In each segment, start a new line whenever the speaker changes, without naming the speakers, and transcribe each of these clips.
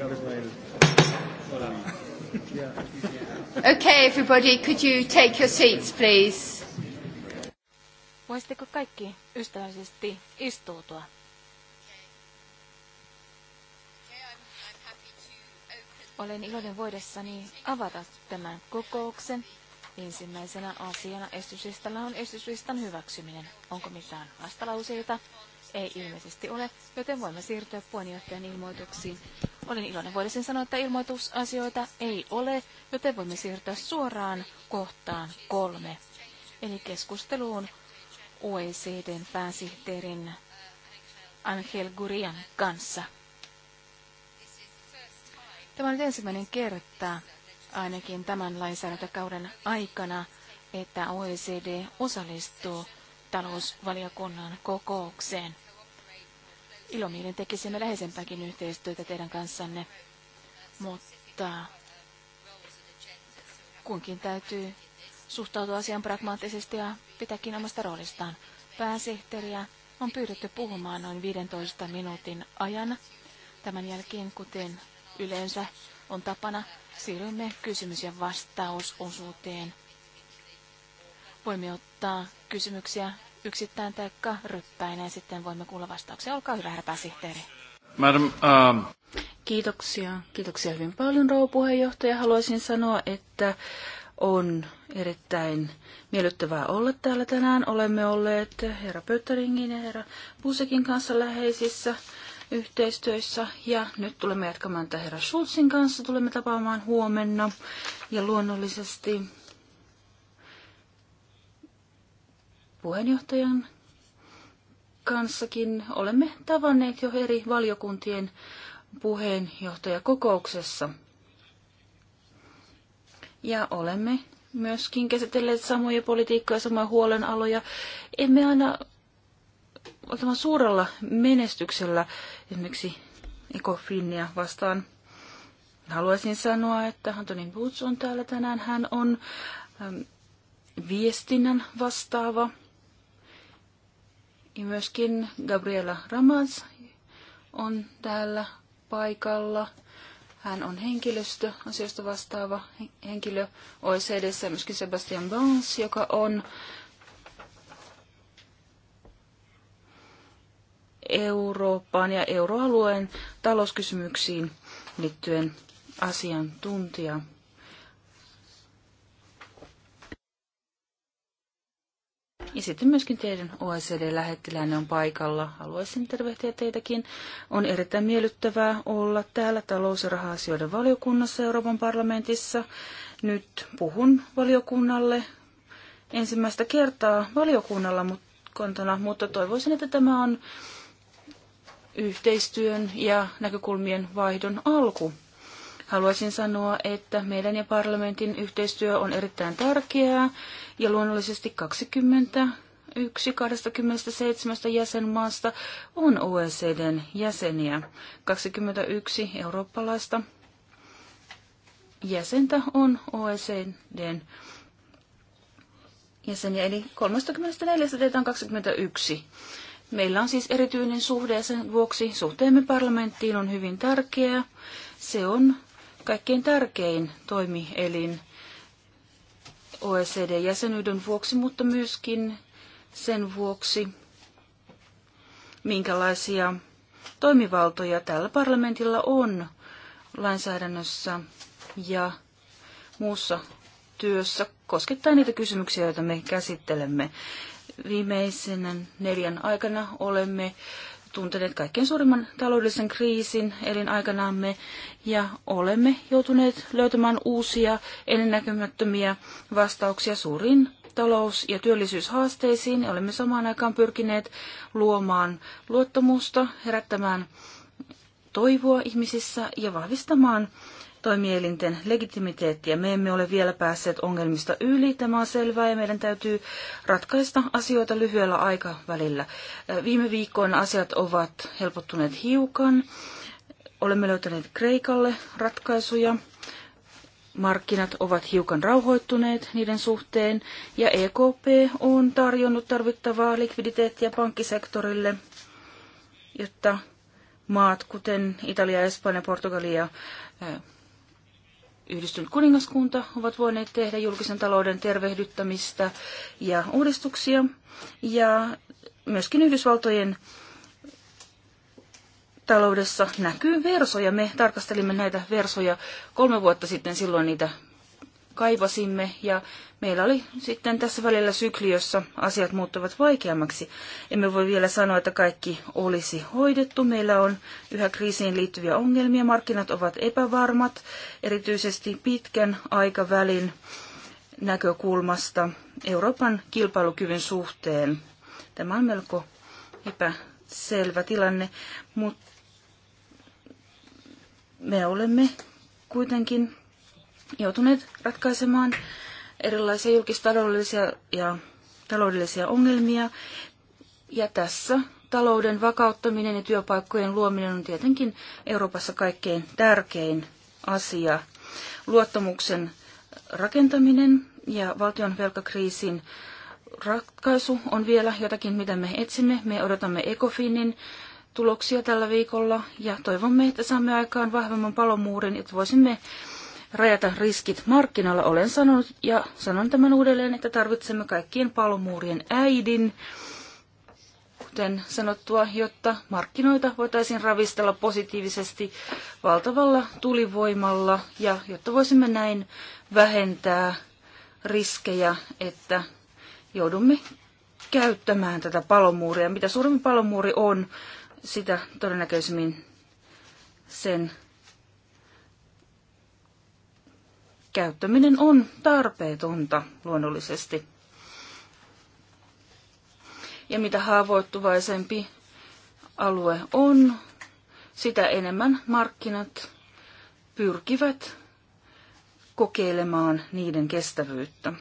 Okay,
everybody, could
you take your seats, please? Voisitteko kaikki ystävällisesti istuutua? Olen iloinen voidessani avata tämän kokouksen. Ensimmäisenä asiana esityslistalla on esityslistan hyväksyminen. Onko mitään vastalauseita? Ei ilmeisesti ole, joten voimme siirtyä puheenjohtajan ilmoituksiin. Olen iloinen voisin sanoa, että ilmoitusasioita ei ole, joten voimme siirtyä suoraan kohtaan kolme. Eli keskusteluun OECDn pääsihteerin Angel Gurian kanssa. Tämä on nyt ensimmäinen kerta ainakin tämän lainsäädäntökauden aikana, että OECD osallistuu talousvaliokunnan kokoukseen. Ilomielin tekisimme läheisempääkin yhteistyötä teidän kanssanne, mutta kunkin täytyy suhtautua asian pragmaattisesti ja pitääkin omasta roolistaan. Pääsihteeriä on pyydetty puhumaan noin 15 minuutin ajan. Tämän jälkeen, kuten yleensä on tapana, siirrymme kysymys- ja vastausosuuteen. Voimme ottaa kysymyksiä yksittäin tai ryppäinen
ja sitten voimme kuulla vastauksia. Olkaa hyvä, herra pääsihteeri.
Madam, um...
Kiitoksia. Kiitoksia hyvin paljon, rouva puheenjohtaja. Haluaisin sanoa, että on erittäin miellyttävää olla täällä tänään. Olemme olleet herra Pötteringin ja herra Busekin kanssa läheisissä yhteistyössä. Ja nyt tulemme jatkamaan tätä herra Schulzin kanssa. Tulemme tapaamaan huomenna. Ja luonnollisesti puheenjohtajan kanssakin olemme tavanneet jo eri valiokuntien puheenjohtajakokouksessa. Ja olemme myöskin käsitelleet samoja politiikkoja, samoja huolenaloja. Emme aina ole suurella menestyksellä esimerkiksi Ecofinia vastaan. Haluaisin sanoa, että Antonin Boots on täällä tänään. Hän on äm, viestinnän vastaava ja myöskin Gabriela Ramaz on täällä paikalla. Hän on asioista vastaava henkilö OECDssä ja myöskin Sebastian Bans, joka on Euroopan ja euroalueen talouskysymyksiin liittyen asiantuntija. Ja sitten myöskin teidän oecd lähettiläinen on paikalla. Haluaisin tervehtiä teitäkin. On erittäin miellyttävää olla täällä talous- ja raha-asioiden valiokunnassa Euroopan parlamentissa. Nyt puhun valiokunnalle ensimmäistä kertaa valiokunnalla kontona, mutta toivoisin, että tämä on yhteistyön ja näkökulmien vaihdon alku. Haluaisin sanoa, että meidän ja parlamentin yhteistyö on erittäin tärkeää ja luonnollisesti 20 yksi 27 jäsenmaasta on OECDn jäseniä. 21 eurooppalaista jäsentä on OECDn jäseniä, eli 34 teitä on 21. Meillä on siis erityinen suhde ja sen vuoksi suhteemme parlamenttiin on hyvin tärkeää. Se on kaikkein tärkein toimielin OECD-jäsenyyden vuoksi, mutta myöskin sen vuoksi, minkälaisia toimivaltoja tällä parlamentilla on lainsäädännössä ja muussa työssä koskettaa niitä kysymyksiä, joita me käsittelemme. Viimeisen neljän aikana olemme tunteneet kaikkein suurimman taloudellisen kriisin elinaikanamme ja olemme joutuneet löytämään uusia ennennäkemättömiä vastauksia suuriin talous- ja työllisyyshaasteisiin ja olemme samaan aikaan pyrkineet luomaan luottamusta, herättämään toivoa ihmisissä ja vahvistamaan toimielinten legitimiteettiä. Me emme ole vielä päässeet ongelmista yli, tämä on selvää, ja meidän täytyy ratkaista asioita lyhyellä aikavälillä. Äh, viime viikkoina asiat ovat helpottuneet hiukan. Olemme löytäneet Kreikalle ratkaisuja. Markkinat ovat hiukan rauhoittuneet niiden suhteen, ja EKP on tarjonnut tarvittavaa likviditeettiä pankkisektorille, jotta maat, kuten Italia, Espanja, Portugalia, äh, yhdistynyt kuningaskunta ovat voineet tehdä julkisen talouden tervehdyttämistä ja uudistuksia. Ja myöskin Yhdysvaltojen taloudessa näkyy versoja. Me tarkastelimme näitä versoja kolme vuotta sitten, silloin niitä kaivasimme ja meillä oli sitten tässä välillä sykli, jossa asiat muuttuvat vaikeammaksi. Emme voi vielä sanoa, että kaikki olisi hoidettu. Meillä on yhä kriisiin liittyviä ongelmia. Markkinat ovat epävarmat, erityisesti pitkän aikavälin näkökulmasta Euroopan kilpailukyvyn suhteen. Tämä on melko epäselvä tilanne, mutta me olemme kuitenkin joutuneet ratkaisemaan erilaisia julkistaloudellisia ja taloudellisia ongelmia. Ja tässä talouden vakauttaminen ja työpaikkojen luominen on tietenkin Euroopassa kaikkein tärkein asia. Luottamuksen rakentaminen ja valtion velkakriisin ratkaisu on vielä jotakin, mitä me etsimme. Me odotamme Ecofinin tuloksia tällä viikolla ja toivomme, että saamme aikaan vahvemman palomuurin, että voisimme rajata riskit markkinoilla. Olen sanonut ja sanon tämän uudelleen, että tarvitsemme kaikkien palomuurien äidin, kuten sanottua, jotta markkinoita voitaisiin ravistella positiivisesti valtavalla tulivoimalla ja jotta voisimme näin vähentää riskejä, että joudumme käyttämään tätä palomuuria. Mitä suurempi palomuuri on, sitä todennäköisemmin sen käyttäminen on tarpeetonta luonnollisesti. Ja mitä haavoittuvaisempi alue on, sitä enemmän markkinat pyrkivät kokeilemaan niiden kestävyyttä.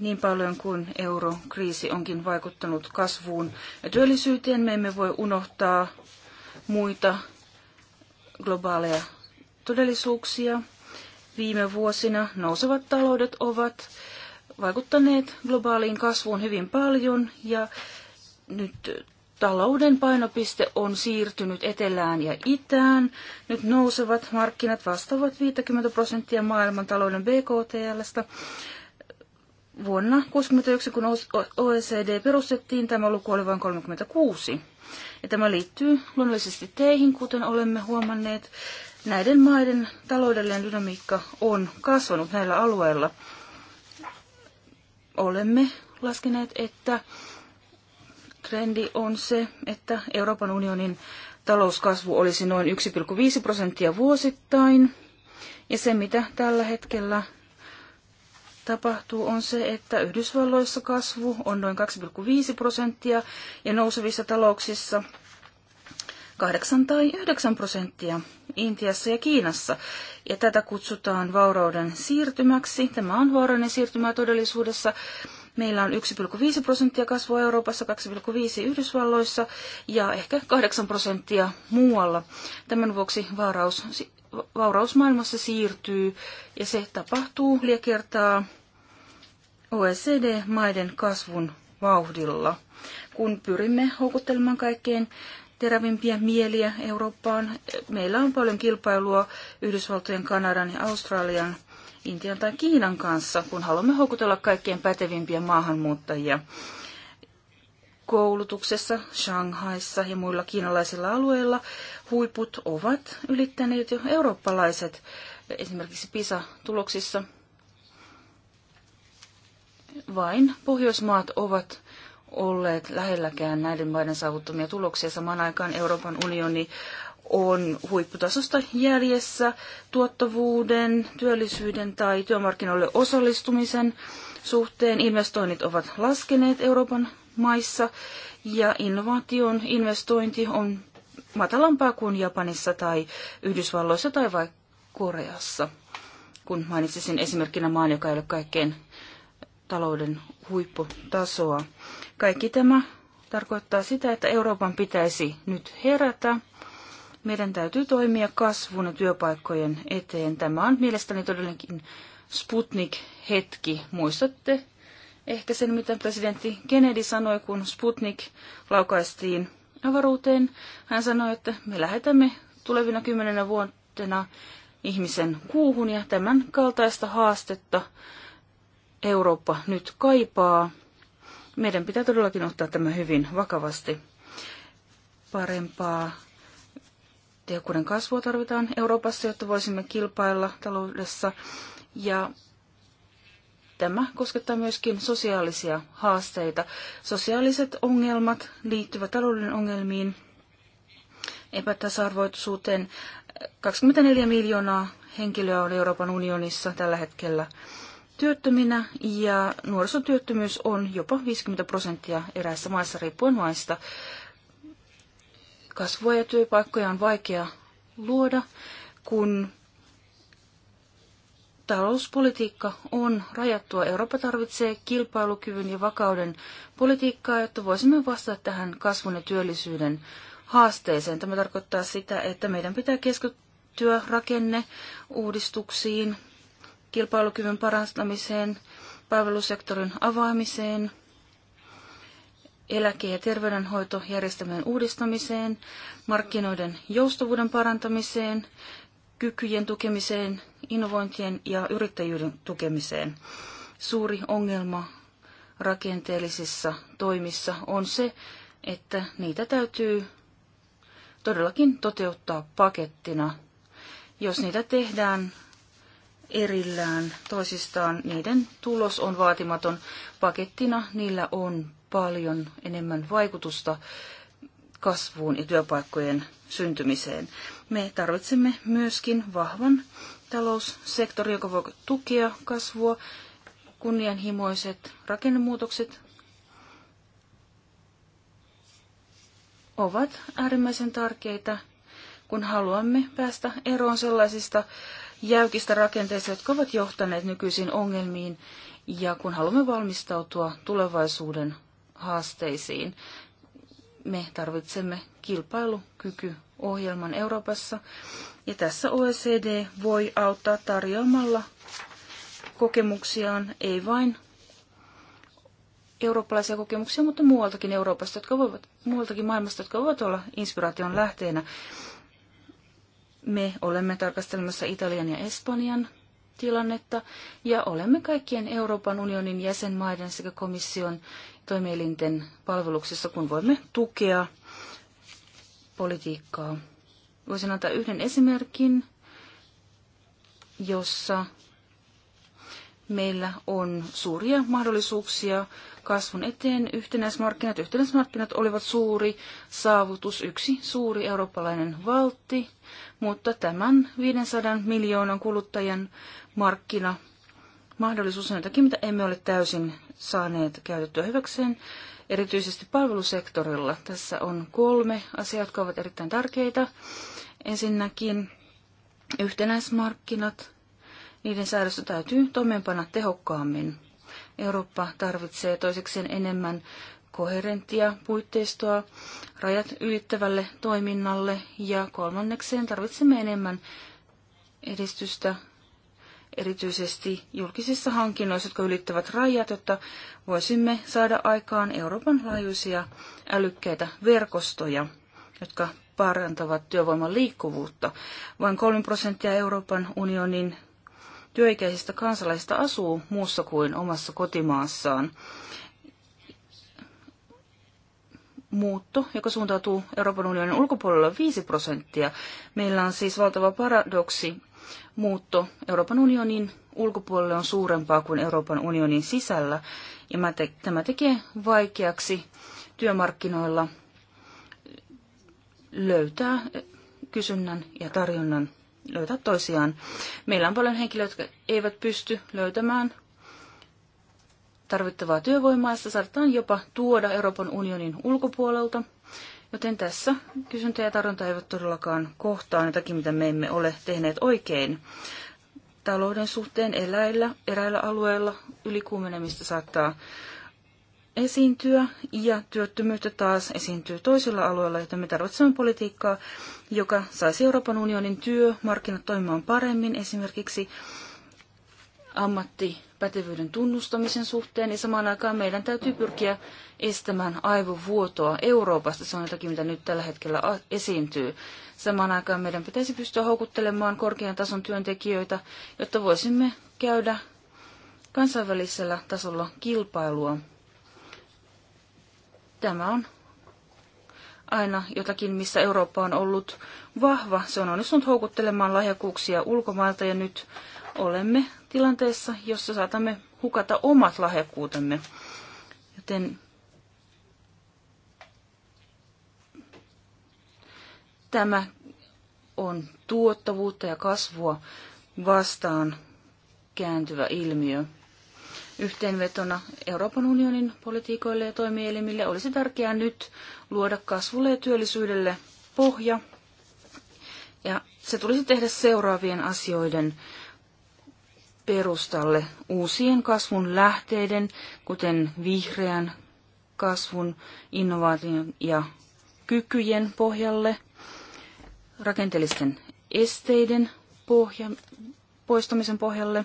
Niin paljon kuin eurokriisi onkin vaikuttanut kasvuun ja työllisyyteen, me emme voi unohtaa muita globaaleja todellisuuksia viime vuosina. Nousevat taloudet ovat vaikuttaneet globaaliin kasvuun hyvin paljon ja nyt talouden painopiste on siirtynyt etelään ja itään. Nyt nousevat markkinat vastaavat 50 prosenttia maailman talouden BKTLstä. Vuonna 1961, kun OECD perustettiin, tämä luku oli vain 36. Ja tämä liittyy luonnollisesti teihin, kuten olemme huomanneet näiden maiden taloudellinen dynamiikka on kasvanut näillä alueilla. Olemme laskeneet, että trendi on se, että Euroopan unionin talouskasvu olisi noin 1,5 prosenttia vuosittain. Ja se, mitä tällä hetkellä tapahtuu, on se, että Yhdysvalloissa kasvu on noin 2,5 prosenttia ja nousevissa talouksissa 8 tai 9 prosenttia. Intiassa ja Kiinassa. Ja tätä kutsutaan vaurauden siirtymäksi. Tämä on vaurauden siirtymä todellisuudessa. Meillä on 1,5 prosenttia kasvua Euroopassa, 2,5 Yhdysvalloissa ja ehkä 8 prosenttia muualla. Tämän vuoksi vauraus, vauraus maailmassa siirtyy ja se tapahtuu liekertaa OECD-maiden kasvun vauhdilla. Kun pyrimme houkuttelemaan kaikkein terävimpiä mieliä Eurooppaan. Meillä on paljon kilpailua Yhdysvaltojen, Kanadan ja Australian, Intian tai Kiinan kanssa, kun haluamme houkutella kaikkien pätevimpiä maahanmuuttajia. Koulutuksessa, Shanghaissa ja muilla kiinalaisilla alueilla huiput ovat ylittäneet jo eurooppalaiset, esimerkiksi PISA-tuloksissa. Vain Pohjoismaat ovat olleet lähelläkään näiden maiden saavuttamia tuloksia. Samaan aikaan Euroopan unioni on huipputasosta jäljessä tuottavuuden, työllisyyden tai työmarkkinoille osallistumisen suhteen. Investoinnit ovat laskeneet Euroopan maissa ja innovaation investointi on matalampaa kuin Japanissa tai Yhdysvalloissa tai vaikka Koreassa, kun mainitsisin esimerkkinä maan, joka ei ole kaikkein talouden huipputasoa. Kaikki tämä tarkoittaa sitä, että Euroopan pitäisi nyt herätä. Meidän täytyy toimia kasvun ja työpaikkojen eteen. Tämä on mielestäni todellakin Sputnik-hetki. Muistatte ehkä sen, mitä presidentti Kennedy sanoi, kun Sputnik laukaistiin avaruuteen. Hän sanoi, että me lähetämme tulevina kymmenenä vuotena ihmisen kuuhun ja tämän kaltaista haastetta Eurooppa nyt kaipaa. Meidän pitää todellakin ottaa tämä hyvin vakavasti. Parempaa tehokkuuden kasvua tarvitaan Euroopassa, jotta voisimme kilpailla taloudessa. Ja tämä koskettaa myöskin sosiaalisia haasteita. Sosiaaliset ongelmat liittyvät talouden ongelmiin, epätasa-arvoisuuteen. 24 miljoonaa henkilöä on Euroopan unionissa tällä hetkellä työttöminä ja nuorisotyöttömyys on jopa 50 prosenttia eräissä maissa riippuen maista. Kasvua ja työpaikkoja on vaikea luoda, kun talouspolitiikka on rajattua. Eurooppa tarvitsee kilpailukyvyn ja vakauden politiikkaa, jotta voisimme vastata tähän kasvun ja työllisyyden haasteeseen. Tämä tarkoittaa sitä, että meidän pitää keskittyä rakenne uudistuksiin, kilpailukyvyn parantamiseen, palvelusektorin avaamiseen, eläke- ja terveydenhoitojärjestelmän uudistamiseen, markkinoiden joustavuuden parantamiseen, kykyjen tukemiseen, innovointien ja yrittäjyyden tukemiseen. Suuri ongelma rakenteellisissa toimissa on se, että niitä täytyy todellakin toteuttaa pakettina. Jos niitä tehdään erillään toisistaan. Niiden tulos on vaatimaton. Pakettina niillä on paljon enemmän vaikutusta kasvuun ja työpaikkojen syntymiseen. Me tarvitsemme myöskin vahvan taloussektori, joka voi tukea kasvua, kunnianhimoiset rakennemuutokset ovat äärimmäisen tärkeitä, kun haluamme päästä eroon sellaisista jäykistä rakenteista, jotka ovat johtaneet nykyisiin ongelmiin ja kun haluamme valmistautua tulevaisuuden haasteisiin, me tarvitsemme kilpailukykyohjelman Euroopassa ja tässä OECD voi auttaa tarjoamalla kokemuksiaan, ei vain eurooppalaisia kokemuksia, mutta muualtakin Euroopasta, jotka voivat, muualtakin maailmasta, jotka voivat olla inspiraation lähteenä. Me olemme tarkastelemassa Italian ja Espanjan tilannetta ja olemme kaikkien Euroopan unionin jäsenmaiden sekä komission toimielinten palveluksessa, kun voimme tukea politiikkaa. Voisin antaa yhden esimerkin, jossa meillä on suuria mahdollisuuksia kasvun eteen. Yhtenäismarkkinat, yhtenäismarkkinat olivat suuri saavutus, yksi suuri eurooppalainen valtti, mutta tämän 500 miljoonan kuluttajan markkina mahdollisuus on jotakin, mitä emme ole täysin saaneet käytettyä hyväkseen, erityisesti palvelusektorilla. Tässä on kolme asiaa, jotka ovat erittäin tärkeitä. Ensinnäkin yhtenäismarkkinat, niiden säädöstä täytyy toimeenpana tehokkaammin. Eurooppa tarvitsee toisekseen enemmän koherenttia puitteistoa rajat ylittävälle toiminnalle ja kolmannekseen tarvitsemme enemmän edistystä erityisesti julkisissa hankinnoissa, jotka ylittävät rajat, jotta voisimme saada aikaan Euroopan laajuisia älykkäitä verkostoja, jotka parantavat työvoiman liikkuvuutta. Vain 3 prosenttia Euroopan unionin työikäisistä kansalaisista asuu muussa kuin omassa kotimaassaan. Muutto, joka suuntautuu Euroopan unionin ulkopuolella 5 prosenttia. Meillä on siis valtava paradoksi. Muutto Euroopan unionin ulkopuolelle on suurempaa kuin Euroopan unionin sisällä, ja tämä tekee vaikeaksi työmarkkinoilla löytää kysynnän ja tarjonnan löytää toisiaan. Meillä on paljon henkilöitä, jotka eivät pysty löytämään tarvittavaa työvoimaa, sitä saatetaan jopa tuoda Euroopan unionin ulkopuolelta. Joten tässä kysyntä ja tarjonta eivät todellakaan kohtaa jotakin, mitä me emme ole tehneet oikein. Talouden suhteen eläillä, eräillä alueilla ylikuumenemista saattaa esiintyä ja työttömyyttä taas esiintyy toisilla alueilla, joten me tarvitsemme politiikkaa, joka saisi Euroopan unionin työmarkkinat toimimaan paremmin esimerkiksi ammattipätevyyden tunnustamisen suhteen ja niin samaan aikaan meidän täytyy pyrkiä estämään aivovuotoa Euroopasta. Se on jotakin, mitä nyt tällä hetkellä esiintyy. Samaan aikaan meidän pitäisi pystyä houkuttelemaan korkean tason työntekijöitä, jotta voisimme käydä kansainvälisellä tasolla kilpailua Tämä on aina jotakin, missä Eurooppa on ollut vahva. Se on onnistunut houkuttelemaan lahjakkuuksia ulkomailta ja nyt olemme tilanteessa, jossa saatamme hukata omat lahjakkuutemme. Joten tämä on tuottavuutta ja kasvua vastaan kääntyvä ilmiö. Yhteenvetona Euroopan unionin politiikoille ja toimielimille olisi tärkeää nyt luoda kasvulle ja työllisyydelle pohja. Ja se tulisi tehdä seuraavien asioiden perustalle uusien kasvun lähteiden, kuten vihreän kasvun, innovaation ja kykyjen pohjalle, rakenteellisten esteiden pohja, poistamisen pohjalle,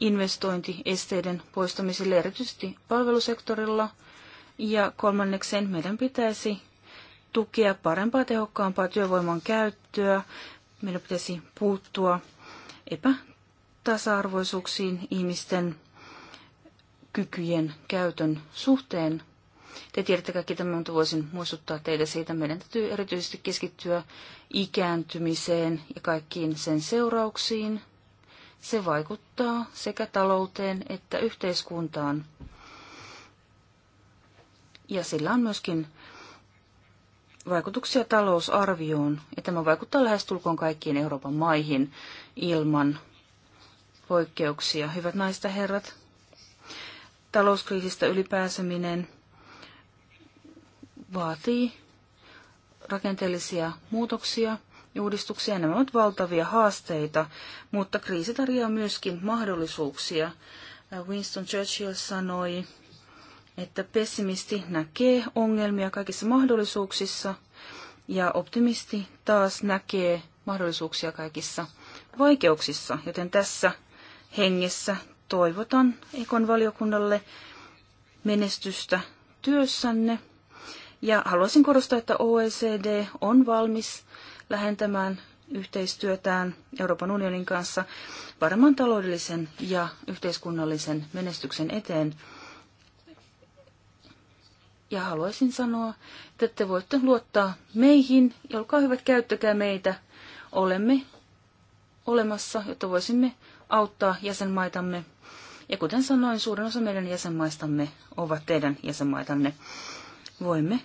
investointiesteiden poistamiselle erityisesti palvelusektorilla. Ja kolmanneksen meidän pitäisi tukea parempaa, tehokkaampaa työvoiman käyttöä. Meidän pitäisi puuttua epätasa-arvoisuuksiin ihmisten kykyjen käytön suhteen. Te tiedätte kaikki tämän, mutta voisin muistuttaa teitä siitä. Meidän täytyy erityisesti keskittyä ikääntymiseen ja kaikkiin sen seurauksiin – se vaikuttaa sekä talouteen että yhteiskuntaan. Ja sillä on myöskin vaikutuksia talousarvioon, ja tämä vaikuttaa lähestulkoon kaikkiin Euroopan maihin ilman poikkeuksia. Hyvät naiset ja herrat, talouskriisistä ylipääseminen vaatii rakenteellisia muutoksia, ja uudistuksia. Nämä ovat valtavia haasteita, mutta kriisi tarjoaa myöskin mahdollisuuksia. Winston Churchill sanoi, että pessimisti näkee ongelmia kaikissa mahdollisuuksissa ja optimisti taas näkee mahdollisuuksia kaikissa vaikeuksissa, joten tässä hengessä toivotan Ekon valiokunnalle menestystä työssänne. Ja haluaisin korostaa, että OECD on valmis lähentämään yhteistyötään Euroopan unionin kanssa paremman taloudellisen ja yhteiskunnallisen menestyksen eteen. Ja haluaisin sanoa, että te voitte luottaa meihin, ja olkaa hyvät, käyttäkää meitä. Olemme olemassa, jotta voisimme auttaa jäsenmaitamme. Ja kuten sanoin, suurin osa meidän jäsenmaistamme ovat teidän jäsenmaitanne. Voimme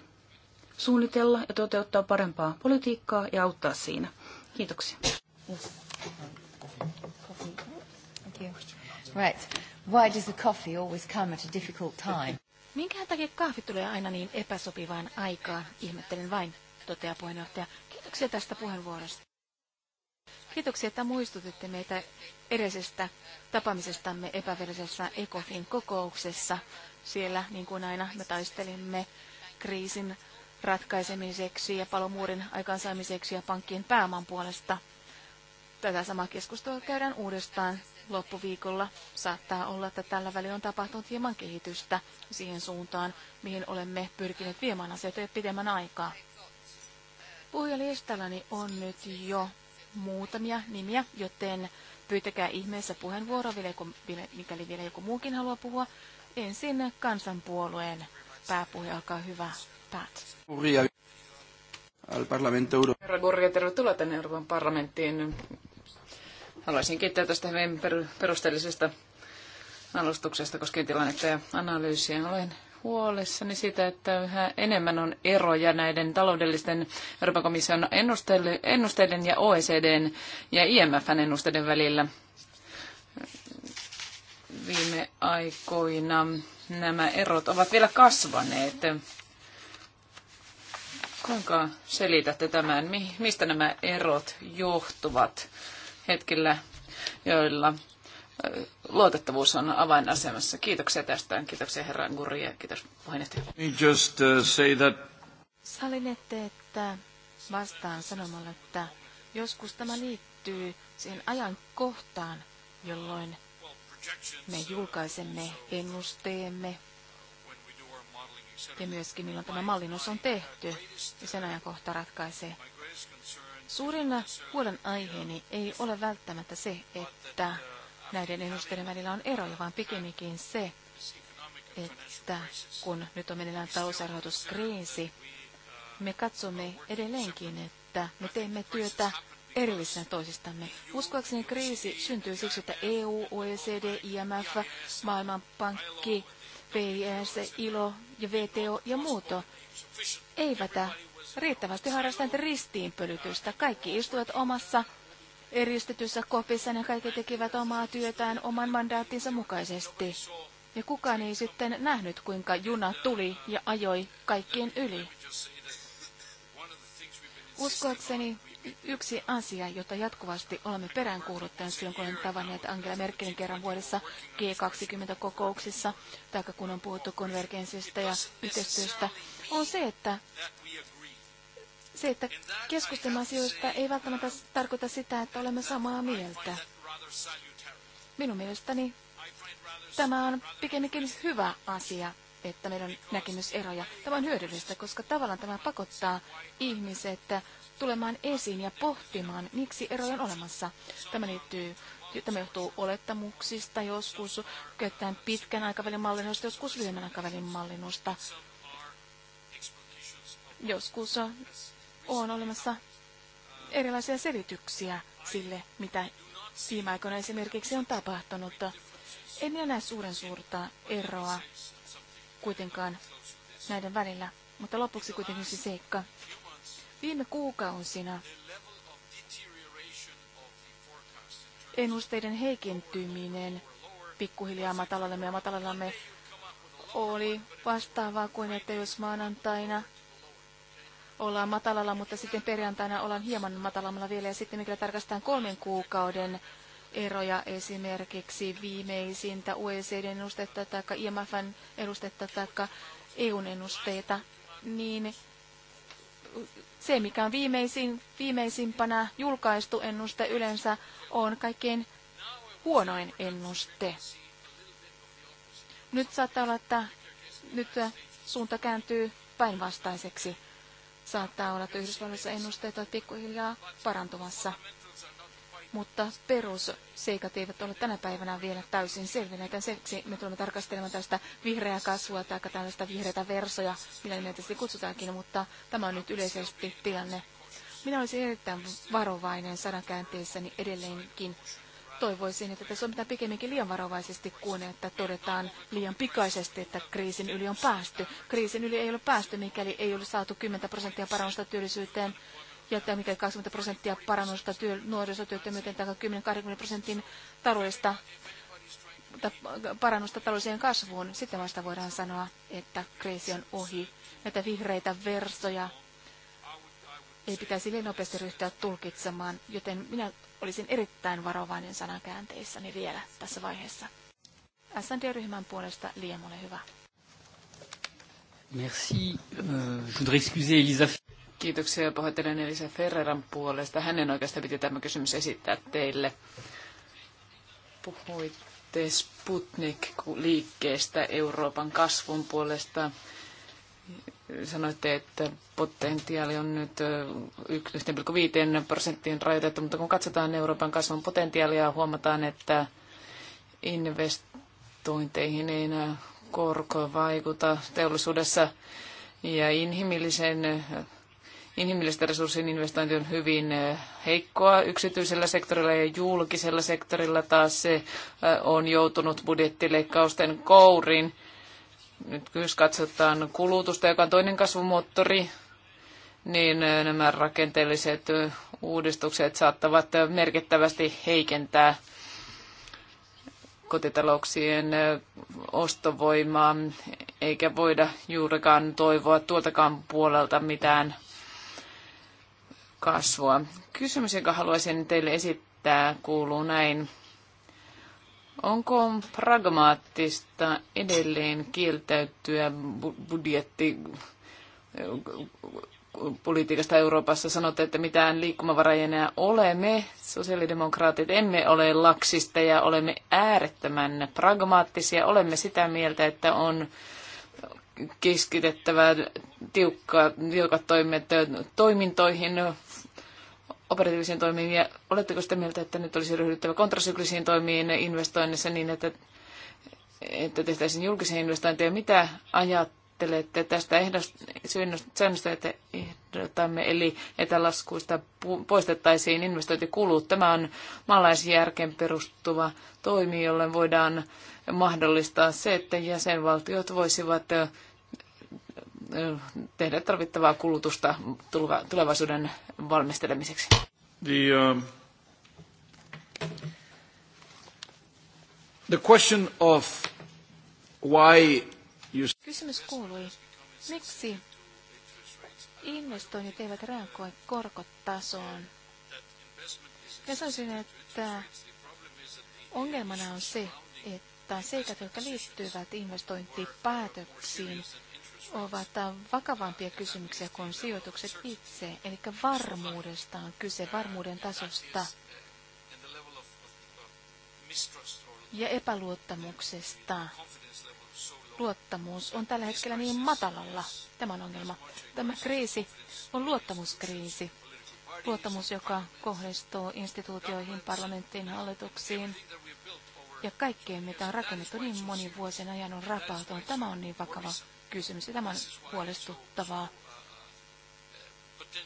suunnitella ja toteuttaa parempaa politiikkaa ja auttaa siinä. Kiitoksia.
Right. Why does the coffee always come at a difficult time?
Minkä
takia kahvi tulee aina niin epäsopivaan aikaan? Ihmettelen vain, toteaa puheenjohtaja. Kiitoksia tästä puheenvuorosta. Kiitoksia, että muistutitte meitä edellisestä tapaamisestamme epävirallisessa ECOFIN kokouksessa. Siellä, niin kuin aina, me taistelimme kriisin ratkaisemiseksi ja palomuurin aikaansaamiseksi ja pankkien pääoman puolesta. Tätä samaa keskustelua käydään uudestaan loppuviikolla. Saattaa olla, että tällä välin on tapahtunut hieman kehitystä siihen suuntaan, mihin olemme pyrkineet viemään asioita jo pidemmän aikaa. Puhujalistallani on nyt jo muutamia nimiä, joten pyytäkää ihmeessä puheenvuoroa, mikäli vielä joku muukin haluaa puhua. Ensin kansanpuolueen pääpuhe, olkaa hyvä päät.
Uria. Al Parlamento Euro.
Burja, tervetuloa tänne Euroopan parlamenttiin. Haluaisin kiittää tästä hyvin perusteellisesta alustuksesta koskien tilannetta ja analyysiä. Olen huolessani siitä, että yhä enemmän on eroja näiden taloudellisten Euroopan komission ennusteiden ja OECDn ja IMFn ennusteiden välillä. Viime aikoina nämä erot ovat vielä kasvaneet. Kuinka selitätte tämän? Mistä nämä erot johtuvat hetkillä, joilla luotettavuus on avainasemassa? Kiitoksia tästä. Kiitoksia herra Nguri ja kiitos puheenjohtaja.
Just uh, say that...
Salinette, että vastaan sanomalla, että joskus tämä liittyy siihen ajan kohtaan, jolloin me julkaisemme ennusteemme ja myöskin milloin tämä mallinnus on tehty, ja sen ajankohta ratkaisee. Suurin huolen aiheeni ei ole välttämättä se, että näiden ennusteiden välillä on eroja, vaan pikemminkin se, että kun nyt on meneillään talousarhoituskriisi, me katsomme edelleenkin, että me teemme työtä erillisenä toisistamme. Uskoakseni kriisi syntyy siksi, että EU, OECD, IMF, Maailmanpankki, PIS, ILO ja VTO ja muuto eivät riittävästi harrastaneet ristiinpölytystä. Kaikki istuivat omassa eristetyssä kopissa ja niin kaikki tekivät omaa työtään oman mandaattinsa mukaisesti. Ja kukaan ei sitten nähnyt, kuinka juna tuli ja ajoi kaikkien yli. Uskoakseni yksi asia, jota jatkuvasti olemme peräänkuuluttaneet silloin, kun olemme tavanneet Angela Merkelin kerran vuodessa G20-kokouksissa, tai kun on puhuttu konvergenssista ja yhteistyöstä, on se, että se, että keskustelma asioista ei välttämättä tarkoita sitä, että olemme samaa mieltä. Minun mielestäni tämä on pikemminkin hyvä asia, että meillä on näkemyseroja. Tämä on hyödyllistä, koska tavallaan tämä pakottaa ihmiset tulemaan esiin ja pohtimaan, miksi eroja on olemassa. Tämä liittyy Tämä johtuu olettamuksista, joskus käyttäen pitkän aikavälin mallinnosta, joskus lyhyemmän aikavälin mallinnosta. Joskus on olemassa erilaisia selityksiä sille, mitä viime aikoina esimerkiksi on tapahtunut. En näe suuren suurta eroa kuitenkaan näiden välillä, mutta lopuksi kuitenkin se seikka, Viime kuukausina ennusteiden heikentyminen pikkuhiljaa matalallamme ja matalallamme oli vastaavaa kuin, että jos maanantaina ollaan matalalla, mutta sitten perjantaina ollaan hieman matalammalla vielä. Ja sitten mikä tarkastetaan kolmen kuukauden eroja esimerkiksi viimeisintä OECD-ennustetta tai IMFn ennustetta tai EUn e ennusteita, niin se, mikä on viimeisin, viimeisimpänä julkaistu ennuste yleensä, on kaikkein huonoin
ennuste.
Nyt saattaa olla, että nyt suunta kääntyy päinvastaiseksi. Saattaa olla, että Yhdysvalloissa ennusteet ovat pikkuhiljaa parantumassa mutta perusseikat eivät ole tänä päivänä vielä täysin selvinä. Tämän seksi me tulemme tarkastelemaan tästä vihreää kasvua tai tällaista vihreitä versoja, millä nimeltä sitä kutsutaankin, mutta tämä on nyt yleisesti tilanne. Minä olisin erittäin varovainen sanakäänteessäni edelleenkin. Toivoisin, että tässä on mitään pikemminkin liian varovaisesti kuin, että todetaan liian pikaisesti, että kriisin yli on päästy. Kriisin yli ei ole päästy, mikäli ei ole saatu 10 prosenttia parannusta työllisyyteen ja että mikä 20 prosenttia parannusta työ, nuorisotyöttömyyteen tai 10-20 prosentin taloudesta parannusta taloudelliseen kasvuun, sitten vasta voidaan sanoa, että kriisi on ohi. Näitä vihreitä versoja ei pitäisi liian nopeasti ryhtyä tulkitsemaan, joten minä olisin erittäin varovainen sanakäänteissäni vielä tässä vaiheessa. SND-ryhmän puolesta Liam, ole hyvä.
Merci. Uh, je voudrais excuser Elisa.
Kiitoksia pahoittelen Elisa Ferreran puolesta. Hänen oikeastaan piti tämä kysymys esittää teille. Puhuitte Sputnik-liikkeestä Euroopan kasvun puolesta. Sanoitte, että potentiaali on nyt 1,5 prosenttiin rajoitettu, mutta kun katsotaan Euroopan kasvun potentiaalia, huomataan, että investointeihin ei enää korko vaikuta teollisuudessa ja inhimillisen inhimillisten resurssien investointi on hyvin eh, heikkoa yksityisellä sektorilla ja julkisella sektorilla taas se eh, on joutunut budjettileikkausten kouriin. Nyt jos katsotaan kulutusta, joka on toinen kasvumoottori, niin eh, nämä rakenteelliset uudistukset saattavat merkittävästi heikentää kotitalouksien ostovoimaa, eikä voida juurikaan toivoa tuoltakaan puolelta mitään kasvua. Kysymys, jonka haluaisin teille esittää, kuuluu näin. Onko pragmaattista edelleen kieltäytyä budjetti politiikasta Euroopassa sanotte, että mitään liikkumavaraa ei enää ole. Me sosiaalidemokraatit emme ole laksista ja olemme äärettömän pragmaattisia. Olemme sitä mieltä, että on keskitettävä tiukka, tiukat toimet toimintoihin, operatiivisiin toimiin ja oletteko sitä mieltä, että nyt olisi ryhdyttävä kontrasyklisiin toimiin investoinnissa niin, että, että tehtäisiin julkisia investointeja? Mitä ajattelette tästä säännöstä, että ehdotamme, eli etälaskuista poistettaisiin investointikulut? Tämä on maalaisjärkeen perustuva toimi, jolle voidaan mahdollistaa se, että jäsenvaltiot voisivat Eh, tehdä tarvittavaa kulutusta tulevaisuuden valmistelemiseksi. The, um,
the question of why you...
Kysymys kuului, miksi investoinnit eivät reagoi korkotasoon? Ja sanoisin, että ongelmana on se, että seikat, jotka liittyvät investointipäätöksiin, ovat vakavampia kysymyksiä kuin sijoitukset itse, eli varmuudesta on kyse, varmuuden tasosta ja epäluottamuksesta.
Luottamus on tällä hetkellä niin
matalalla. Tämä on ongelma. Tämä kriisi on luottamuskriisi. Luottamus, joka kohdistuu instituutioihin, parlamenttiin, hallituksiin ja kaikkeen, mitä on rakennettu niin moni vuosien ajan, on rapautunut. Tämä on niin vakava kysymys. Ja tämä on huolestuttavaa.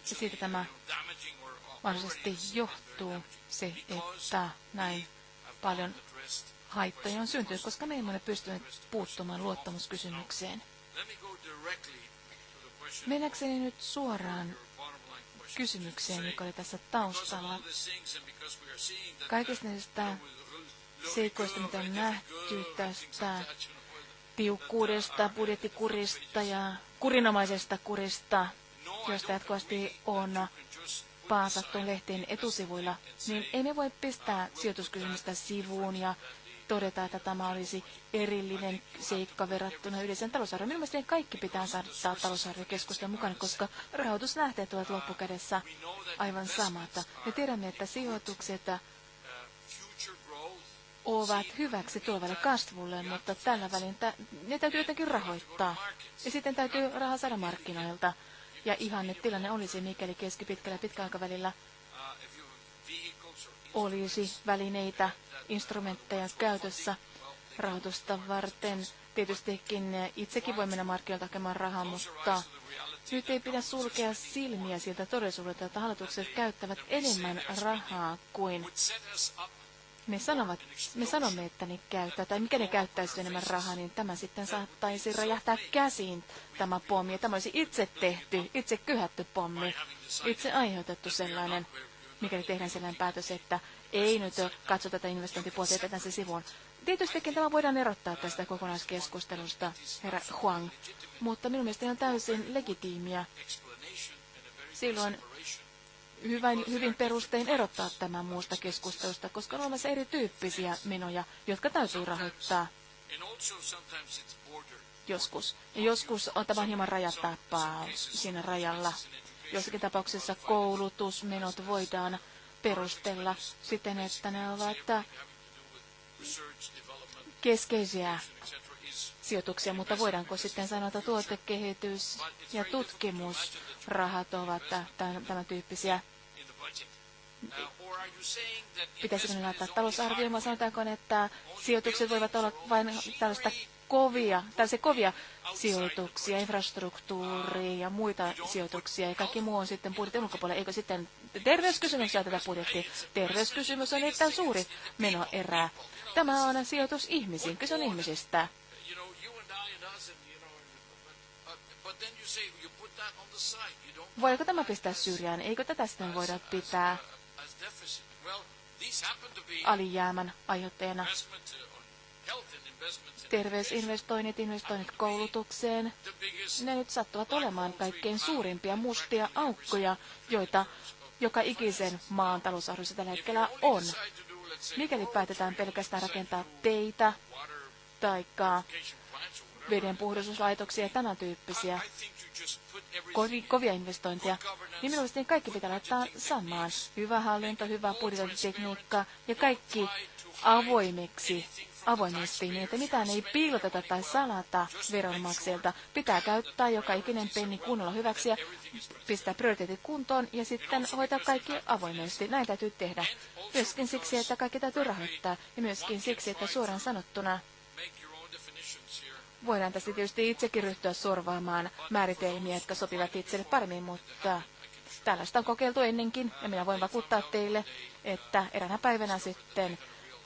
Ja siitä tämä mahdollisesti johtuu se, että näin paljon haittoja on syntynyt, koska me emme ole pystyneet puuttumaan luottamuskysymykseen. Mennäkseni nyt suoraan kysymykseen, joka oli tässä taustalla. Kaikista näistä seikoista, mitä on nähty tästä tiukkuudesta, budjettikurista ja kurinomaisesta kurista, josta jatkuvasti on paasattu lehtien etusivuilla, niin ei me voi pistää sijoituskysymystä sivuun ja todeta, että tämä olisi erillinen seikka verrattuna yleiseen talousarvioon. Minun mielestäni kaikki pitää saada talousarviokeskustelun mukana, koska rahoituslähteet ovat loppukädessä aivan samat. Me tiedämme, että sijoitukset ovat hyväksi tulevalle kasvulle, mutta tällä välin ne täytyy jotenkin rahoittaa. Ja sitten täytyy rahaa saada markkinoilta. Ja ihan, että tilanne olisi, mikäli keskipitkällä ja pitkäaikavälillä olisi välineitä, instrumentteja käytössä rahoitusta varten. Tietystikin itsekin voi mennä markkinoilta hakemaan rahaa, mutta nyt ei pidä sulkea silmiä siltä todellisuudelta, että hallitukset käyttävät enemmän rahaa kuin me, sanovat, me sanomme, että ne käyttää, tai mikä ne käyttäisi enemmän rahaa, niin tämä sitten saattaisi räjähtää käsiin tämä pommi. Ja tämä olisi itse tehty, itse kyhätty pommi, itse aiheutettu sellainen, mikäli tehdään sellainen päätös, että ei nyt katso tätä investointipuolta, jätetään se sivuun. Tietystikin tämä voidaan erottaa tästä kokonaiskeskustelusta, herra Huang, mutta minun mielestäni on täysin legitiimiä silloin Hyvin hyvin perustein erottaa tämä muusta keskustelusta, koska on olemassa erityyppisiä menoja, jotka täytyy rahoittaa joskus. Ja joskus on tämä hieman rajatappaa siinä rajalla. Jossakin tapauksessa koulutusmenot voidaan perustella siten, että ne ovat keskeisiä sijoituksia, mutta voidaanko sitten sanoa, että tuotekehitys ja tutkimusrahat ovat tämän tyyppisiä
pitäisi ne laittaa talousarvioon,
sanotaanko, että sijoitukset voivat olla vain tällaista kovia, tällaisia kovia sijoituksia, infrastruktuuria, ja muita sijoituksia ja kaikki muu on sitten budjetin ulkopuolella. Eikö sitten terveyskysymyksiä tätä budjettia? Terveyskysymys on erittäin suuri menoerä. Tämä on sijoitus ihmisiin, kyse on ihmisistä. Voiko tämä pistää syrjään? Eikö tätä sitten voida pitää alijäämän aiheuttajana.
Uh, Terveysinvestoinnit,
investoinnit koulutukseen, ne nyt sattuvat olemaan kaikkein suurimpia mustia aukkoja, joita joka ikisen maan talousarviossa tällä hetkellä on. Mikäli päätetään pelkästään rakentaa teitä tai vedenpuhdistuslaitoksia ja tämän tyyppisiä kovia investointeja, niin mielestäni kaikki pitää laittaa samaan. Hyvä hallinto, hyvä budjetointitekniikka ja kaikki avoimeksi avoimesti, niin että mitään ei piiloteta tai salata veronmaksajilta. Pitää käyttää joka ikinen penni kunnolla hyväksi ja pistää prioriteetit kuntoon ja sitten hoitaa kaikki avoimesti. Näin täytyy tehdä. Myöskin siksi, että kaikki täytyy rahoittaa ja myöskin siksi, että suoraan sanottuna Voidaan tässä tietysti itsekin ryhtyä sorvaamaan määritelmiä, jotka sopivat itselle paremmin, mutta tällaista on kokeiltu ennenkin, ja minä voin vakuuttaa teille, että eräänä päivänä sitten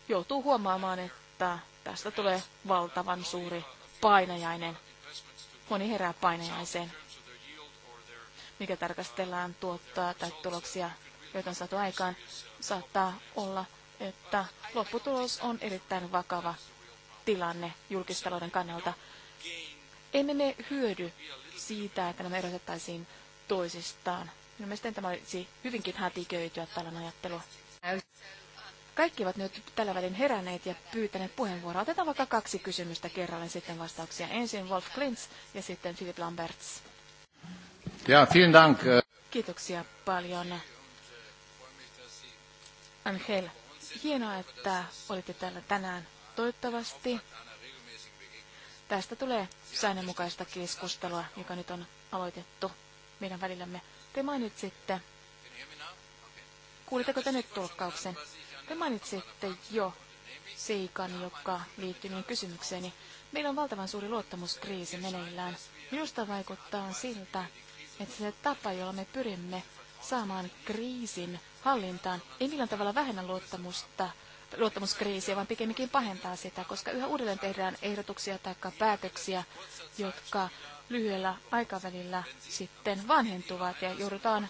joutuu huomaamaan, että tästä tulee valtavan suuri painajainen. Moni herää painajaiseen, mikä tarkastellaan tuottaa tai tuloksia, joita on saatu aikaan. Saattaa olla, että lopputulos on erittäin vakava tilanne julkistalouden kannalta emme me hyödy siitä, että nämä erotettaisiin toisistaan. Minun mielestäni tämä olisi hyvinkin hätiköityä tällainen ajattelu. Kaikki ovat nyt tällä välin heränneet ja pyytäneet puheenvuoroa. Otetaan vaikka kaksi kysymystä kerrallaan sitten vastauksia. Ensin Wolf Klintz ja sitten Philip Lamberts.
Ja, vielen dank.
Kiitoksia paljon. Angel, hienoa, että olitte täällä tänään. Toivottavasti Tästä tulee säännönmukaista keskustelua, joka nyt on aloitettu meidän välillämme. Te mainitsitte, kuulitteko te nyt tulkkauksen? Te mainitsitte jo seikan, joka liittyy minun kysymykseeni. Meillä on valtavan suuri luottamuskriisi meneillään. Minusta vaikuttaa siltä, että se tapa, jolla me pyrimme saamaan kriisin hallintaan, ei millään tavalla vähennä luottamusta luottamuskriisiä, vaan pikemminkin pahentaa sitä, koska yhä uudelleen tehdään ehdotuksia tai päätöksiä, jotka lyhyellä aikavälillä sitten vanhentuvat ja joudutaan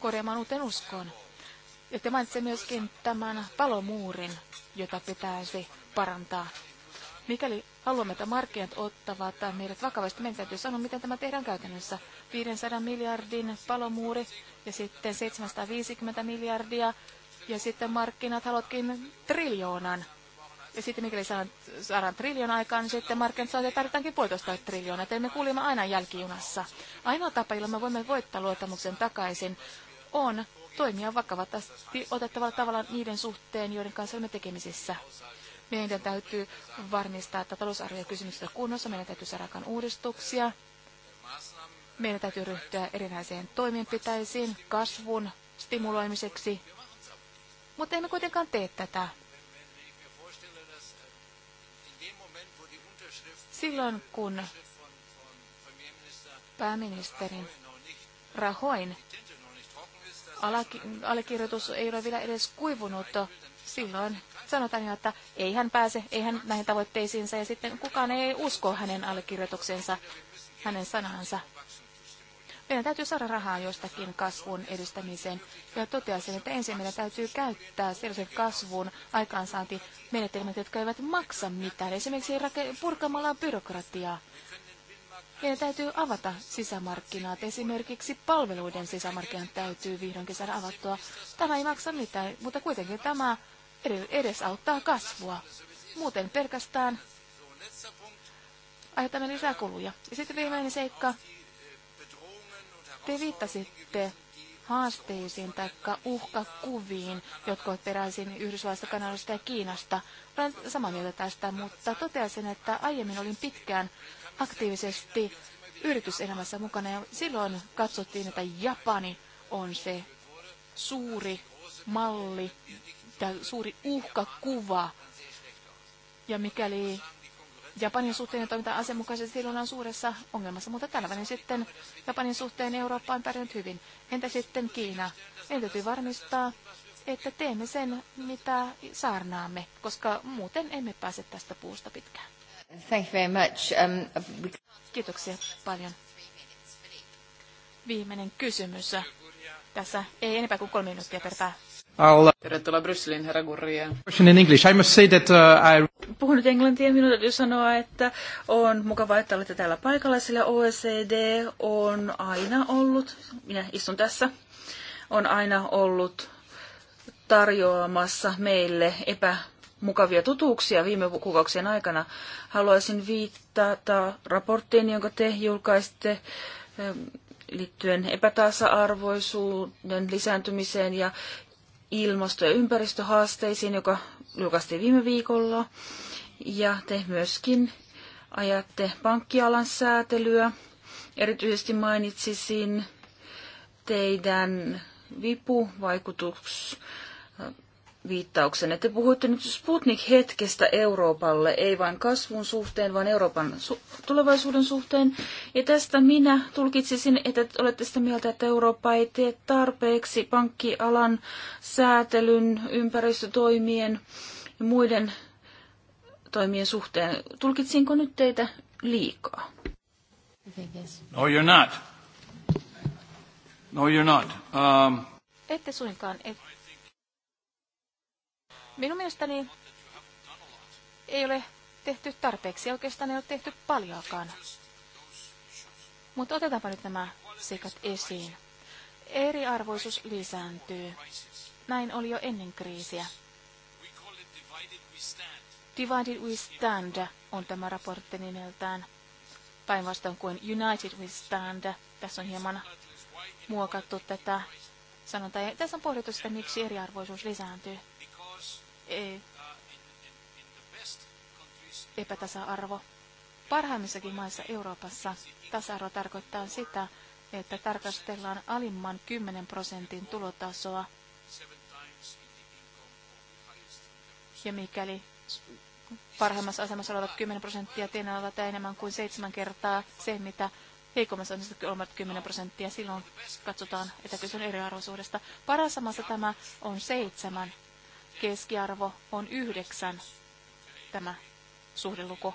korjaamaan uuteen uskoon. Ja te mainitsitte myöskin tämän palomuurin, jota pitäisi parantaa. Mikäli haluamme, että markkinat ottavat meidät vakavasti, meidän täytyy sanoa, miten tämä tehdään käytännössä. 500 miljardin palomuuri ja sitten 750 miljardia ja sitten markkinat haluatkin triljoonan. Ja sitten mikäli saadaan, saadaan triljoon aikaan, niin sitten markkinat saavat tarvitaankin puolitoista triljoonaa. Eli me kuulimme aina jälkijunassa. Ainoa tapa, jolla me voimme voittaa luottamuksen takaisin, on toimia vakavasti otettavalla tavalla niiden suhteen, joiden kanssa olemme tekemisissä. Meidän täytyy varmistaa, että talousarviokysymykset on kunnossa. Meidän täytyy saada aikaan uudistuksia. Meidän täytyy ryhtyä erinäiseen toimenpiteisiin kasvun stimuloimiseksi mutta emme kuitenkaan tee tätä.
Silloin kun
pääministerin rahoin allekirjoitus ei ole vielä edes kuivunut, silloin sanotaan jo, niin, että ei hän pääse, ei hän näihin tavoitteisiinsa ja sitten kukaan ei usko hänen allekirjoituksensa, hänen sanansa. Meidän täytyy saada rahaa jostakin kasvun edistämiseen. Ja toteaisin, että ensin meidän täytyy käyttää sellaisen kasvun aikaansaanti menetelmät, jotka eivät maksa mitään. Esimerkiksi purkamalla byrokratiaa. Meidän täytyy avata sisämarkkinat. Esimerkiksi palveluiden sisämarkkinat täytyy vihdoinkin saada avattua. Tämä ei maksa mitään, mutta kuitenkin tämä edesauttaa kasvua. Muuten pelkästään aiheutamme lisää kuluja. Ja sitten viimeinen seikka, te viittasitte haasteisiin tai uhkakuviin, jotka ovat peräisin Yhdysvallasta, Kanadasta ja Kiinasta. Olen samaa mieltä tästä, mutta toteaisin, että aiemmin olin pitkään aktiivisesti yrityselämässä mukana ja silloin katsottiin, että Japani on se suuri malli ja suuri uhkakuva. Ja mikäli Japanin suhteen ja toimitaan asianmukaisesti, silloin on suuressa ongelmassa. Mutta tällä välin sitten Japanin suhteen Eurooppa on pärjännyt hyvin. Entä sitten Kiina? Meidän täytyy varmistaa, että teemme sen, mitä saarnaamme, koska muuten emme pääse tästä puusta pitkään.
Thank you very much. Um,
Kiitoksia paljon. Viimeinen kysymys. Tässä ei enempää kuin kolme minuuttia per
pää.
I'll...
Uh, Tervetuloa Brysseliin, herra Gurria.
In English. I must say that, uh, I...
Puhun nyt englantia. Minun täytyy sanoa, että on mukava, että olette täällä paikalla, sillä OECD on aina ollut, minä istun tässä, on aina ollut tarjoamassa meille epämukavia tutuuksia viime kuukauksien aikana. Haluaisin viittata raporttiin, jonka te julkaisitte liittyen epätasa-arvoisuuden lisääntymiseen ja ilmasto- ja ympäristöhaasteisiin, joka julkaistiin viime viikolla. Ja te myöskin ajatte pankkialan säätelyä. Erityisesti mainitsisin teidän vipuvaikutuksen viittauksenne. Te puhuitte nyt Sputnik-hetkestä Euroopalle, ei vain kasvun suhteen, vaan Euroopan su- tulevaisuuden suhteen. Ja tästä minä tulkitsisin, että olette sitä mieltä, että Eurooppa ei tee tarpeeksi pankkialan säätelyn, ympäristötoimien ja muiden toimien suhteen. Tulkitsinko nyt teitä liikaa?
No you're not. No you're not. Um...
Ette
suinkaan, ette Minun mielestäni ei ole tehty tarpeeksi, oikeastaan ei ole tehty paljoakaan. Mutta otetaanpa nyt nämä seikat esiin. Eriarvoisuus lisääntyy. Näin oli jo ennen kriisiä. Divided we stand on tämä raportti nimeltään. Päinvastoin kuin United we stand. Tässä on hieman muokattu tätä sanotaan. tässä on pohdittu sitä, miksi eriarvoisuus lisääntyy epätasa-arvo. Parhaimmissakin maissa Euroopassa tasa-arvo tarkoittaa sitä, että tarkastellaan alimman 10 prosentin tulotasoa. Ja mikäli parhaimmassa asemassa olevat 10 prosenttia tienaavat enemmän kuin seitsemän kertaa se, mitä heikommassa asemassa olevat 10 prosenttia, silloin katsotaan, että kyse on eriarvoisuudesta. Parhaassa maassa tämä on seitsemän keskiarvo on yhdeksän, tämä suhdeluku.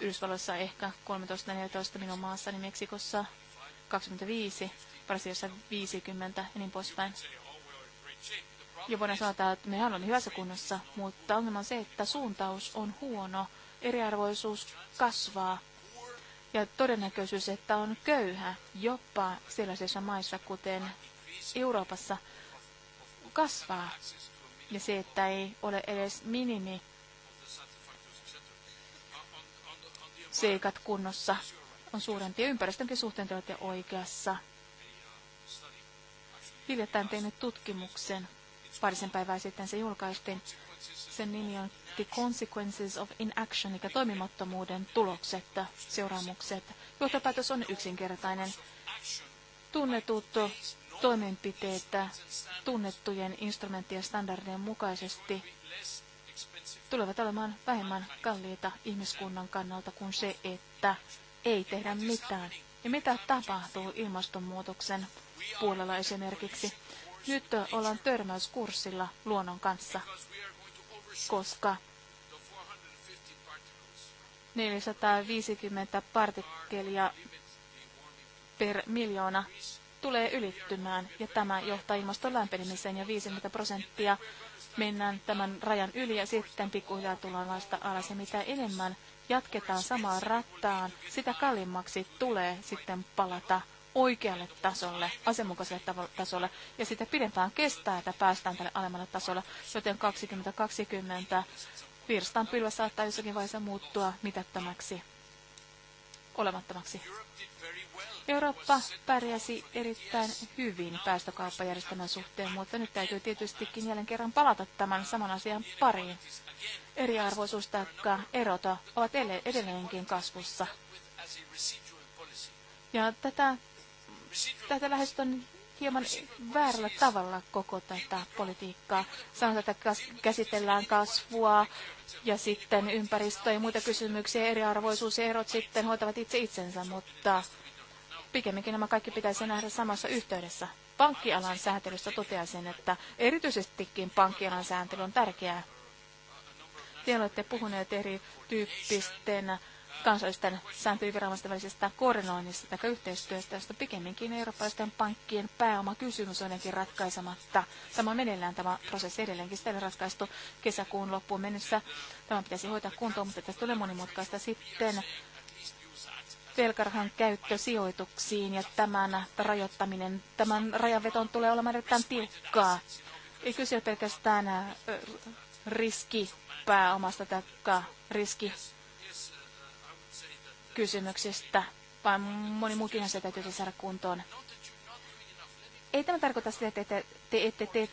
Yhdysvalloissa ehkä 13-14 minun maassani Meksikossa 25, Brasiliassa 50 ja niin poispäin. Ja voidaan sanoa, että mehän on hyvässä kunnossa, mutta ongelma on se, että suuntaus on huono, eriarvoisuus kasvaa ja todennäköisyys, että on köyhä jopa sellaisissa maissa, kuten Euroopassa, kasvaa ja se, että ei ole edes minimi seikat kunnossa, on suurempi Ympäristönkin suhteen te olette oikeassa. Hiljattain tein tutkimuksen. Parisen päivää sitten se julkaistiin. Sen nimi on The Consequences of Inaction, eli toimimattomuuden tulokset, seuraamukset. Johtopäätös on yksinkertainen. Tunnetut toimenpiteitä tunnettujen instrumenttien standardien mukaisesti tulevat olemaan vähemmän kalliita ihmiskunnan kannalta kuin se, että ei tehdä mitään. Ja mitä tapahtuu ilmastonmuutoksen puolella esimerkiksi? Nyt ollaan törmäyskurssilla luonnon kanssa, koska 450 partikkelia per miljoona tulee ylittymään ja tämä johtaa ilmaston lämpenemiseen ja 50 prosenttia mennään tämän rajan yli ja sitten pikkuhiljaa tullaan vasta alas. Ja mitä enemmän jatketaan samaan rattaan, sitä kalliimmaksi tulee sitten palata oikealle tasolle, asianmukaiselle tasolle, ja sitä pidempään kestää, että päästään tälle alemmalle tasolle, joten 2020 virstan pilve saattaa jossakin vaiheessa muuttua mitättömäksi, olemattomaksi. Eurooppa pärjäsi erittäin hyvin päästökauppajärjestelmän suhteen, mutta nyt täytyy tietystikin jälleen kerran palata tämän saman asian pariin. Eriarvoisuus taikka erota ovat edelleenkin kasvussa. Ja tätä, tätä lähestyn hieman väärällä tavalla koko tätä politiikkaa. Sanotaan, että käsitellään kasvua ja sitten ympäristö ja muita kysymyksiä, eriarvoisuus ja erot sitten hoitavat itse itsensä, mutta Pikemminkin nämä kaikki pitäisi nähdä samassa yhteydessä. Pankkialan sääntelystä toteaisin, että erityisestikin pankkialan sääntely on tärkeää. Te olette puhuneet eri tyyppisten kansallisten sääntelyviranomaisten välisestä koordinoinnista tai yhteistyöstä, josta pikemminkin eurooppalaisten pankkien pääomakysymys on jotenkin ratkaisematta. Tämä on meneillään tämä prosessi edelleenkin sitä ratkaistu kesäkuun loppuun mennessä. Tämä pitäisi hoitaa kuntoon, mutta tästä tulee monimutkaista sitten velkarahan käyttö sijoituksiin ja tämän rajoittaminen, tämän rajanveton tulee olemaan erittäin tiukkaa. Ei kyse pelkästään riskipääomasta tai kysymyksestä, vaan moni muukin asia täytyy siis saada kuntoon. Ei tämä tarkoita sitä, että te, te ette tee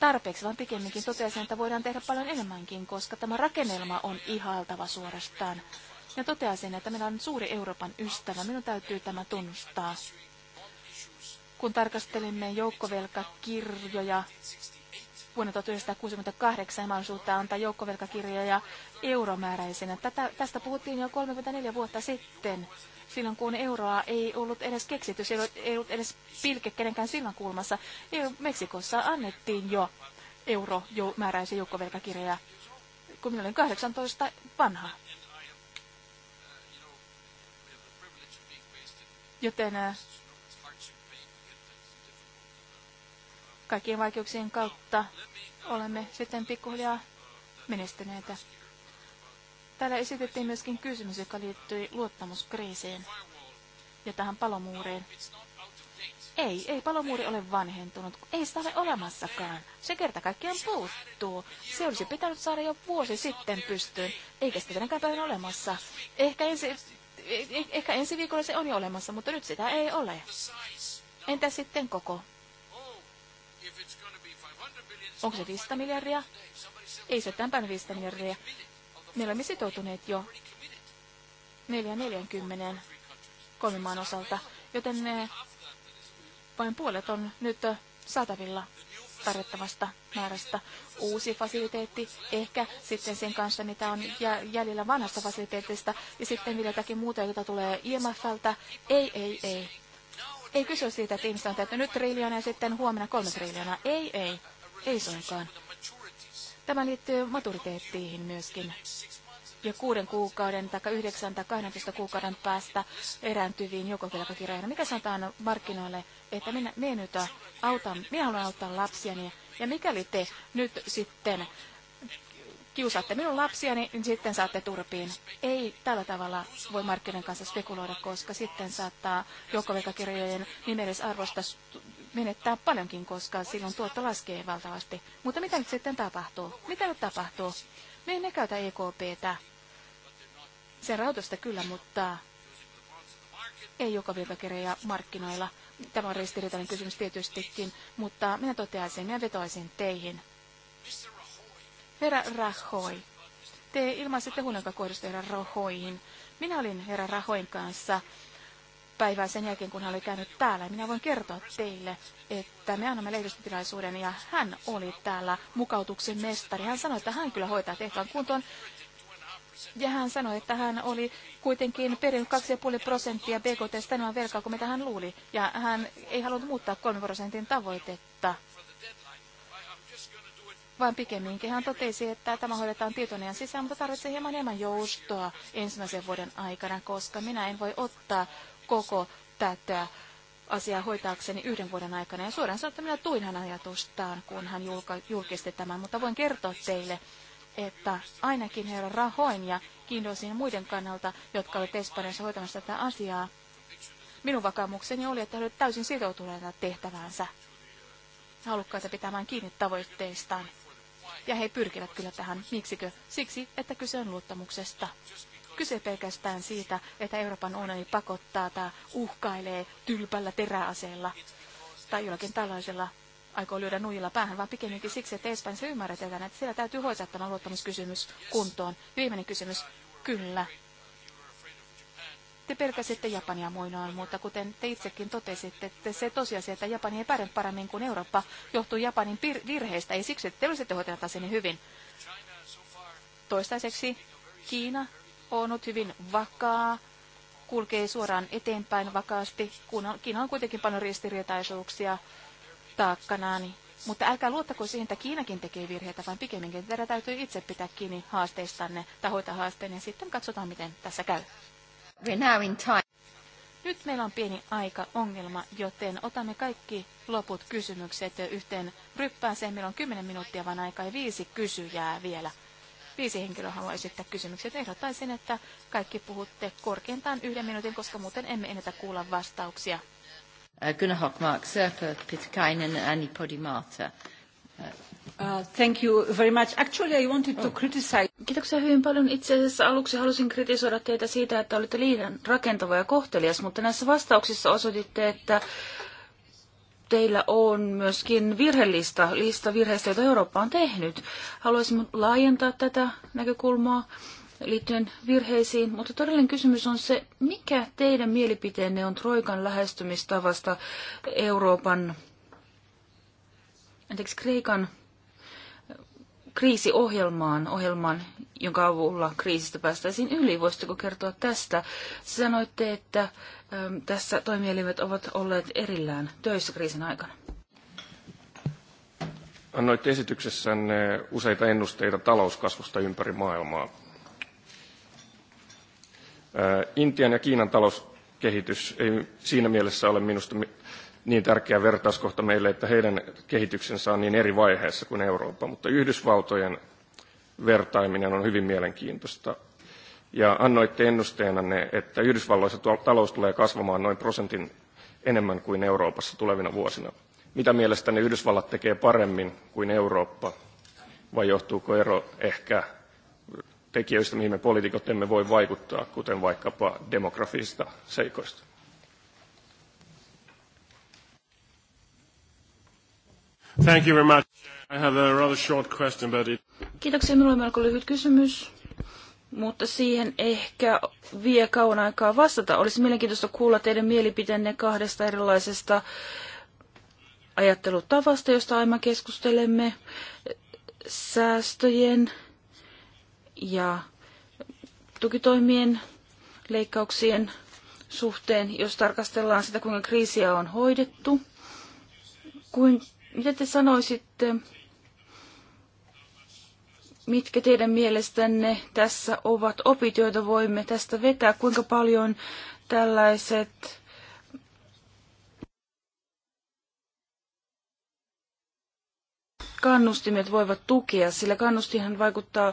tarpeeksi, vaan pikemminkin toteaisin, että voidaan tehdä paljon enemmänkin, koska tämä rakennelma on ihaltava suorastaan ja sen, että meillä on suuri Euroopan ystävä. Minun täytyy tämä tunnustaa. Kun tarkastelimme joukkovelkakirjoja vuonna 1968 mahdollisuutta antaa joukkovelkakirjoja euromääräisenä. Tätä, tästä puhuttiin jo 34 vuotta sitten, silloin kun euroa ei ollut edes keksitty, ei ollut, ei ollut edes pilke kenenkään silmän kulmassa. E Meksikossa annettiin jo euromääräisiä joukkovelkakirjoja, kun minä olin 18 vanha. Joten äh, kaikkien vaikeuksien kautta olemme sitten pikkuhiljaa menestyneitä. Täällä esitettiin myöskin kysymys, joka liittyi luottamuskriisiin ja tähän palomuuriin. Ei, ei palomuuri ole vanhentunut. Ei sitä ole olemassakaan. Se kerta kaikkiaan puuttuu. Se olisi pitänyt saada jo vuosi sitten pystyyn. Eikä sitä tänäkään päivänä olemassa. Ehkä ensi Eh, eh, ehkä ensi viikolla se on jo olemassa, mutta nyt sitä ei ole. Entä sitten koko? Onko se 500 miljardia? Ei se tämän päivän 500 miljardia. Me olemme sitoutuneet jo 440 kolmen maan osalta, joten eh, vain puolet on nyt saatavilla tarvittavasta määrästä uusi fasiliteetti, ehkä sitten sen kanssa, mitä on jäljellä vanhasta fasiliteetista, ja sitten vielä jotakin muuta, jota tulee IMFltä. Ei, ei, ei. Ei kysyä siitä, että ihmiset on nyt triljoona ja sitten huomenna kolme triljoonaa. Ei, ei. Ei suinkaan. Tämä liittyy maturiteettiin myöskin ja kuuden kuukauden tai yhdeksän tai 12 kuukauden päästä erääntyviin joukkovelkakirjoihin. Mikä sanotaan markkinoille, että minä, minä nyt autan, minä haluan auttaa lapsiani ja mikäli te nyt sitten kiusaatte minun lapsiani, niin sitten saatte turpiin. Ei tällä tavalla voi markkinoiden kanssa spekuloida, koska sitten saattaa joukkovelkakirjojen arvosta menettää paljonkin, koska silloin tuotto laskee valtavasti. Mutta mitä nyt sitten tapahtuu? Mitä nyt tapahtuu? Me emme käytä EKPtä sen rautasta kyllä, mutta ei joka virkakereja markkinoilla. Tämä on ristiriitainen kysymys tietystikin, mutta minä toteaisin, minä vetoaisin teihin. Herra Rahoi, te ilmaisitte huolen, joka kohdistui herra Rahoihin. Minä olin herra Rahoin kanssa päivää sen jälkeen, kun hän oli käynyt täällä. Minä voin kertoa teille, että me annamme lehdistötilaisuuden ja hän oli täällä mukautuksen mestari. Hän sanoi, että hän kyllä hoitaa tehtävän kuntoon ja hän sanoi, että hän oli kuitenkin perinnyt 2,5 prosenttia BKT enemmän velkaa kuin mitä hän luuli. Ja hän ei halunnut muuttaa 3 prosentin tavoitetta. Vaan pikemminkin hän totesi, että tämä hoidetaan tietoinen sisään, mutta tarvitsee hieman enemmän joustoa ensimmäisen vuoden aikana, koska minä en voi ottaa koko tätä asiaa hoitaakseni yhden vuoden aikana. Ja suoraan sanottuna minä tuin hän ajatustaan, kun hän julkisti tämän, mutta voin kertoa teille, että ainakin herra Rahoin ja kiinnosin muiden kannalta, jotka olivat Espanjassa hoitamassa tätä asiaa, minun vakaumukseni oli, että he olivat täysin sitoutuneita tehtäväänsä, halukkaita pitämään kiinni tavoitteistaan. Ja he pyrkivät kyllä tähän. Miksikö? Siksi, että kyse on luottamuksesta. Kyse pelkästään siitä, että Euroopan unioni pakottaa tai uhkailee tylpällä teräaseella tai jollakin tällaisella aikoo lyödä nuijilla päähän, vaan pikemminkin siksi, että Espanjassa ymmärretään, että siellä täytyy hoitaa tämä luottamuskysymys kuntoon. Viimeinen kysymys, kyllä. Te pelkäsitte Japania muinoin, mutta kuten te itsekin totesitte, että se tosiasia, että Japani ei pärjää paremmin kuin Eurooppa, johtuu Japanin virheistä, ei siksi, että te olisitte hoitaneet asiani hyvin. Toistaiseksi Kiina on ollut hyvin vakaa, kulkee suoraan eteenpäin vakaasti, kun on, Kiina on kuitenkin paljon ristiriitaisuuksia taakkanaani. mutta älkää luottako siihen, että Kiinakin tekee virheitä, vaan pikemminkin teidän täytyy itse pitää kiinni haasteistanne tahoita haasteen ja sitten katsotaan, miten tässä käy. now in time. Nyt meillä on pieni aika ongelma, joten otamme kaikki loput kysymykset yhteen ryppääseen. Meillä on 10 minuuttia vaan aikaa ja viisi kysyjää vielä. Viisi henkilöä haluaa esittää kysymykset. Ehdottaisin, että kaikki puhutte korkeintaan yhden minuutin, koska muuten emme enää kuulla vastauksia.
Uh, Gunnar Hockmark, Serpa Podimata. Uh, uh, thank you very much. Actually, I wanted to oh. criticize... Kiitoksia hyvin paljon. Itse asiassa aluksi halusin kritisoida teitä siitä, että olitte liian rakentava ja kohtelias, mutta näissä vastauksissa osoititte, että teillä on myöskin virhelista, lista virheistä, joita Eurooppa on tehnyt. Haluaisin laajentaa tätä näkökulmaa liittyen virheisiin, mutta todellinen kysymys on se, mikä teidän mielipiteenne on Troikan lähestymistavasta Euroopan, anteeksi Kreikan kriisiohjelmaan, ohjelmaan, jonka avulla kriisistä päästäisiin yli. Voisitteko kertoa tästä? Sanoitte, että äm, tässä toimielimet ovat olleet erillään töissä kriisin aikana.
Annoitte esityksessänne useita ennusteita talouskasvusta ympäri maailmaa Intian ja Kiinan talouskehitys ei siinä mielessä ole minusta niin tärkeä vertauskohta meille, että heidän kehityksensä on niin eri vaiheessa kuin Eurooppa, mutta Yhdysvaltojen vertaiminen on hyvin mielenkiintoista. Ja annoitte ennusteenanne, että Yhdysvalloissa talous tulee kasvamaan noin prosentin enemmän kuin Euroopassa tulevina vuosina. Mitä mielestäni Yhdysvallat tekee paremmin kuin Eurooppa, vai johtuuko ero ehkä tekijöistä, mihin me
poliitikot emme voi vaikuttaa, kuten vaikkapa demografisista seikoista. Thank you very much.
I have a rather short question, but it...
Kiitoksia. Minulla on melko lyhyt kysymys, mutta siihen ehkä vie kauan aikaa vastata. Olisi mielenkiintoista kuulla teidän mielipiteenne kahdesta erilaisesta ajattelutavasta, josta aiemmin keskustelemme säästöjen ja tukitoimien leikkauksien suhteen, jos tarkastellaan sitä, kuinka kriisiä on hoidettu. Kuin, mitä te sanoisitte, mitkä teidän mielestänne tässä ovat opit, joita voimme tästä vetää? Kuinka paljon tällaiset kannustimet voivat tukea, sillä kannustihan vaikuttaa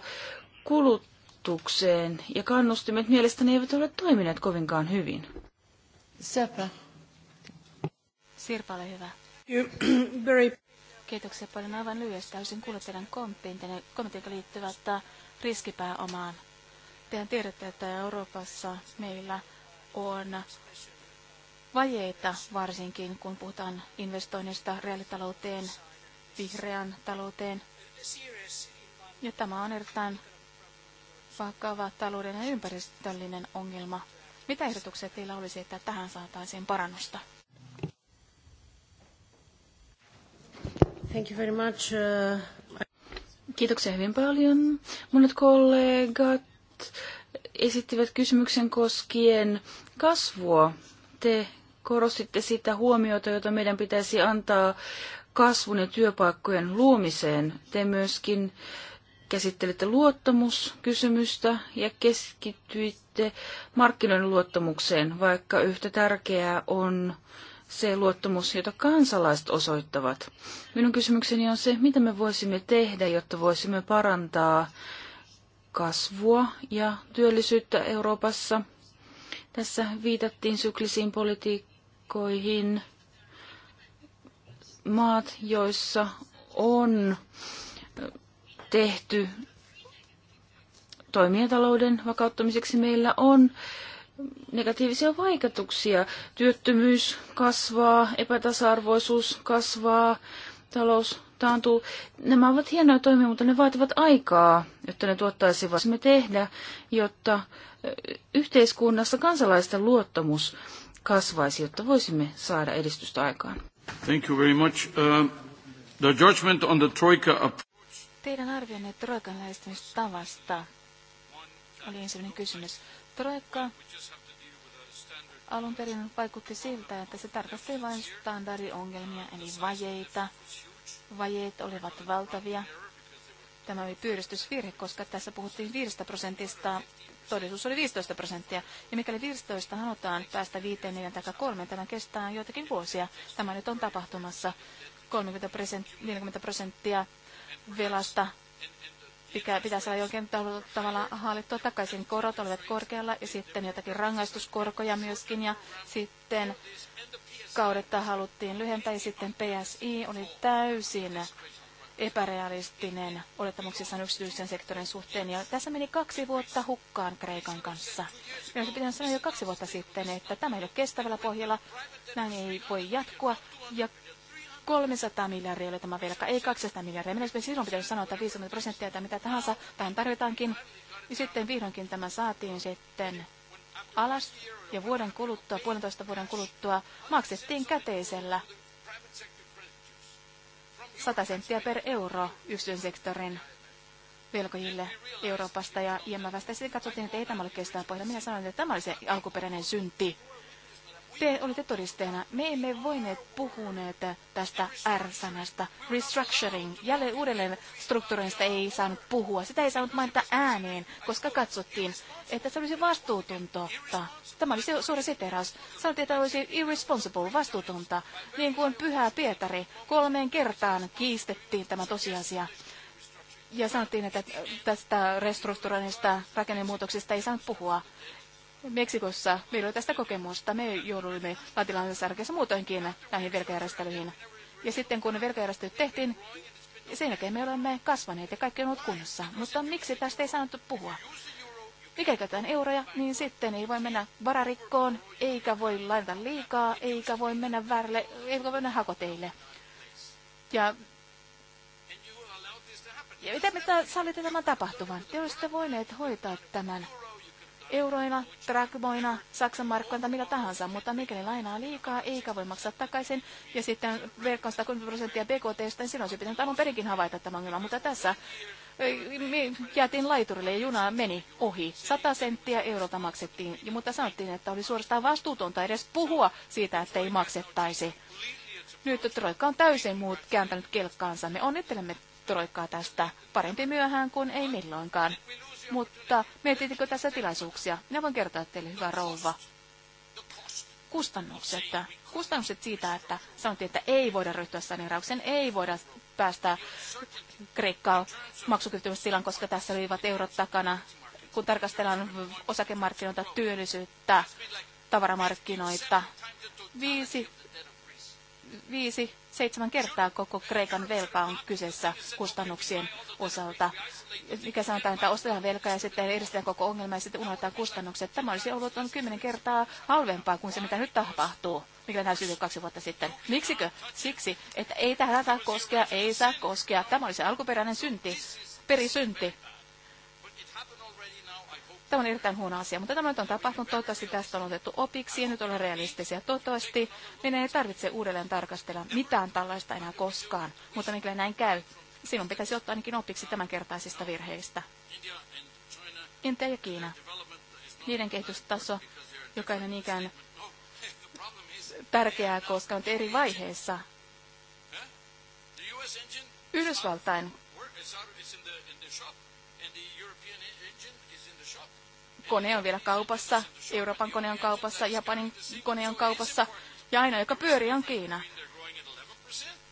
kulutukseen ja kannustimet mielestäni eivät ole toimineet kovinkaan hyvin. Sepä.
Sirpa, ole hyvä. Very... Kiitoksia paljon aivan lyhyesti. Täysin kuluttajan teidän kommentit, jotka liittyvät äh, riskipääomaan. Tehän tiedätte, että Euroopassa meillä on vajeita, varsinkin kun puhutaan investoinnista reaalitalouteen, vihreän talouteen. Ja tämä on erittäin vakava talouden ja ympäristöllinen ongelma. Mitä ehdotuksia teillä olisi, että tähän saataisiin parannusta?
Thank you very much. Uh, Kiitoksia hyvin paljon. Monet kollegat esittivät kysymyksen koskien kasvua. Te korostitte sitä huomiota, jota meidän pitäisi antaa kasvun ja työpaikkojen luomiseen. Te myöskin käsittelitte luottamuskysymystä ja keskityitte markkinoiden luottamukseen, vaikka yhtä tärkeää on se luottamus, jota kansalaiset osoittavat. Minun kysymykseni on se, mitä me voisimme tehdä, jotta voisimme parantaa kasvua ja työllisyyttä Euroopassa. Tässä viitattiin syklisiin politiikkoihin. Maat, joissa on tehty toimia vakauttamiseksi. Meillä on negatiivisia vaikutuksia. Työttömyys kasvaa, epätasa-arvoisuus kasvaa, talous taantuu. Nämä ovat hienoja toimia, mutta ne vaativat aikaa, jotta ne tuottaisivat. Me tehdä, jotta yhteiskunnassa kansalaisten luottamus kasvaisi, jotta voisimme saada edistystä aikaan.
Thank you very much. Uh, the judgment on the
troika...
Teidän arvionne Troikan lähestymistavasta oli ensimmäinen kysymys. Troikka alun perin vaikutti siltä, että se tarkasteli vain standardiongelmia, eli vajeita. Vajeet olivat valtavia. Tämä oli pyydystysvirhe, koska tässä puhuttiin 5 prosentista, todellisuus oli 15 prosenttia. Ja mikäli 15 halutaan päästä 5, 4 tai 3, tämä kestää joitakin vuosia. Tämä nyt on tapahtumassa. 30 prosenttia, 40 prosenttia velasta mikä pitäisi olla jollakin tavalla hallittua takaisin. Korot olivat korkealla ja sitten jotakin rangaistuskorkoja myöskin ja sitten kaudetta haluttiin lyhentää ja sitten PSI oli täysin epärealistinen olettamuksissa yksityisen sektorin suhteen. Ja tässä meni kaksi vuotta hukkaan Kreikan kanssa. Minä olisi pitänyt sanoa jo kaksi vuotta sitten, että tämä ei ole kestävällä pohjalla, näin ei voi jatkua. Ja 300 miljardia oli tämä velka, ei 200 miljardia. Mielestäni silloin pitänyt sanoa, että 50 prosenttia tai mitä tahansa, tähän tarvitaankin. Ja sitten vihdoinkin tämä saatiin sitten alas ja vuoden kuluttua, puolentoista vuoden kuluttua maksettiin käteisellä 100 senttiä per euro yksityisen sektorin velkojille Euroopasta ja IMFstä. Sitten katsottiin, että ei tämä ole kestävä pohja. Minä sanoin, että tämä oli se alkuperäinen synti te olitte todisteena. Me emme voineet puhuneet tästä R-sanasta. Restructuring, jälleen uudelleen strukturoinnista ei saanut puhua. Sitä ei saanut mainita ääneen, koska katsottiin, että se olisi vastuutuntoa, Tämä oli suuri siteraus. Sanottiin, että olisi irresponsible, vastuutonta. Niin kuin Pyhä Pietari kolmeen kertaan kiistettiin tämä tosiasia. Ja sanottiin, että tästä restrukturoinnista rakennemuutoksista ei saanut puhua. Meksikossa meillä oli tästä kokemusta. Me jouduimme latinalaisessa arkessa muutoinkin näihin velkajärjestelyihin. Ja sitten kun velkajärjestelyt tehtiin, sen jälkeen me olemme kasvaneet ja kaikki on ollut kunnossa. Mutta miksi tästä ei saanut puhua? Mikä käytetään euroja, niin sitten ei voi mennä vararikkoon, eikä voi laittaa liikaa, eikä voi mennä väärälle, eikä voi mennä hakoteille. Ja
ja mitä me sallitte tämän tapahtuvan?
Te olisitte voineet hoitaa tämän euroina, drakmoina, saksan markkoina tai mitä tahansa, mutta mikäli lainaa liikaa, eikä voi maksaa takaisin, ja sitten verkkoon 130 prosenttia BKTstä, niin silloin se pitää alun perinkin havaita tämä ongelma, mutta tässä eh, me jäätiin laiturille ja juna meni ohi. 100 senttiä eurota maksettiin, mutta sanottiin, että oli suorastaan vastuutonta edes puhua siitä, että ei maksettaisi. Nyt Troikka on täysin muut kääntänyt kelkkaansa. Me onnittelemme Troikkaa tästä parempi myöhään kuin ei milloinkaan mutta mietittekö tässä tilaisuuksia? Minä voin kertoa teille, hyvä rouva. Kustannukset. Kustannukset siitä, että sanottiin, että ei voida ryhtyä saneeraukseen, ei voida päästä Kreikkaa maksukyvyttömyystilan, koska tässä olivat eurot takana, kun tarkastellaan osakemarkkinoita, työllisyyttä, tavaramarkkinoita. Viisi, viisi, seitsemän kertaa koko Kreikan velka on kyseessä kustannuksien osalta mikä sanotaan, että ostetaan velkaa ja sitten edistetään koko ongelma ja sitten unohtaa kustannukset. Tämä olisi ollut on kymmenen kertaa halvempaa kuin se, mitä nyt tapahtuu, mikä näin syntyi kaksi vuotta sitten. Miksikö? Siksi, että ei tähän saa koskea, ei saa koskea. Tämä oli se alkuperäinen synti, perisynti. Tämä on erittäin huono asia, mutta tämä nyt on tapahtunut. Toivottavasti tästä on otettu opiksi ja nyt ollaan realistisia. Toivottavasti meidän ei tarvitse uudelleen tarkastella mitään tällaista enää koskaan, mutta mikä näin käy sinun pitäisi ottaa ainakin opiksi tämänkertaisista virheistä. Intia ja Kiina. Niiden kehitystaso, joka ei ole niinkään tärkeää, koska on eri vaiheissa.
Yhdysvaltain
kone on vielä kaupassa, Euroopan kone on kaupassa, Japanin kone on kaupassa, ja aina joka pyörii on Kiina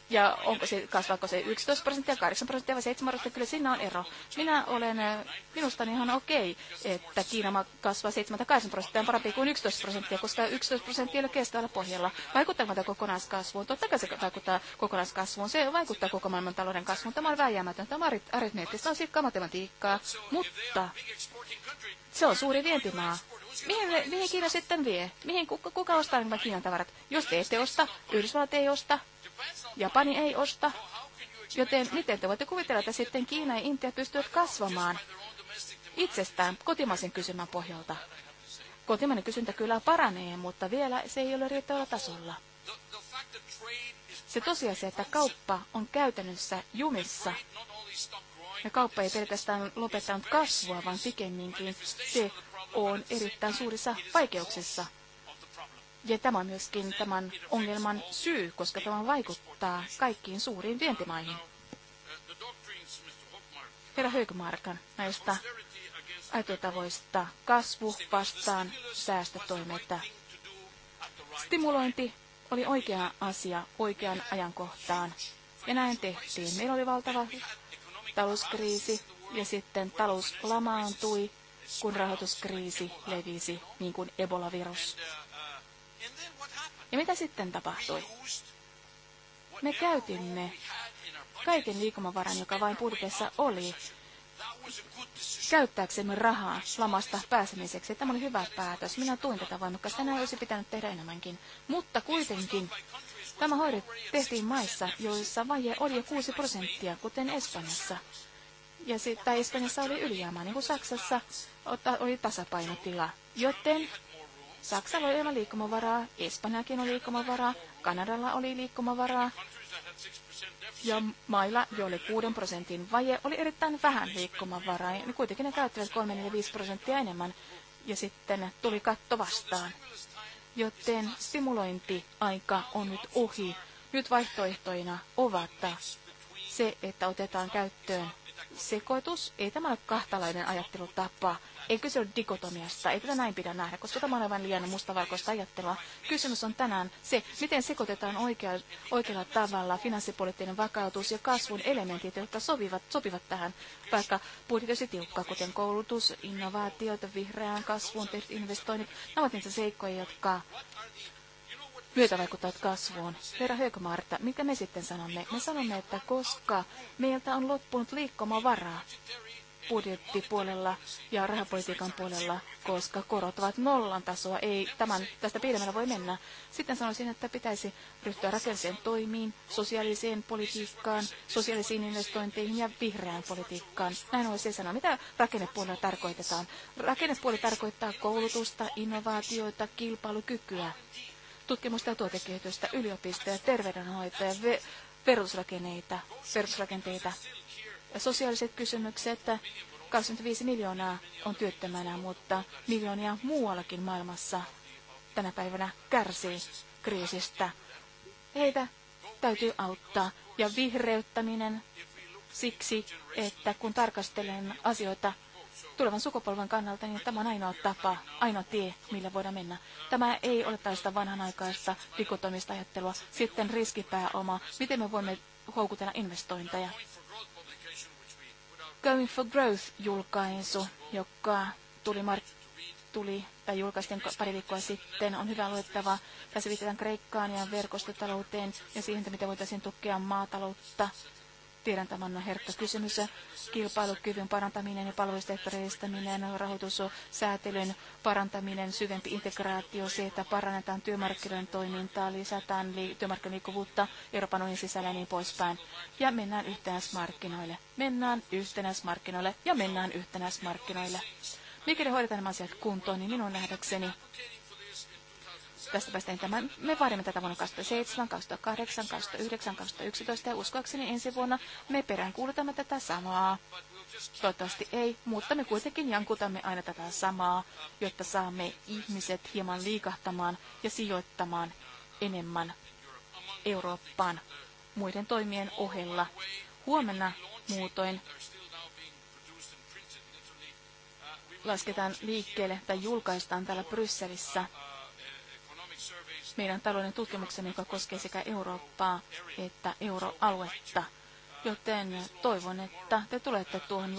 ja onko se, kasvaako se 11 prosenttia, 8 prosenttia vai 7 prosenttia, kyllä siinä on ero. Minä olen, eh, minusta ihan okei, että Kiina kasvaa 7-8 prosenttia, on parempi kuin 11 prosenttia, koska 11 prosenttia ei ole kestävällä pohjalla. Vaikuttaa tämä kokonaiskasvuun? Totta kai se vaikuttaa kokonaiskasvuun, se vaikuttaa koko maailman talouden kasvuun. Tämä on väijämätön, tämä on aritmeettista asiakkaa matematiikkaa, mutta se on suuri vientimaa. Mihin, mihin Kiina sitten vie? Mihin, kuka, kuka ostaa nämä Kiinan tavarat? Jos te ette osta, Yhdysvallat ei osta, Japani ei osta, joten miten te voitte kuvitella, että sitten Kiina ja Intia pystyvät kasvamaan itsestään kotimaisen kysymän pohjalta? Kotimainen kysyntä kyllä paranee, mutta vielä se ei ole riittävällä tasolla. Se tosiasia, että kauppa on käytännössä jumissa, ja kauppa ei pelkästään lopettanut kasvua, vaan pikemminkin se on erittäin suurissa vaikeuksissa. Ja tämä on myöskin tämän ongelman syy, koska tämä vaikuttaa kaikkiin suuriin vientimaihin. Herra Högmarkan näistä aitotavoista kasvu vastaan säästötoimetta. Stimulointi oli oikea asia oikean ajankohtaan. Ja näin tehtiin. Meillä oli valtava talouskriisi ja sitten talous lamaantui, kun rahoituskriisi levisi, niin kuin Ebola-virus. Ja mitä sitten tapahtui? Me käytimme kaiken liikumavaran, joka vain budjetissa oli, käyttääksemme rahaa lamasta pääsemiseksi. Tämä oli hyvä päätös. Minä tuin tätä voimakkaasti. Tänään olisi pitänyt tehdä enemmänkin. Mutta kuitenkin tämä hoidot tehtiin maissa, joissa vaje oli jo 6 prosenttia, kuten Espanjassa. Ja sitten Espanjassa oli ylijäämää, niin kuin Saksassa oli tasapainotila. Joten Saksalla oli liikkumavaraa, Espanjakin oli liikkumavaraa, Kanadalla oli liikkumavaraa. Ja mailla, joille 6 prosentin vaje, oli erittäin vähän liikkumavaraa. Niin kuitenkin ne käyttivät 3-5 prosenttia enemmän. Ja sitten tuli katto vastaan. Joten simulointiaika on nyt ohi. Nyt vaihtoehtoina ovat se, että otetaan käyttöön sekoitus. Ei tämä ole kahtalainen ajattelutapa. Ei kyse ole dikotomiasta. Ei tätä näin pidä nähdä, koska tämä on aivan liian mustavalkoista ajattelua. Kysymys on tänään se, miten sekoitetaan oikea, oikealla tavalla finanssipoliittinen vakautus ja kasvun elementit, jotka sovivat, sopivat tähän, vaikka budjetti tiukka, kuten koulutus, innovaatiot, vihreään kasvuun tehdyt investoinnit. Nämä ovat niitä seikkoja, jotka myötävaikuttavat kasvuun. Herra Högmarta, mitä me sitten sanomme? Me sanomme, että koska meiltä on loppunut liikkumavaraa budjettipuolella ja rahapolitiikan puolella, koska korot ovat nollan tasoa, ei tämän, tästä pidemmällä voi mennä. Sitten sanoisin, että pitäisi ryhtyä rakenteen toimiin, sosiaaliseen politiikkaan, sosiaalisiin investointeihin ja vihreään politiikkaan. Näin voisi sanoa, mitä rakennepuolella tarkoitetaan. Rakennepuoli tarkoittaa koulutusta, innovaatioita, kilpailukykyä tutkimusta ja tuotekehitystä, yliopistoja, terveydenhoitoja, ve- perusrakenteita, perusrakenteita ja sosiaaliset kysymykset. 25 miljoonaa on työttömänä, mutta miljoonia muuallakin maailmassa tänä päivänä kärsii kriisistä. Heitä täytyy auttaa ja vihreyttäminen siksi, että kun tarkastelen asioita tulevan sukupolven kannalta, niin tämä on ainoa tapa, ainoa tie, millä voidaan mennä. Tämä ei ole tällaista vanhanaikaista rikotomista ajattelua. Sitten riskipääoma. Miten me voimme houkutella investointeja? Going for Growth-julkaisu, joka tuli, mark- tuli tai julkaistiin pari viikkoa sitten, on hyvä luettava. Tässä viitataan Kreikkaan ja verkostotalouteen ja siihen, että miten voitaisiin tukea maataloutta Tiedän tämän on herkkä kysymys. Kilpailukyvyn parantaminen ja palvelusten järjestäminen, rahoitussäätelyn parantaminen, syvempi integraatio, se, että parannetaan työmarkkinoiden toimintaa, lisätään li- työmarkkinaliikkuvuutta Euroopan unionin sisällä ja niin poispäin. Ja mennään yhtenäismarkkinoille. Mennään yhtenäismarkkinoille ja mennään yhtenäismarkkinoille. Mikäli hoidetaan nämä asiat kuntoon, niin minun nähdäkseni tästä päästään tämän. Me vaadimme tätä vuonna 2007, 2008, 2009, 2011 ja uskoakseni ensi vuonna me peräänkuulutamme tätä samaa. Toivottavasti ei, mutta me kuitenkin jankutamme aina tätä samaa, jotta saamme ihmiset hieman liikahtamaan ja sijoittamaan enemmän Eurooppaan muiden toimien ohella. Huomenna muutoin lasketaan liikkeelle tai julkaistaan täällä Brysselissä meidän talouden tutkimuksen, joka koskee sekä Eurooppaa että euroaluetta. Joten toivon, että te tulette tuohon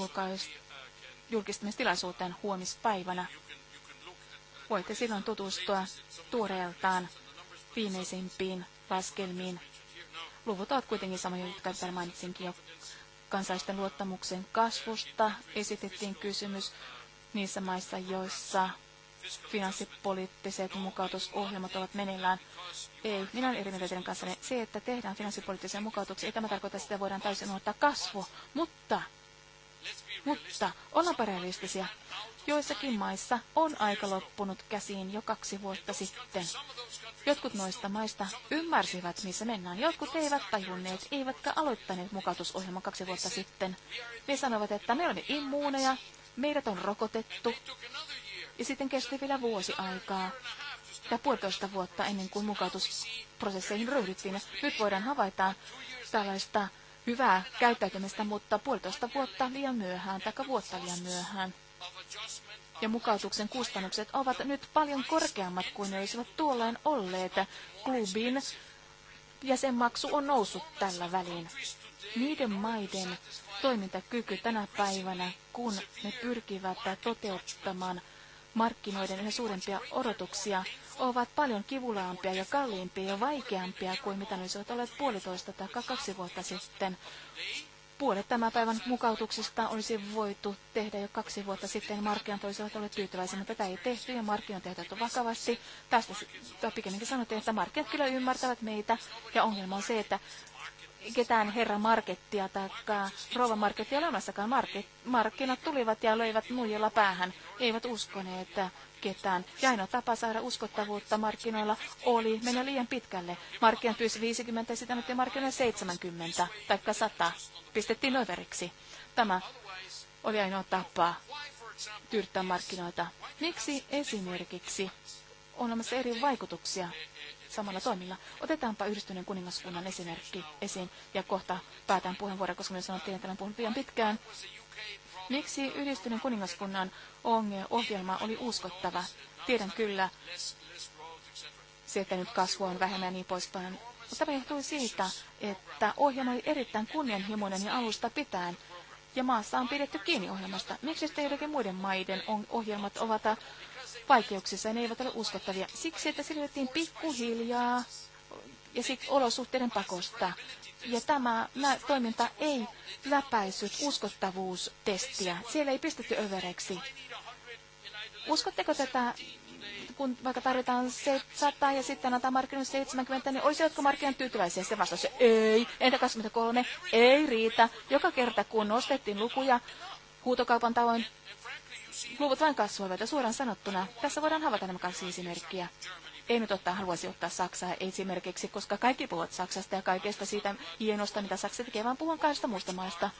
julkistamistilaisuuteen huomispäivänä. Voitte silloin tutustua tuoreeltaan viimeisimpiin laskelmiin. Luvut ovat kuitenkin samoja, jotka täällä mainitsinkin jo. kansallisten luottamuksen kasvusta esitettiin kysymys niissä maissa, joissa finanssipoliittiset mukautusohjelmat ovat meneillään. Ei, minä olen eri mieltä teidän kanssanne. Se, että tehdään finanssipoliittisia mukautuksia, ei tämä tarkoita, että sitä voidaan täysin unohtaa kasvu. Mutta, mutta ollaanpa realistisia. Joissakin maissa on aika loppunut käsiin jo kaksi vuotta sitten. Jotkut noista maista ymmärsivät, missä mennään. Jotkut eivät tajunneet, eivätkä aloittaneet mukautusohjelman kaksi vuotta sitten. Ne sanovat, että me olemme immuuneja, meidät on rokotettu. Ja sitten kesti vielä vuosi aikaa ja puolitoista vuotta ennen kuin mukautusprosesseihin ryhdyttiin. Nyt voidaan havaita tällaista hyvää käyttäytymistä, mutta puolitoista vuotta liian myöhään, tai vuotta liian myöhään. Ja mukautuksen kustannukset ovat nyt paljon korkeammat kuin ne olisivat tuolloin olleet. Klubin jäsenmaksu on noussut tällä välin. Niiden maiden toimintakyky tänä päivänä, kun ne pyrkivät toteuttamaan markkinoiden yhä suurempia odotuksia ovat paljon kivulaampia ja kalliimpia ja vaikeampia kuin mitä ne olisivat olleet puolitoista tai kaksi vuotta sitten. Puolet tämän päivän mukautuksista olisi voitu tehdä jo kaksi vuotta sitten. Markkinat olisivat olleet tyytyväisiä, mutta tätä ei tehty ja markkinat ei vakavasti. Tästä pikemminkin sanottiin, että markkinat kyllä ymmärtävät meitä ja ongelma on se, että ketään herra markettia tai rouva markettia olemassakaan. Market, markkinat tulivat ja löivät muijalla päähän. Eivät uskoneet ketään. Ja ainoa tapa saada uskottavuutta markkinoilla oli mennä liian pitkälle. Markkinat pyysi 50 ja sitä annettiin markkinoille 70 tai 100. Pistettiin överiksi. Tämä oli ainoa tapa tyrttää markkinoita. Miksi esimerkiksi on olemassa eri vaikutuksia samalla toimilla. Otetaanpa yhdistyneen kuningaskunnan esimerkki esiin ja kohta päätään puheenvuoron, koska minä sanottiin, että tämän puhun pian pitkään. Miksi yhdistyneen kuningaskunnan ohjelma oli uskottava? Tiedän kyllä se, että nyt kasvu on vähemmän ja niin poispäin. Mutta tämä johtui siitä, että ohjelma oli erittäin kunnianhimoinen ja alusta pitäen, ja maassa on pidetty kiinni ohjelmasta. Miksi sitten joidenkin muiden maiden ohjelmat ovat vaikeuksissa ja ne eivät ole uskottavia. Siksi, että selvitettiin pikkuhiljaa ja sitten olosuhteiden pakosta. Ja tämä toiminta ei läpäissyt uskottavuustestiä. Siellä ei pistetty övereksi. Uskotteko tätä, kun vaikka tarvitaan 100 ja sitten antaa markkinoille 70, niin olisivatko markkinat tyytyväisiä? Se vastaus ei. Entä 23? Ei riitä. Joka kerta, kun nostettiin lukuja huutokaupan tavoin, luvut vain kasvoivat ja suoraan sanottuna tässä voidaan havaita nämä kaksi esimerkkiä. Ei nyt ottaa, haluaisi ottaa Saksaa esimerkiksi, koska kaikki puhuvat Saksasta ja kaikesta siitä hienosta, mitä Saksa tekee, vaan puhun kahdesta muusta maasta,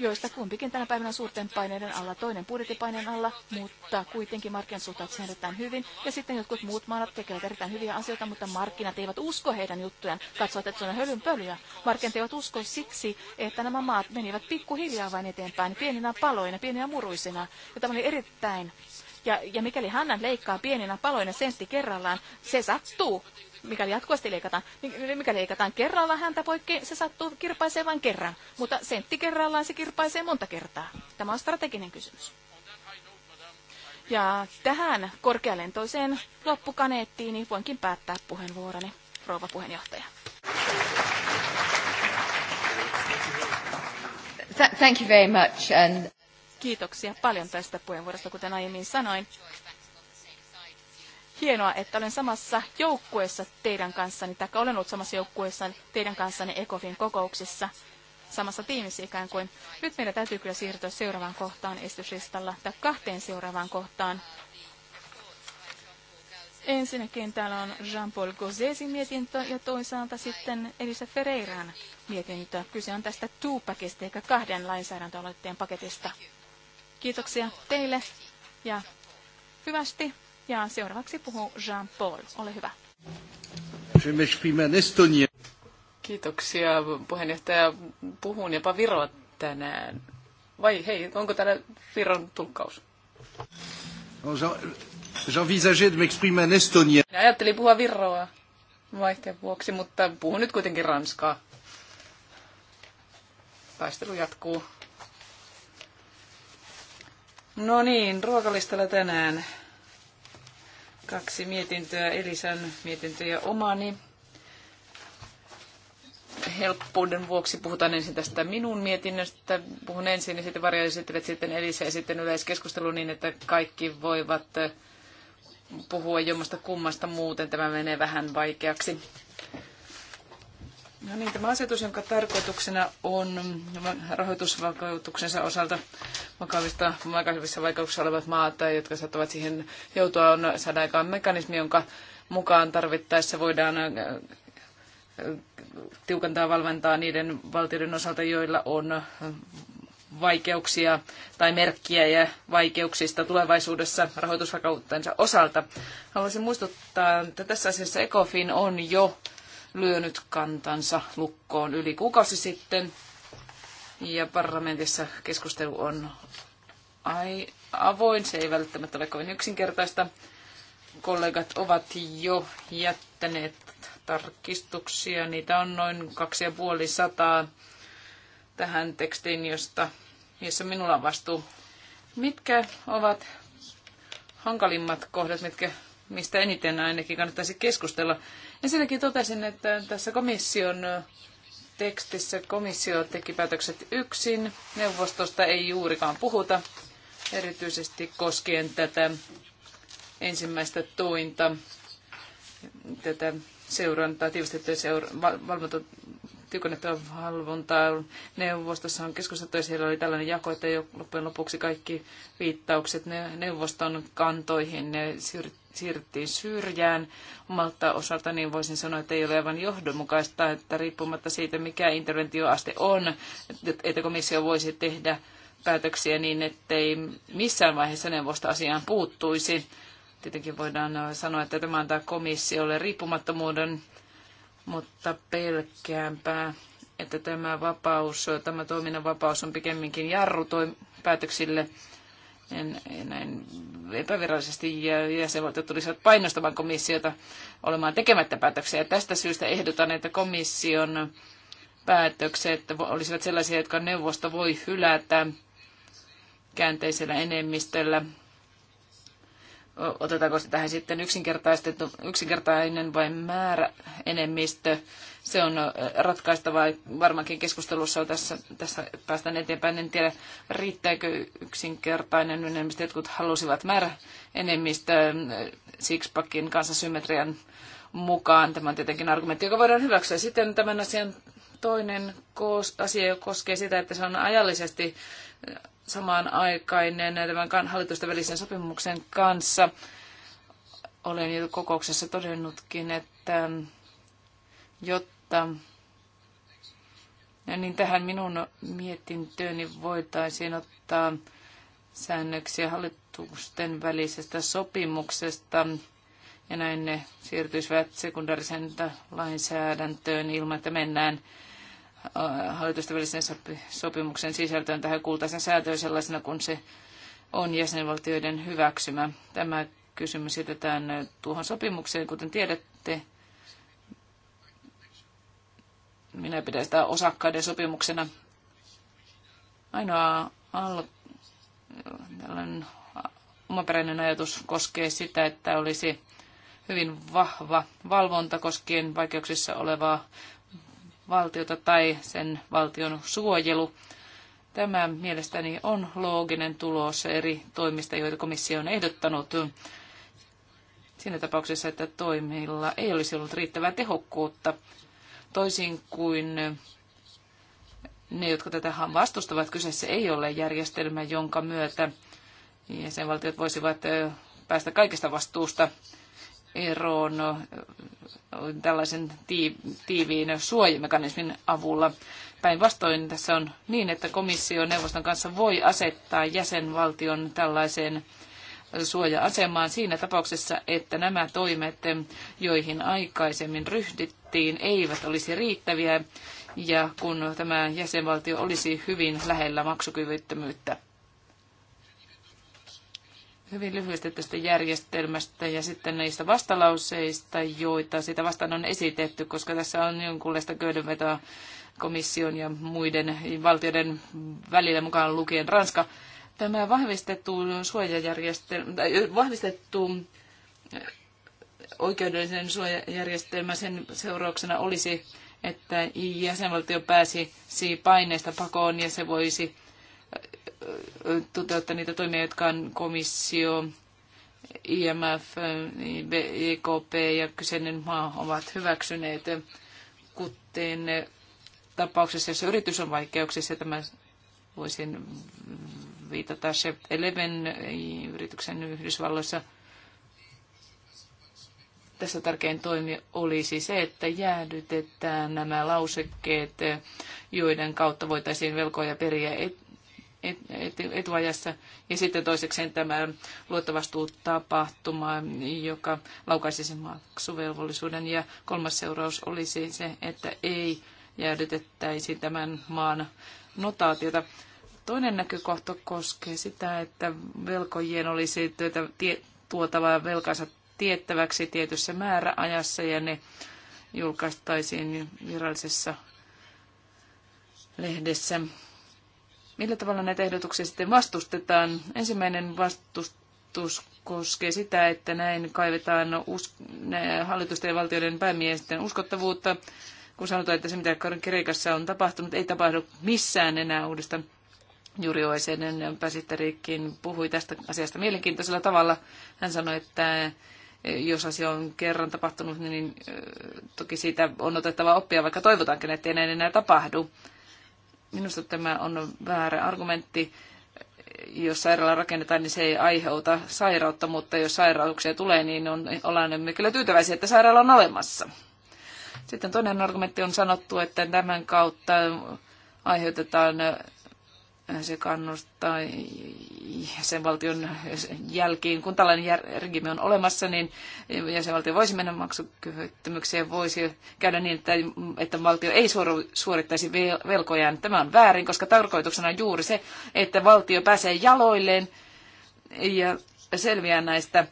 joista kumpikin tänä päivänä suurten paineiden alla, toinen budjettipaineen alla, mutta kuitenkin markkinat suhtautuvat erittäin hyvin. Ja sitten jotkut muut maat tekevät erittäin hyviä asioita, mutta markkinat eivät usko heidän juttujaan, katsovat, että se on pölyä. Markkinat eivät usko siksi, että nämä maat menivät pikkuhiljaa vain eteenpäin, pieninä paloina, pieninä muruisina. Ja tämä oli erittäin ja, ja mikäli hän leikkaa pieninä paloina sentti kerrallaan, se sattuu mikäli jatkuvasti leikataan, niin mikäli leikataan kerralla häntä poikki, se sattuu kirpaisee vain kerran. Mutta sentti kerrallaan se kirpaisee monta kertaa. Tämä on strateginen kysymys. Ja tähän korkealentoiseen loppukaneettiin niin voinkin päättää puheenvuoroni, rouva puheenjohtaja.
Thank you very much. And...
Kiitoksia paljon tästä puheenvuorosta, kuten aiemmin sanoin hienoa, että olen samassa joukkueessa teidän kanssani, tai olen ollut samassa joukkueessa teidän kanssani ECOFin kokouksissa, samassa tiimissä ikään kuin. Nyt meidän täytyy kyllä siirtyä seuraavaan kohtaan esityslistalla, tai kahteen seuraavaan kohtaan. Ensinnäkin täällä on Jean-Paul Gauzesin mietintö ja toisaalta sitten Elisa Ferreiran mietintö. Kyse on tästä Tupakista eikä kahden lainsäädäntöaloitteen paketista. Kiitoksia teille ja hyvästi. Ja seuraavaksi puhuu Jean-Paul. Ole hyvä.
Kiitoksia puheenjohtaja. Puhun jopa Viroa tänään. Vai hei, onko täällä Viron tulkkaus?
J'envisageais de m'exprimer en estonien.
Minä ajattelin puhua Viroa vaihteen vuoksi, mutta puhun nyt kuitenkin Ranskaa. Taistelu jatkuu. No niin, ruokalistalla tänään Kaksi mietintöä, Elisan mietintö ja omani. Helppouden vuoksi puhutaan ensin tästä minun mietinnöstä. Puhun ensin ja sitten esittelet sitten Elisa ja sitten yleiskeskustelu niin, että kaikki voivat puhua jommasta kummasta muuten. Tämä menee vähän vaikeaksi. No niin, tämä asetus, jonka tarkoituksena on rahoitusvakautuksensa osalta vakavista vakavissa vaikeuksissa olevat maat, tai jotka saattavat siihen joutua, on saada aikaan mekanismi, jonka mukaan tarvittaessa voidaan äh, äh, tiukentaa valvontaa niiden valtioiden osalta, joilla on vaikeuksia tai merkkiä ja vaikeuksista tulevaisuudessa rahoitusvakauttensa osalta. Haluaisin muistuttaa, että tässä asiassa ECOFIN on jo lyönyt kantansa lukkoon yli kuukausi sitten. Ja parlamentissa keskustelu on ai, avoin, se ei välttämättä ole kovin yksinkertaista. Kollegat ovat jo jättäneet tarkistuksia, niitä on noin kaksi ja puoli sataa tähän tekstiin, josta, jossa minulla on vastuu. Mitkä ovat hankalimmat kohdat, mitkä, mistä eniten ainakin kannattaisi keskustella? Ensinnäkin totesin, että tässä komission tekstissä komissio teki päätökset yksin. Neuvostosta ei juurikaan puhuta, erityisesti koskien tätä ensimmäistä tointa, tätä seurantaa, tiivistettyä seura- val- tiukennettua valvontaa. Neuvostossa on keskusteltu ja siellä oli tällainen jako, että jo loppujen lopuksi kaikki viittaukset neuvoston kantoihin ne siirrettiin syrjään. Omalta osalta niin voisin sanoa, että ei ole aivan johdonmukaista, että riippumatta siitä, mikä interventioaste on, että komissio voisi tehdä päätöksiä niin, ettei missään vaiheessa neuvosto asiaan puuttuisi. Tietenkin voidaan sanoa, että tämä antaa komissiolle riippumattomuuden mutta pelkäänpä, että tämä vapaus, tämä toiminnan vapaus on pikemminkin jarru päätöksille. päätöksille. En, näin epävirallisesti jäsenvaltiot tulisivat painostamaan komissiota olemaan tekemättä päätöksiä. Tästä syystä ehdotan, että komission päätökset olisivat sellaisia, jotka neuvosto voi hylätä käänteisellä enemmistöllä otetaanko se tähän sitten yksinkertaistettu, yksinkertainen vai määrä enemmistö. Se on ratkaistava varmaankin keskustelussa on tässä, tässä päästään eteenpäin. En tiedä, riittääkö yksinkertainen enemmistö. Jotkut halusivat määrä enemmistö Sixpackin kanssa symmetrian mukaan. Tämä on tietenkin argumentti, joka voidaan hyväksyä. Sitten tämän asian toinen asia koskee sitä, että se on ajallisesti samanaikainen tämän hallitusten välisen sopimuksen kanssa. Olen jo kokouksessa todennutkin, että jotta niin tähän minun mietintööni voitaisiin ottaa säännöksiä hallitusten välisestä sopimuksesta, ja näin ne siirtyisivät sekundaarisen lainsäädäntöön ilman, että mennään Äh, hallitusten välisen sopimuksen sisältöön tähän kultaisen säätöön sellaisena, kun se on jäsenvaltioiden hyväksymä. Tämä kysymys jätetään äh, tuohon sopimukseen, kuten tiedätte. Minä pidän sitä osakkaiden sopimuksena. Ainoa al- tällainen omaperäinen ajatus koskee sitä, että olisi hyvin vahva valvonta koskien vaikeuksissa olevaa valtiota tai sen valtion suojelu. Tämä mielestäni on looginen tulos eri toimista, joita komissio on ehdottanut siinä tapauksessa, että toimilla ei olisi ollut riittävää tehokkuutta. Toisin kuin ne, jotka tätä vastustavat, kyseessä ei ole järjestelmä, jonka myötä jäsenvaltiot voisivat päästä kaikesta vastuusta eroon äh, tällaisen tiiviin suojamekanismin avulla. Päinvastoin tässä on niin, että komissio neuvoston kanssa voi asettaa jäsenvaltion tällaiseen suoja-asemaan siinä tapauksessa, että nämä toimet, joihin aikaisemmin ryhdyttiin, eivät olisi riittäviä ja kun tämä jäsenvaltio olisi hyvin lähellä maksukyvyttömyyttä hyvin lyhyesti tästä järjestelmästä ja sitten näistä vastalauseista, joita sitä vastaan on esitetty, koska tässä on jonkunlaista köydenvetoa komission ja muiden valtioiden välillä mukaan lukien Ranska. Tämä vahvistettu suojajärjestelmä, tai vahvistettu oikeudellisen suojajärjestelmän sen seurauksena olisi, että jäsenvaltio pääsisi paineesta pakoon ja se voisi toteuttaa niitä toimia, jotka on komissio, IMF, EKP ja kyseinen maa ovat hyväksyneet, kuten tapauksessa, jos yritys on vaikeuksissa, tämä voisin viitata se Eleven yrityksen Yhdysvalloissa. Tässä tärkein toimi olisi se, että jäädytetään nämä lausekkeet, joiden kautta voitaisiin velkoja periä etuajassa. Ja sitten toisekseen tämä luottavastuutapahtuma, joka laukaisisi maksuvelvollisuuden. Ja kolmas seuraus olisi se, että ei jäädytettäisi tämän maan notaatiota. Toinen näkökohta koskee sitä, että velkojien olisi työtä, tie, tuotava velkansa tiettäväksi tietyssä määräajassa ja ne julkaistaisiin virallisessa lehdessä. Millä tavalla näitä ehdotuksia sitten vastustetaan? Ensimmäinen vastustus koskee sitä, että näin kaivetaan us- hallitusten ja valtioiden päämiesten uskottavuutta, kun sanotaan, että se mitä Kreikassa on tapahtunut, ei tapahdu missään enää uudestaan. Juri Oisenen pääsihteerikin puhui tästä asiasta mielenkiintoisella tavalla. Hän sanoi, että e, jos asia on kerran tapahtunut, niin e, toki siitä on otettava oppia, vaikka toivotaankin, että ei näin enää tapahdu. Minusta tämä on väärä argumentti. Jos sairaala rakennetaan, niin se ei aiheuta sairautta, mutta jos sairauksia tulee, niin on, ollaan kyllä tyytyväisiä, että sairaala on olemassa. Sitten toinen argumentti on sanottu, että tämän kautta aiheutetaan se kannustaa valtion jälkiin, kun tällainen regimi on olemassa, niin jäsenvaltio voisi mennä maksukyvyttömyykseen, voisi käydä niin, että, että valtio ei suorittaisi velkojaan. Tämä on väärin, koska tarkoituksena on juuri se, että valtio pääsee jaloilleen ja selviää näistä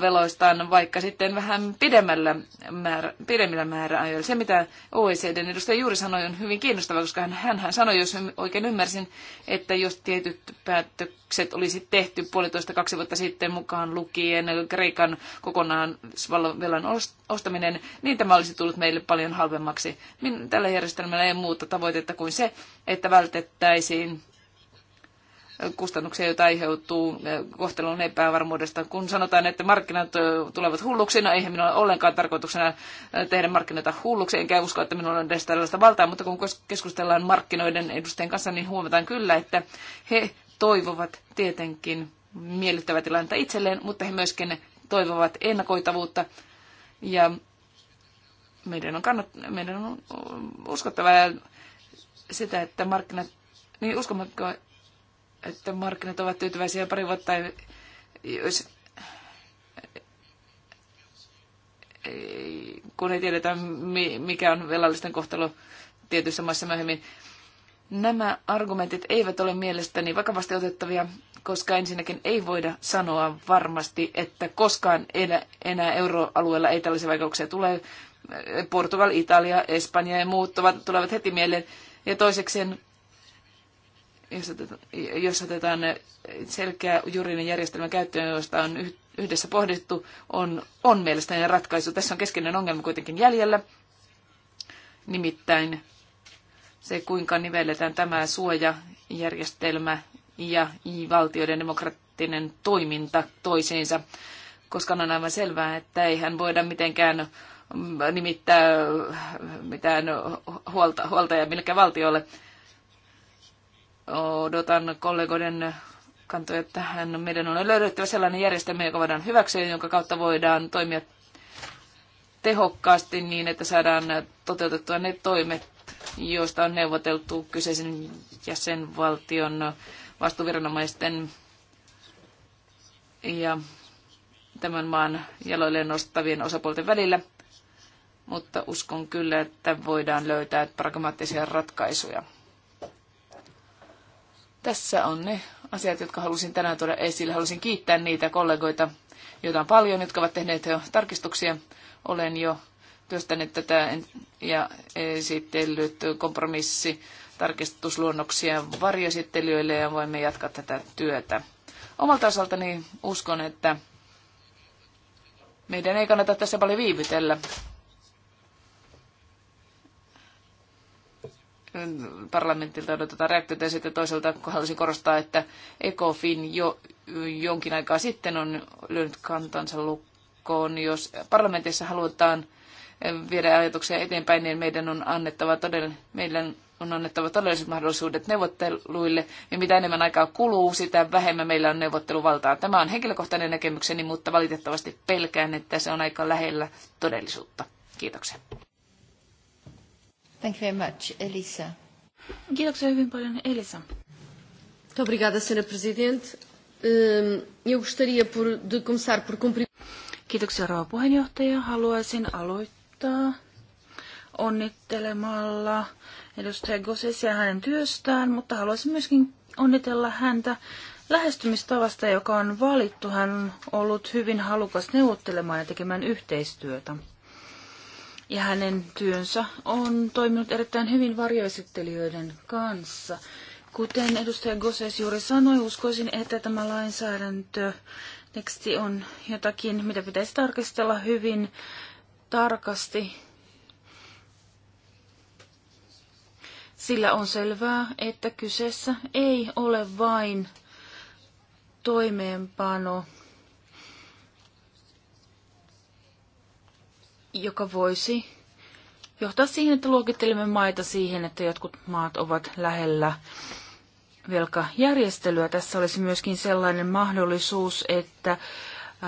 veloistaan, vaikka sitten vähän pidemmällä määrä, pidemmillä määräajoilla. Se, mitä OECDn edustaja juuri sanoi, on hyvin kiinnostavaa, koska hän, hän sanoi, jos oikein ymmärsin, että jos tietyt päätökset olisi tehty puolitoista kaksi vuotta sitten mukaan lukien Kreikan kokonaan velan ostaminen, niin tämä olisi tullut meille paljon halvemmaksi. Tällä järjestelmällä ei muuta tavoitetta kuin se, että vältettäisiin kustannuksia, joita aiheutuu kohtelun epävarmuudesta. Kun sanotaan, että markkinat tulevat hulluksi, no eihän minulla ole ollenkaan tarkoituksena tehdä markkinoita hulluksi, enkä usko, että minulla on edes tällaista valtaa, mutta kun keskustellaan markkinoiden edustajien kanssa, niin huomataan kyllä, että he toivovat tietenkin miellyttävää tilannetta itselleen, mutta he myöskin toivovat ennakoitavuutta ja meidän on, kannat- meidän on uskottava sitä, että markkinat, niin uskomatko, että markkinat ovat tyytyväisiä pari vuotta, jos, kun ei tiedetä, mikä on velallisten kohtalo tietyissä maissa myöhemmin. Nämä argumentit eivät ole mielestäni vakavasti otettavia, koska ensinnäkin ei voida sanoa varmasti, että koskaan enää euroalueella ei tällaisia vaikeuksia tule. Portugal, Italia, Espanja ja muut tulevat heti mieleen. Ja toisekseen jos otetaan selkeä juridinen järjestelmä käyttöön, josta on yhdessä pohdittu, on, on mielestäni ratkaisu. Tässä on keskeinen ongelma kuitenkin jäljellä, nimittäin se, kuinka nivelletään tämä suojajärjestelmä ja valtioiden demokraattinen toiminta toisiinsa, koska on aivan selvää, että eihän voida mitenkään mm, nimittää mitään huolta, huoltajaa millekään valtiolle Odotan kollegoiden kantoja tähän. Meidän on löydettävä sellainen järjestelmä, joka voidaan hyväksyä, jonka kautta voidaan toimia tehokkaasti niin, että saadaan toteutettua ne toimet, joista on neuvoteltu kyseisen jäsenvaltion vastuviranomaisten ja tämän maan jaloille nostavien osapuolten välillä, mutta uskon kyllä, että voidaan löytää pragmaattisia ratkaisuja. Tässä on ne asiat, jotka halusin tänään tuoda esille. Halusin kiittää niitä kollegoita, joita on paljon, jotka ovat tehneet jo tarkistuksia. Olen jo työstänyt tätä ja esitellyt kompromissi tarkistusluonnoksia varjoesittelijöille ja voimme jatkaa tätä työtä. Omalta osaltani uskon, että meidän ei kannata tässä paljon viivytellä, parlamentilta odotetaan reaktiota ja sitten toisaalta haluaisin korostaa, että ECOFIN jo jonkin aikaa sitten on lyönyt kantansa lukkoon. Jos parlamentissa halutaan viedä ajatuksia eteenpäin, niin meidän on annettava todella, meidän on annettava todelliset mahdollisuudet neuvotteluille, ja mitä enemmän aikaa kuluu, sitä vähemmän meillä on neuvotteluvaltaa. Tämä on henkilökohtainen näkemykseni, mutta valitettavasti pelkään, että se on aika lähellä todellisuutta. Kiitoksia.
Thank you very much, Elisa. Kiitoksia hyvin paljon, Elisa. Obrigada, Sra. Presidente. Eu gostaria de começar por cumprir... Kiitoksia, rouva puheenjohtaja. Haluaisin aloittaa onnittelemalla edustaja Gosesia hänen työstään, mutta haluaisin myöskin onnitella häntä lähestymistavasta, joka on valittu. Hän on ollut hyvin halukas neuvottelemaan ja tekemään yhteistyötä ja hänen työnsä on toiminut erittäin hyvin varjoesittelijöiden kanssa. Kuten edustaja Goses juuri sanoi, uskoisin, että tämä lainsäädäntö teksti on jotakin, mitä pitäisi tarkastella hyvin tarkasti, sillä on selvää, että kyseessä ei ole vain toimeenpano joka voisi johtaa siihen, että luokittelemme maita siihen, että jotkut maat ovat lähellä velkajärjestelyä. Tässä olisi myöskin sellainen mahdollisuus, että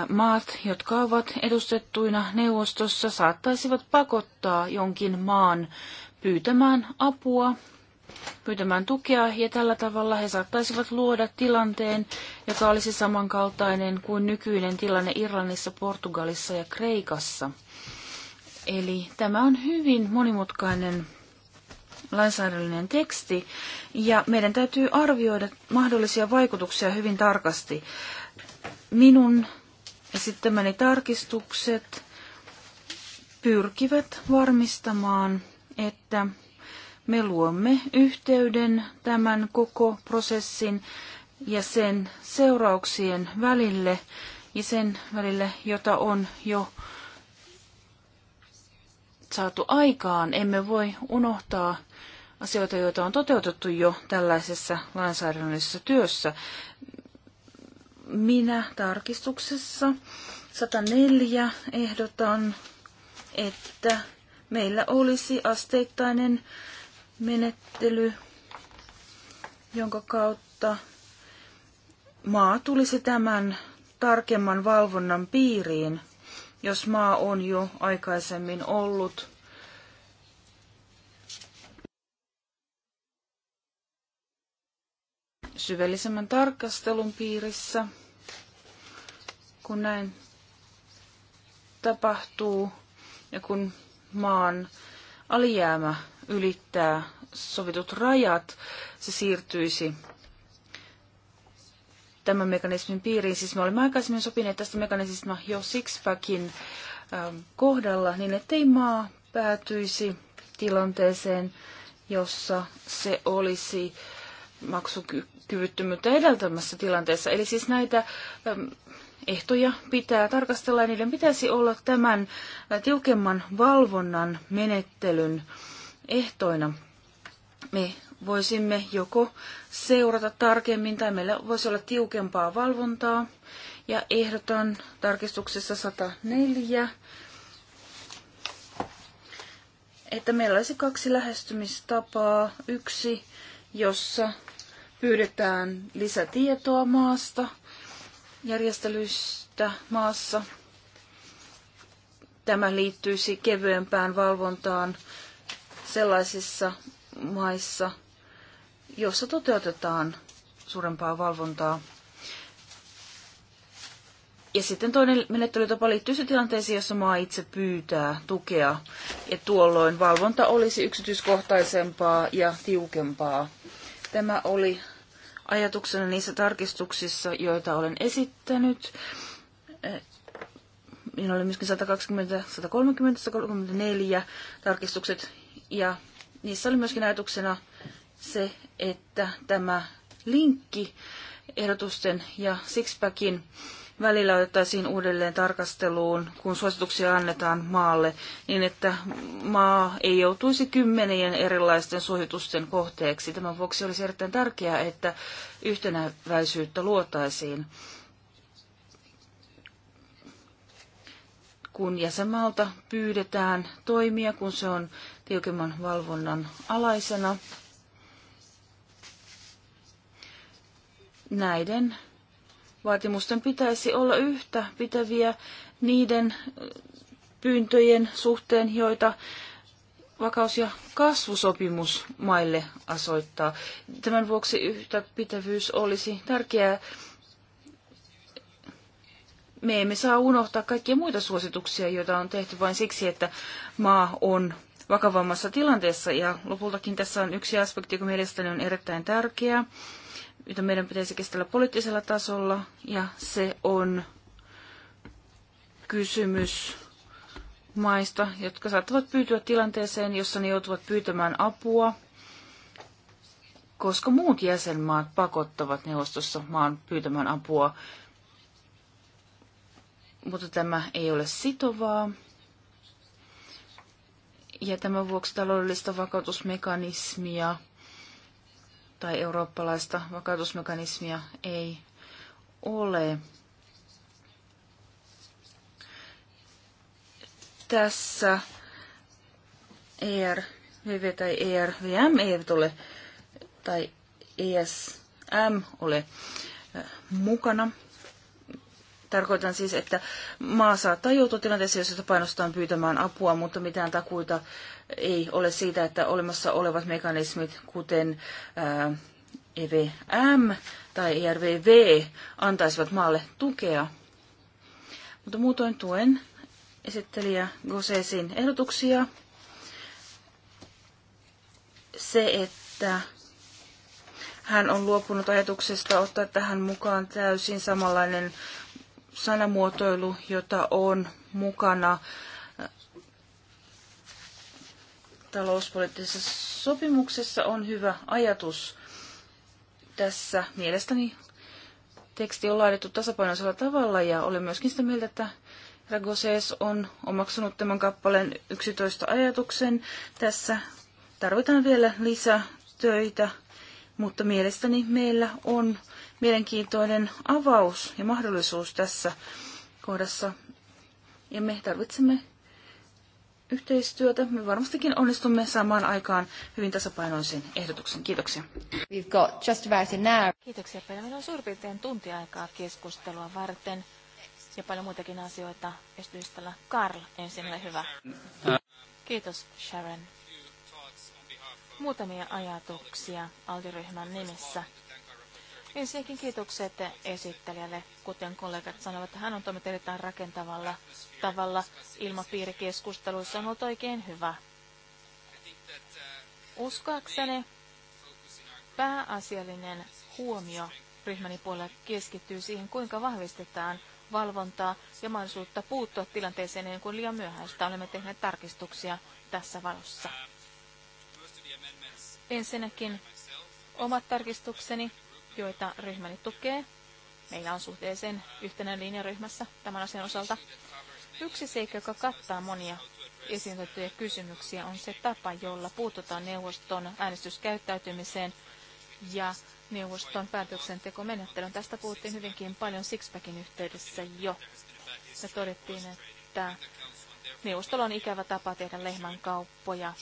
maat, jotka ovat edustettuina neuvostossa, saattaisivat pakottaa jonkin maan pyytämään apua, pyytämään tukea, ja tällä tavalla he saattaisivat luoda tilanteen, joka olisi samankaltainen kuin nykyinen tilanne Irlannissa, Portugalissa ja Kreikassa. Eli tämä on hyvin monimutkainen lainsäädännöllinen teksti ja meidän täytyy arvioida mahdollisia vaikutuksia hyvin tarkasti. Minun esittämäni tarkistukset pyrkivät varmistamaan, että me luomme yhteyden tämän koko prosessin ja sen seurauksien välille ja sen välille, jota on jo saatu aikaan. Emme voi unohtaa asioita, joita on toteutettu jo tällaisessa lainsäädännöllisessä työssä. Minä tarkistuksessa 104 ehdotan, että meillä olisi asteittainen menettely, jonka kautta maa tulisi tämän tarkemman valvonnan piiriin jos maa on jo aikaisemmin ollut syvällisemmän tarkastelun piirissä, kun näin tapahtuu ja kun maan alijäämä ylittää sovitut rajat, se siirtyisi tämän mekanismin piiriin. Siis me olemme aikaisemmin sopineet tästä mekanismista jo Sixpackin ähm, kohdalla, niin ettei maa päätyisi tilanteeseen, jossa se olisi maksukyvyttömyyttä edeltämässä tilanteessa. Eli siis näitä ähm, ehtoja pitää tarkastella ja niiden pitäisi olla tämän äh, tiukemman valvonnan menettelyn ehtoina. Me voisimme joko seurata tarkemmin tai meillä voisi olla tiukempaa valvontaa. Ja ehdotan tarkistuksessa 104, että meillä olisi kaksi lähestymistapaa. Yksi, jossa pyydetään lisätietoa maasta, järjestelyistä maassa. Tämä liittyisi kevyempään valvontaan sellaisissa maissa, jossa toteutetaan suurempaa valvontaa. Ja sitten toinen menettelytapa se tilanteeseen, jossa maa itse pyytää tukea, ja tuolloin valvonta olisi yksityiskohtaisempaa ja tiukempaa. Tämä oli ajatuksena niissä tarkistuksissa, joita olen esittänyt. Minulla oli myöskin 120, 130, 134 tarkistukset, ja niissä oli myöskin ajatuksena se, että tämä linkki ehdotusten ja sixpackin välillä otettaisiin uudelleen tarkasteluun, kun suosituksia annetaan maalle, niin että maa ei joutuisi kymmenien erilaisten suositusten kohteeksi. Tämän vuoksi olisi erittäin tärkeää, että yhtenäväisyyttä luotaisiin. Kun jäsenmaalta pyydetään toimia, kun se on tiukemman valvonnan alaisena, näiden vaatimusten pitäisi olla yhtä pitäviä niiden äh, pyyntöjen suhteen, joita vakaus- ja kasvusopimus maille asoittaa. Tämän vuoksi yhtä pitävyys olisi tärkeää. Me emme saa unohtaa kaikkia muita suosituksia, joita on tehty vain siksi, että maa on vakavammassa tilanteessa. Ja lopultakin tässä on yksi aspekti, joka mielestäni on erittäin tärkeä mitä meidän pitäisi kestellä poliittisella tasolla, ja se on kysymys maista, jotka saattavat pyytyä tilanteeseen, jossa ne joutuvat pyytämään apua, koska muut jäsenmaat pakottavat neuvostossa maan pyytämään apua, mutta tämä ei ole sitovaa. Ja tämän vuoksi taloudellista vakautusmekanismia tai eurooppalaista vakautusmekanismia ei ole. Tässä ERVV tai ERVM eivät ole, tai ESM ole äh, mukana. Tarkoitan siis, että maa saattaa joutua tilanteeseen, jossa painostaan pyytämään apua, mutta mitään takuita ei ole siitä, että olemassa olevat mekanismit, kuten ää, EVM tai ERVV, antaisivat maalle tukea. Mutta muutoin tuen esittelijä Gosesin ehdotuksia. Se, että hän on luopunut ajatuksesta ottaa tähän mukaan täysin samanlainen sanamuotoilu, jota on mukana äh, talouspoliittisessa sopimuksessa, on hyvä ajatus tässä. Mielestäni teksti on laadittu tasapainoisella tavalla ja olen myöskin sitä mieltä, että Ragoses on omaksunut tämän kappaleen 11 ajatuksen. Tässä tarvitaan vielä lisätöitä mutta mielestäni meillä on mielenkiintoinen avaus ja mahdollisuus tässä kohdassa. Ja me tarvitsemme yhteistyötä. Me varmastikin onnistumme saamaan aikaan hyvin tasapainoisen ehdotuksen. Kiitoksia. We've got just about it now.
Kiitoksia paljon. Meillä on suurin piirtein tunti aikaa keskustelua varten ja paljon muitakin asioita esityställä. Karl, ensin hyvä. Kiitos Sharon. Muutamia ajatuksia altiryhmän nimissä. Ensinnäkin kiitokset esittelijälle, kuten kollegat sanovat, hän on toiminut erittäin rakentavalla tavalla. Ilmapiirikeskusteluissa on ollut oikein hyvä. Uskoakseni pääasiallinen huomio ryhmäni puolella keskittyy siihen, kuinka vahvistetaan valvontaa ja mahdollisuutta puuttua tilanteeseen ennen kuin liian myöhäistä. Olemme tehneet tarkistuksia tässä valossa. Ensinnäkin omat tarkistukseni, joita ryhmäni tukee. Meillä on suhteeseen yhtenä linja ryhmässä tämän asian osalta. Yksi seikka, joka kattaa monia esiintettyjä kysymyksiä, on se tapa, jolla puututaan neuvoston äänestyskäyttäytymiseen ja neuvoston päätöksentekomenettelyyn. Tästä puhuttiin hyvinkin paljon Sixpackin yhteydessä jo. Ja todettiin, että neuvostolla on ikävä tapa tehdä lehmän kauppoja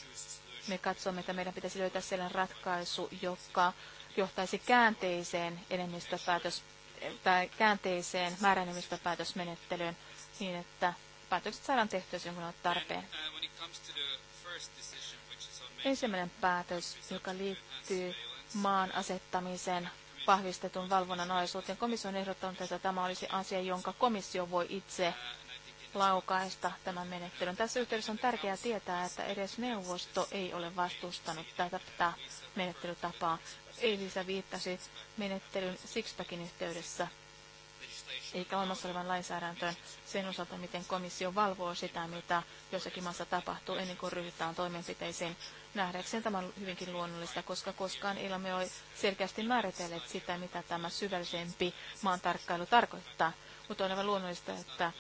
me katsomme, että meidän pitäisi löytää sellainen ratkaisu, joka johtaisi käänteiseen enemmistöpäätös tai käänteiseen määräenemmistöpäätösmenettelyyn niin, että päätökset saadaan tehtyä silloin, kun on tarpeen. Ensimmäinen päätös, joka liittyy maan asettamiseen vahvistetun valvonnan alaisuuteen. Komissio on ehdottanut, että tämä olisi asia, jonka komissio voi itse laukaista tämän menettelyn. Tässä yhteydessä on tärkeää tietää, että edes neuvosto ei ole vastustanut tätä, tätä menettelytapaa. Elisa viittasi menettelyn Sixpackin yhteydessä, eikä olemassa olevan lainsäädäntöön sen osalta, miten komissio valvoo sitä, mitä jossakin maassa tapahtuu ennen kuin ryhdytään toimenpiteisiin. Nähdäkseen tämä on hyvinkin luonnollista, koska koskaan ei ole selkeästi määritelleet sitä, mitä tämä syvällisempi maan tarkkailu tarkoittaa. Mutta on aivan luonnollista, että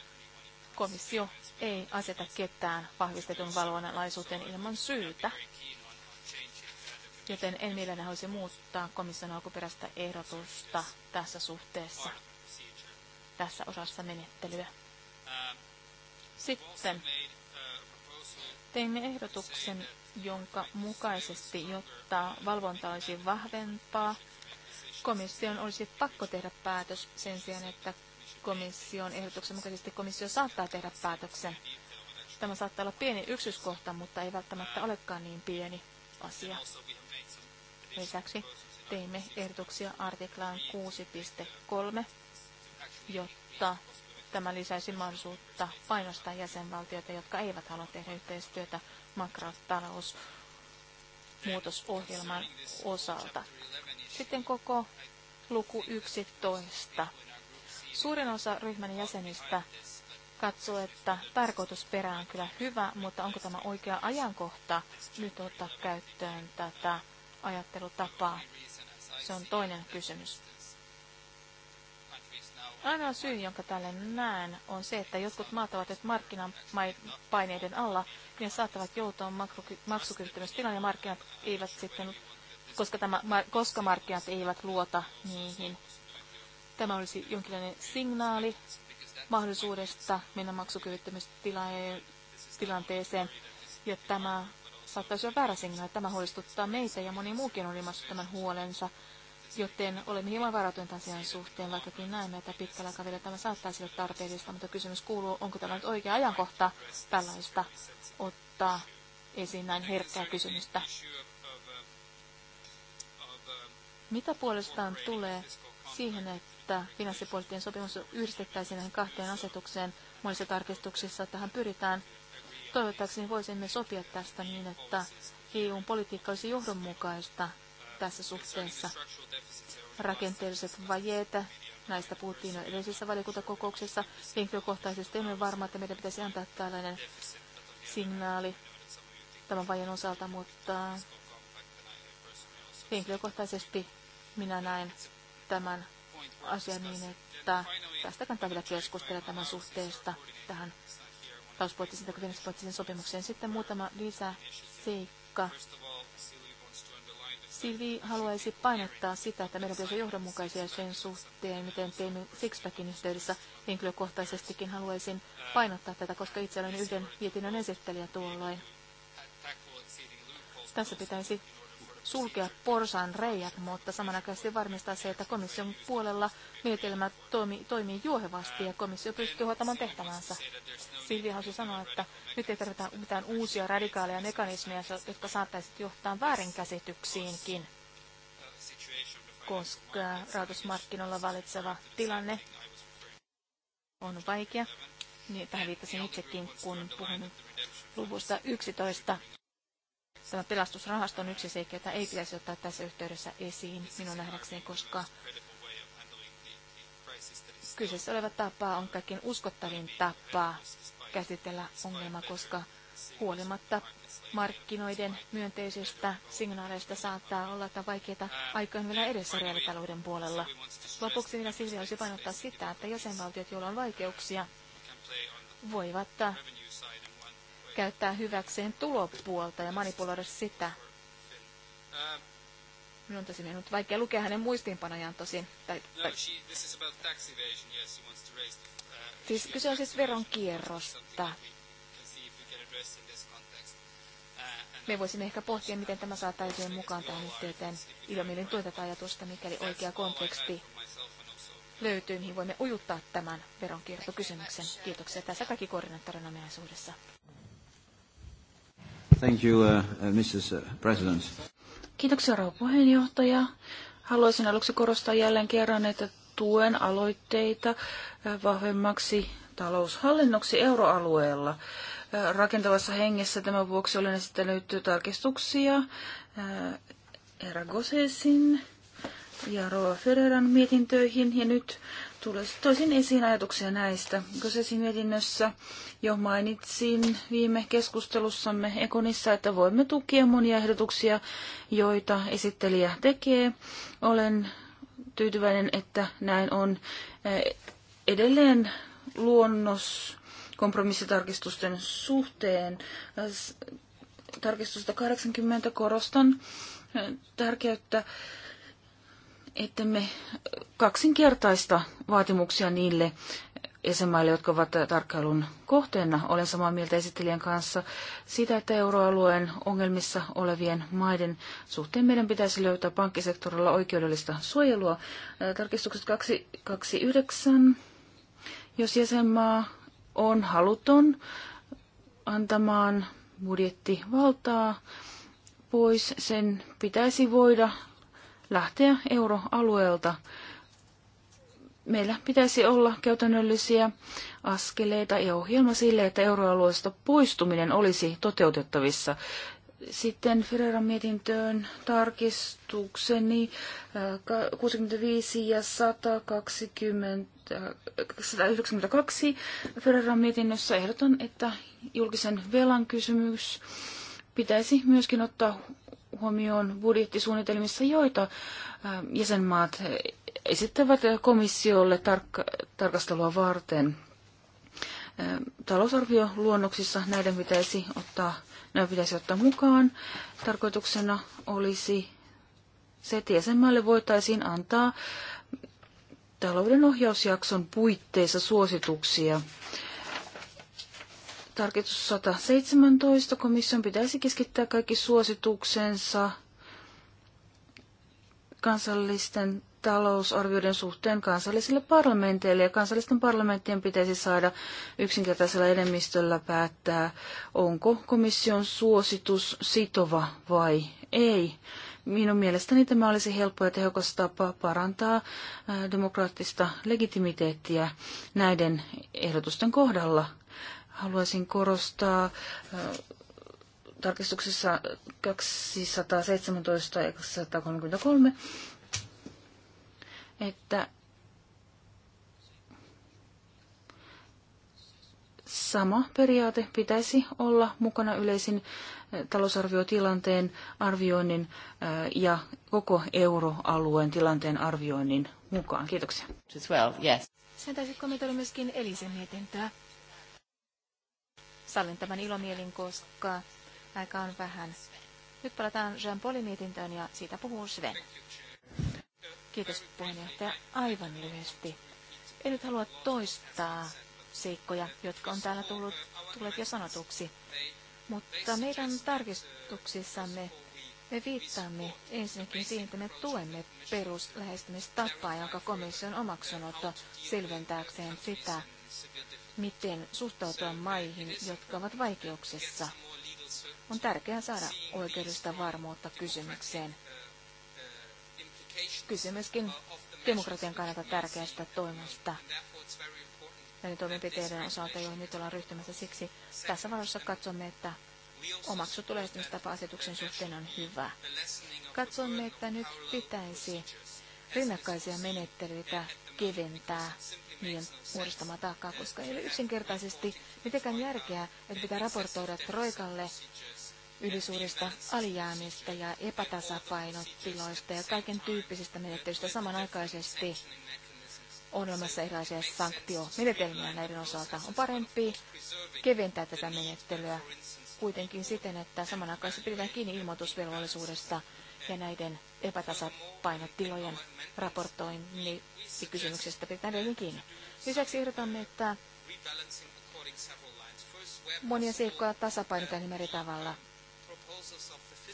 komissio ei aseta ketään vahvistetun valvonnan laisuuteen ilman syytä. Joten en mielelläni haluaisi muuttaa komission alkuperäistä ehdotusta tässä suhteessa, tässä osassa menettelyä. Sitten teimme ehdotuksen, jonka mukaisesti, jotta valvonta olisi vahvempaa, komission olisi pakko tehdä päätös sen sijaan, että komission ehdotuksen mukaisesti komissio saattaa tehdä päätöksen. Tämä saattaa olla pieni yksityiskohta, mutta ei välttämättä olekaan niin pieni asia. Lisäksi teimme ehdotuksia artiklaan 6.3, jotta tämä lisäisi mahdollisuutta painostaa jäsenvaltioita, jotka eivät halua tehdä yhteistyötä makrotalous muutosohjelman osalta. Sitten koko luku 11. Suurin osa ryhmän jäsenistä katsoo, että tarkoitusperä on kyllä hyvä, mutta onko tämä oikea ajankohta nyt ottaa käyttöön tätä ajattelutapaa? Se on toinen kysymys. Ainoa syy, jonka tälle näen, on se, että jotkut maat ovat nyt markkinapaineiden paineiden alla, ja saattavat joutua maksukyvyttömyystilaan ja markkinat eivät sitten, koska, tämä, koska markkinat eivät luota niihin Tämä olisi jonkinlainen signaali mahdollisuudesta mennä maksukyvyttömyystilanteeseen. Ja tämä saattaisi olla väärä signaali. Tämä huolestuttaa meitä ja moni muukin on ilmaissut tämän huolensa. Joten olemme hieman varautuneet asian suhteen, vaikkakin näemme, että pitkällä kaverilla tämä saattaisi olla tarpeellista, mutta kysymys kuuluu, onko tämä nyt oikea ajankohta tällaista ottaa esiin näin herkkää kysymystä. Mitä puolestaan tulee siihen, että että finanssipoliittinen sopimus yhdistettäisiin näihin kahteen asetukseen monissa tarkistuksissa. Tähän pyritään. Toivottavasti voisimme sopia tästä niin, että eu politiikka olisi johdonmukaista tässä suhteessa. Rakenteelliset vajeet, näistä puhuttiin jo edellisessä valiokuntakokouksessa. Henkilökohtaisesti emme varma, että meidän pitäisi antaa tällainen signaali tämän vajen osalta, mutta henkilökohtaisesti minä näen tämän asia niin, että tästä kannattaa vielä keskustella tämän suhteesta tähän talouspoliittisen tai finanssipoliittisen sopimukseen. Sitten muutama lisä seikka. Silvi haluaisi painottaa sitä, että meidän pitäisi olla johdonmukaisia sen suhteen, miten teimme Sixpackin yhteydessä. Henkilökohtaisestikin haluaisin painottaa tätä, koska itse olen yhden mietinnön esittelijä tuolloin. Tässä pitäisi sulkea porsaan reijät, mutta samanaikaisesti varmistaa se, että komission puolella menetelmä toimi, toimii juohevasti ja komissio pystyy hoitamaan tehtävänsä. Silvi halusi sanoa, että nyt ei tarvita mitään uusia radikaaleja mekanismeja, jotka saattaisivat johtaa väärinkäsityksiinkin koska rahoitusmarkkinoilla valitseva tilanne on vaikea. Niin, tähän viittasin itsekin, kun puhun luvusta 11 Tämä pelastusrahasto on yksi seikka, jota ei pitäisi ottaa tässä yhteydessä esiin minun nähdäkseni, koska kyseessä oleva tapa on kaikkein uskottavin tapa käsitellä ongelma, koska huolimatta markkinoiden myönteisistä signaaleista saattaa olla, että vaikeita aikoja vielä edessä reaalitalouden puolella. Lopuksi vielä silti olisi painottaa sitä, että jäsenvaltiot, joilla on vaikeuksia, voivat käyttää hyväkseen tulopuolta ja manipuloida sitä. Minun on tosi minut vaikea lukea hänen muistiinpanojaan tosin. Tai, no, tai.
Uh, siis kyse on siis veronkierrosta. Uh, Me
voisimme ehkä pohtia, miten tämä saataisiin mukaan tähän yhteyteen. Ilomielin tuen ajatusta, mikäli oikea konteksti löytyy, mihin voimme ujuttaa tämän veronkiertokysymyksen. Kiitoksia. Tässä kaikki koordinaattorin ominaisuudessa.
Thank you, uh, uh Mrs. Uh, President.
Kiitoksia, rouva puheenjohtaja. Haluaisin aluksi korostaa jälleen kerran, että tuen aloitteita uh, vahvemmaksi taloushallinnoksi euroalueella. Rakentavassa hengessä tämän vuoksi olen esittänyt tarkistuksia Eragosesin ja Roa Ferreran mietintöihin. Ja nyt toisin esiin ajatuksia näistä. Kyseessä mietinnössä jo mainitsin viime keskustelussamme Ekonissa, että voimme tukea monia ehdotuksia, joita esittelijä tekee. Olen tyytyväinen, että näin on eh, edelleen luonnos kompromissitarkistusten suhteen. Tarkistusta 80 korostan eh, tärkeyttä että me kaksinkertaista vaatimuksia niille jäsenmaille, jotka ovat tarkkailun kohteena. Olen samaa mieltä esittelijän kanssa siitä, että euroalueen ongelmissa olevien maiden suhteen meidän pitäisi löytää pankkisektorilla oikeudellista suojelua. Tarkistukset 229. Jos jäsenmaa on haluton antamaan budjettivaltaa pois, sen pitäisi voida lähteä euroalueelta. Meillä pitäisi olla käytännöllisiä askeleita ja ohjelma sille, että euroalueesta poistuminen olisi toteutettavissa. Sitten Ferreran mietintöön tarkistukseni 65 äh, ja 120, 192 Ferreran mietinnössä ehdotan, että julkisen velan kysymys pitäisi myöskin ottaa huomioon budjettisuunnitelmissa, joita jäsenmaat esittävät komissiolle tark- tarkastelua varten. Talousarvioluonnoksissa näiden pitäisi ottaa, nämä pitäisi ottaa mukaan. Tarkoituksena olisi se, että jäsenmaalle voitaisiin antaa talouden ohjausjakson puitteissa suosituksia Tarkistus 117. Komission pitäisi keskittää kaikki suosituksensa kansallisten talousarvioiden suhteen kansallisille parlamenteille ja kansallisten parlamenttien pitäisi saada yksinkertaisella enemmistöllä päättää, onko komission suositus sitova vai ei. Minun mielestäni tämä olisi helppo ja tehokas tapa parantaa äh, demokraattista legitimiteettiä näiden ehdotusten kohdalla. Haluaisin korostaa tarkistuksessa 217 ja 233, että sama periaate pitäisi olla mukana yleisin talousarviotilanteen arvioinnin ja koko euroalueen tilanteen arvioinnin mukaan. Kiitoksia. As well, yes.
Sen taisi kommentoida myöskin Elisen mietintöä. Sallin tämän ilomielin, koska aika on vähän. Nyt palataan Jean Paulin mietintöön ja siitä puhuu Sven. Kiitos puheenjohtaja. Aivan lyhyesti. En nyt halua toistaa seikkoja, jotka on täällä tullut, tulleet jo sanotuksi. Mutta meidän tarkistuksissamme me viittaamme ensinnäkin siihen, että me tuemme peruslähestymistapaa, jonka komission omaksunut selventääkseen sitä, miten suhtautua maihin, jotka ovat vaikeuksissa. On tärkeää saada oikeudesta varmuutta kysymykseen. Kysymyskin demokratian kannalta tärkeästä toimesta. Näiden toimenpiteiden osalta, joihin nyt ollaan ryhtymässä, siksi tässä valossa katsomme, että omaksuttu lähestymistapa asetuksen suhteen on hyvä. Katsomme, että nyt pitäisi rinnakkaisia menettelyitä keventää niiden muodostamaa taakkaa, koska ei ole yksinkertaisesti mitenkään järkeä, että pitää raportoida Troikalle ylisuurista alijäämistä ja epätasapainotiloista ja kaiken tyyppisistä menettelyistä samanaikaisesti on olemassa erilaisia sanktiomenetelmiä näiden osalta. On parempi keventää tätä menettelyä kuitenkin siten, että samanaikaisesti pidetään kiinni ilmoitusvelvollisuudesta ja näiden epätasapainotilojen raportoinnin kysymyksestä pitää edelleen kiinni. Lisäksi ehdotamme, että
monia seikkoja
tasapainotetaan niin eri tavalla.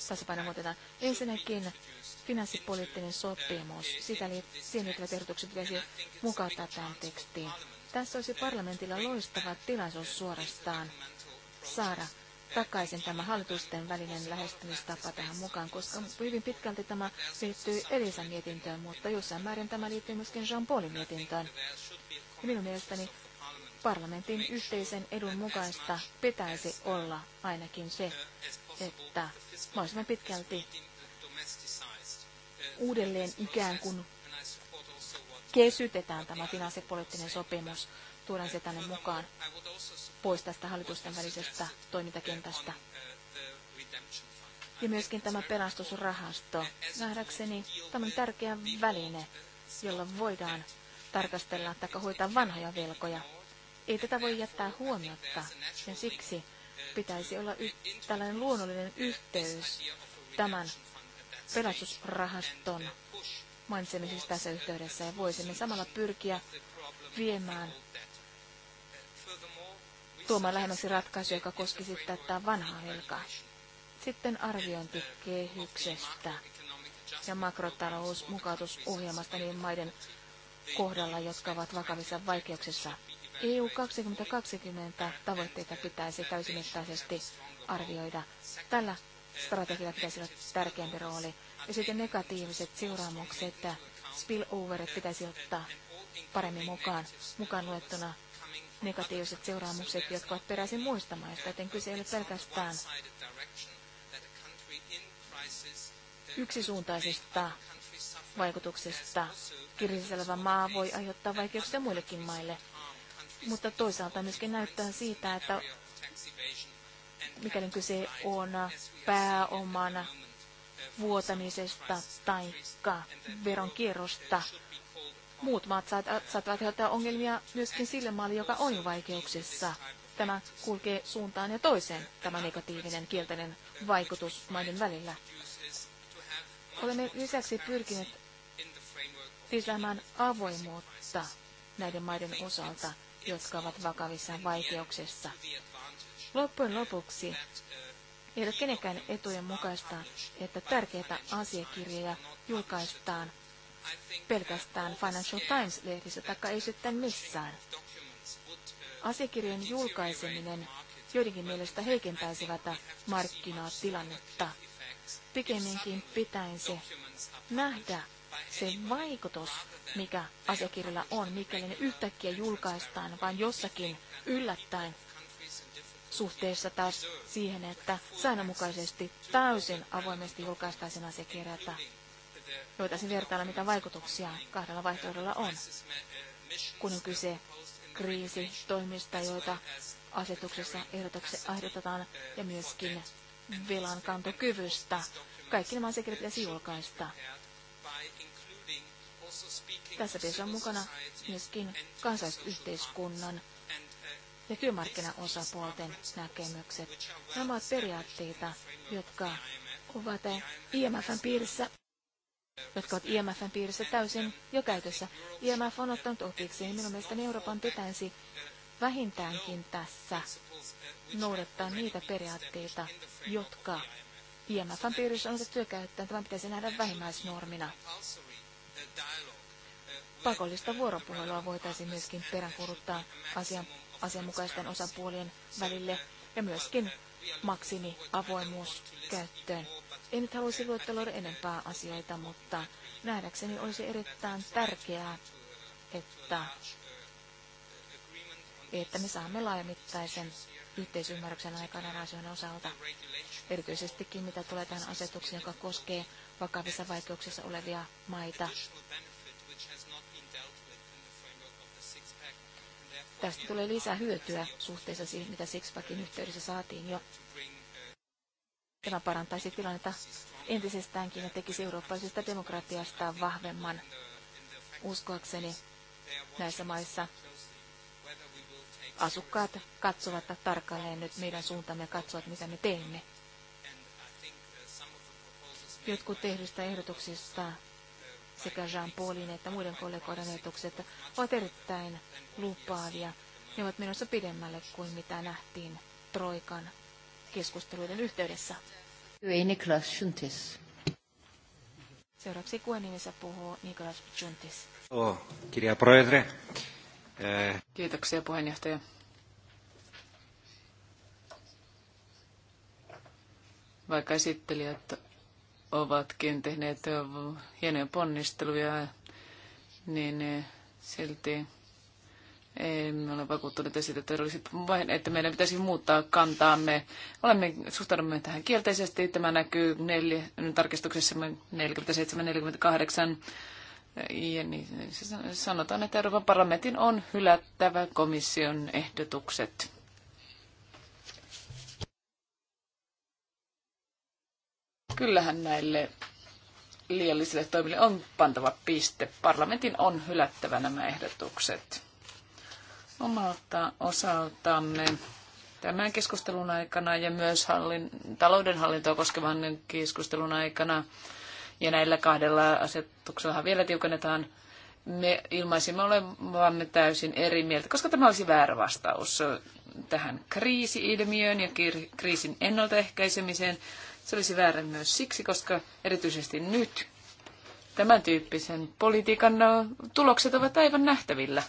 Tasapaino muutetaan. Ensinnäkin finanssipoliittinen sopimus. Sitä li- siihen liittyvät ehdotukset pitäisi mukauttaa tähän tekstiin. Tässä olisi parlamentilla loistava tilaisuus suorastaan saada takaisin tämä hallitusten välinen lähestymistapa tähän mukaan, koska hyvin pitkälti tämä liittyy Elisan mietintöön, mutta jossain määrin tämä liittyy myöskin Jean-Paulin mietintöön. Ja minun mielestäni parlamentin yhteisen edun mukaista pitäisi olla ainakin se, että mahdollisimman pitkälti uudelleen ikään kuin kesytetään tämä finanssipoliittinen sopimus, tuodaan se tänne mukaan pois tästä hallitusten välisestä toimintakentästä. Ja myöskin tämä pelastusrahasto. Nähdäkseni tämä on tärkeä väline, jolla voidaan tarkastella tai hoitaa vanhoja velkoja. Ei tätä voi jättää huomiotta, ja siksi pitäisi olla y- tällainen luonnollinen yhteys tämän pelastusrahaston mainitsemisessa tässä yhteydessä, ja voisimme samalla pyrkiä viemään tuomaan lähemmäksi ratkaisu, joka koskisi tätä vanhaa velkaa. Sitten arviointi kehyksestä ja makrotalousmukautusohjelmasta niiden maiden kohdalla, jotka ovat vakavissa vaikeuksissa. EU 2020 tavoitteita pitäisi täysimittaisesti arvioida. Tällä strategialla pitäisi olla tärkeämpi rooli. Ja sitten negatiiviset seuraamukset, spilloverit pitäisi ottaa paremmin mukaan, mukaan luettuna negatiiviset seuraamukset, jotka ovat peräisin muista maista, joten kyse ei ole pelkästään yksisuuntaisista vaikutuksista. Kirjassa maa voi aiheuttaa vaikeuksia muillekin maille, mutta toisaalta myöskin näyttää siitä, että mikäli kyse on pääoman vuotamisesta tai veronkierrosta, muut maat saattavat aiheuttaa ongelmia myöskin sille maalle, joka on vaikeuksissa. Tämä kulkee suuntaan ja toiseen, tämä negatiivinen kielteinen vaikutus maiden välillä. Olemme lisäksi pyrkineet lisäämään avoimuutta näiden maiden osalta, jotka ovat vakavissa vaikeuksissa. Loppujen lopuksi ei ole kenenkään etujen mukaista, että tärkeitä asiakirjoja julkaistaan pelkästään Financial Times-lehdissä, taikka ei sitten missään. Asiakirjojen julkaiseminen joidenkin mielestä heikentäisi tätä markkinatilannetta. Pikemminkin pitäisi nähdä se vaikutus, mikä asiakirjalla on, mikäli ne yhtäkkiä julkaistaan vain jossakin yllättäen suhteessa taas siihen, että säännönmukaisesti täysin avoimesti julkaistaisiin asiakirjata voitaisiin vertailla, mitä vaikutuksia kahdella vaihtoehdolla on, kun on kyse toimista, joita asetuksessa ehdotetaan, ja myöskin velan kantokyvystä. Kaikki nämä asiakirjat pitäisi julkaista. Tässä pitäisi on mukana myöskin kansallisyhteiskunnan ja työmarkkinaosapuolten näkemykset. Nämä ovat periaatteita, jotka ovat IMFn piirissä jotka ovat IMFn piirissä täysin jo käytössä. IMF on ottanut opiksi ja niin minun mielestäni Euroopan pitäisi vähintäänkin tässä noudattaa niitä periaatteita, jotka IMFn piirissä on otettu käyttöön. Tämä pitäisi nähdä vähimmäisnormina. Pakollista vuoropuhelua voitaisiin myöskin peräänkuuluttaa asian, asianmukaisten osapuolien välille ja myöskin maksimi avoimuus käyttöön. En nyt haluaisi luetteloida enempää asioita, mutta nähdäkseni olisi erittäin tärkeää, että, että me saamme laajamittaisen yhteisymmärryksen aikana asioiden osalta. Erityisestikin mitä tulee tähän asetukseen, joka koskee vakavissa vaikeuksissa olevia maita. Tästä tulee lisää hyötyä suhteessa siihen, mitä Sixpackin yhteydessä saatiin jo Tämä parantaisi tilannetta entisestäänkin ja tekisi eurooppalaisesta demokratiasta vahvemman. Uskoakseni näissä maissa asukkaat katsovat tarkalleen nyt meidän suuntamme ja katsovat, mitä me teemme. Jotkut tehdyistä ehdotuksista sekä Jean-Paulin että muiden kollegoiden ehdotukset ovat erittäin lupaavia. Ne ovat menossa pidemmälle kuin mitä nähtiin Troikan keskusteluiden yhteydessä. Seuraavaksi kuen nimessä puhuu Niklas Juntis.
Oh, eh.
Kiitoksia puheenjohtaja. Vaikka esittelijät ovatkin tehneet hienoja ponnisteluja, niin eh, silti me ole vakuuttuneet siitä, että, olisi, että meidän pitäisi muuttaa kantaamme. Olemme, suhtaudumme tähän kielteisesti. Tämä näkyy neljä, tarkistuksessa 47-48. Ja niin, sanotaan, että Euroopan parlamentin on hylättävä komission ehdotukset. Kyllähän näille liiallisille toimille on pantava piste. Parlamentin on hylättävä nämä ehdotukset omalta osaltamme tämän keskustelun aikana ja myös hallin, taloudenhallintoa koskevan keskustelun aikana. Ja näillä kahdella asetuksella vielä tiukennetaan. Me ilmaisimme olevamme täysin eri mieltä, koska tämä olisi väärä vastaus tähän kriisi-ilmiöön ja kriisin ennaltaehkäisemiseen. Se olisi väärä myös siksi, koska erityisesti nyt tämän tyyppisen politiikan tulokset ovat aivan nähtävillä.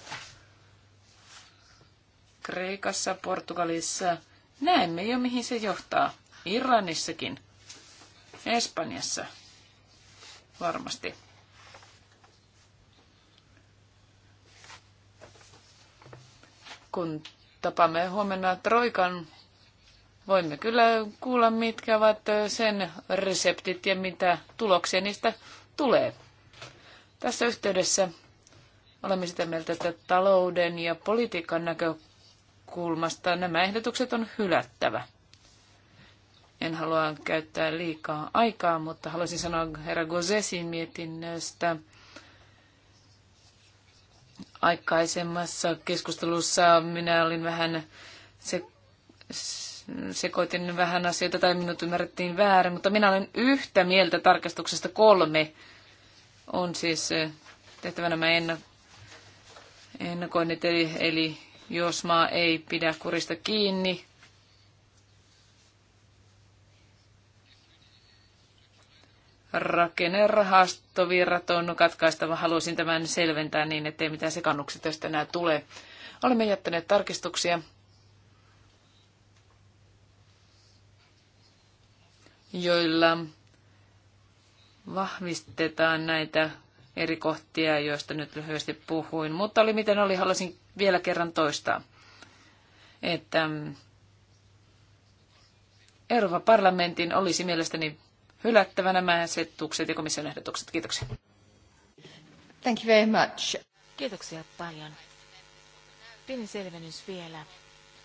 Kreikassa, Portugalissa. Näemme jo, mihin se johtaa. Irlannissakin, Espanjassa varmasti. Kun tapaamme huomenna Troikan, voimme kyllä kuulla, mitkä ovat sen reseptit ja mitä tuloksia niistä tulee. Tässä yhteydessä olemme sitä mieltä, että talouden ja politiikan näkökulmasta näkökulmasta nämä ehdotukset on hylättävä. En halua käyttää liikaa aikaa, mutta haluaisin sanoa herra Gozesin mietinnöstä. Aikaisemmassa keskustelussa minä olin vähän se, sekoitin vähän asioita tai minut ymmärrettiin väärin, mutta minä olen yhtä mieltä tarkastuksesta kolme. On siis eh, tehtävä nämä ennakoinnit, eli, eli jos maa ei pidä kurista kiinni. Rakennerahastovirrat on katkaistava. Haluaisin tämän selventää niin, ettei mitään sekannuksia tästä enää tule. Olemme jättäneet tarkistuksia. joilla vahvistetaan näitä eri kohtia, joista nyt lyhyesti puhuin. Mutta oli miten oli, haluaisin vielä kerran toistaa, että Euroopan parlamentin olisi mielestäni hylättävä nämä asetukset ja komission ehdotukset. Kiitoksia.
Thank you very
much. Kiitoksia paljon. Pieni selvennys vielä.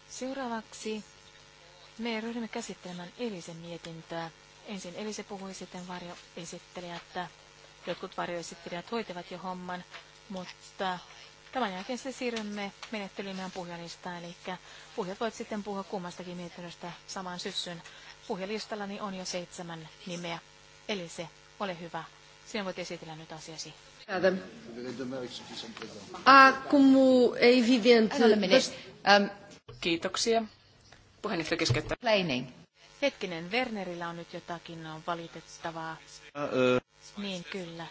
Seuraavaksi me ryhdymme käsittelemään Elisen mietintöä. Ensin Elise puhui, sitten että Jotkut varjoesittelijät hoitavat jo homman, mutta Tämän jälkeen sitten siirrymme menettelymään puhujalistaan, eli puhujat voivat sitten puhua kummastakin mietinnöstä samaan syssyn. Puhujalistallani on jo seitsemän nimeä. Eli se, ole hyvä. Sinä voit esitellä nyt asiasi.
Ah, um,
Kiitoksia.
Puheenjohtaja keskeyttää. Planning. Hetkinen, Wernerillä on nyt jotakin on valitettavaa. Ah, niin, kyllä.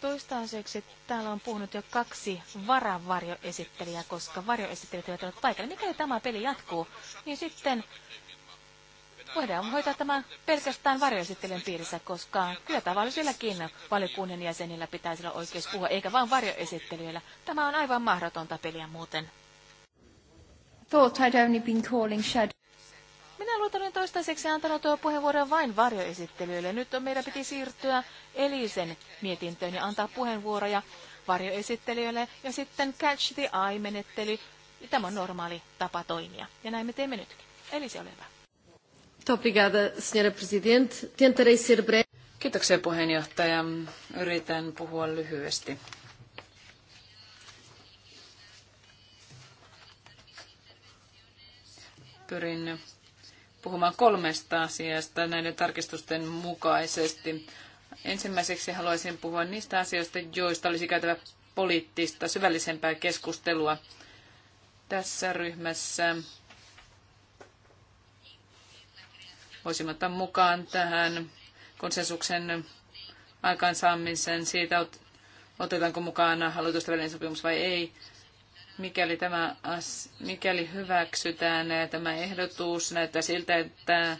Toistaiseksi täällä on puhunut jo kaksi varavarjoesittelijää, koska varjoesittelijät eivät ole paikalla. Mikäli tämä peli jatkuu, niin sitten voidaan hoitaa tämä pelkästään varjoesittelijän piirissä, koska kyllä tavallisillakin valiokunnan jäsenillä pitäisi olla oikeus puhua, eikä vain varjoesittelijöillä. Tämä on aivan mahdotonta peliä muuten. Thought I'd only been calling shadow. Minä luotan toistaiseksi antanut puheenvuoron vain varjoesittelyille. Nyt on, meidän piti siirtyä Elisen mietintöön ja antaa puheenvuoroja varjoesittelijöille ja sitten catch the eye-menettely. Tämä on normaali tapa toimia ja näin me teemme nytkin. Elise, ole hyvä.
Kiitoksia puheenjohtaja. Yritän puhua lyhyesti. Pyrin puhumaan kolmesta asiasta näiden tarkistusten mukaisesti. Ensimmäiseksi haluaisin puhua niistä asioista, joista olisi käytävä poliittista, syvällisempää keskustelua tässä ryhmässä. Voisimme ottaa mukaan tähän konsensuksen aikaansaamisen siitä, otetaanko mukaan hallitusten välinen sopimus vai ei mikäli, tämä as, mikäli hyväksytään eh, tämä ehdotus, näyttää siltä, että eh,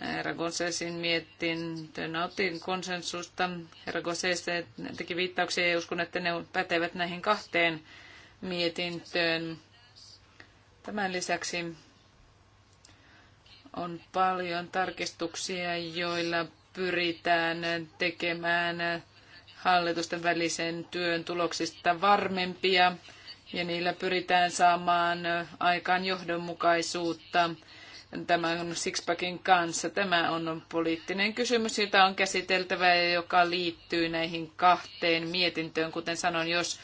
Herra Gossesin mietintö nautin konsensusta. Herra Gosses eh, teki viittauksia ja uskon, että ne pätevät näihin kahteen mietintöön. Tämän lisäksi on paljon tarkistuksia, joilla pyritään tekemään hallitusten välisen työn tuloksista varmempia ja niillä pyritään saamaan aikaan johdonmukaisuutta tämän Sixpackin kanssa. Tämä on poliittinen kysymys, jota on käsiteltävä ja joka liittyy näihin kahteen mietintöön. Kuten sanoin, jos,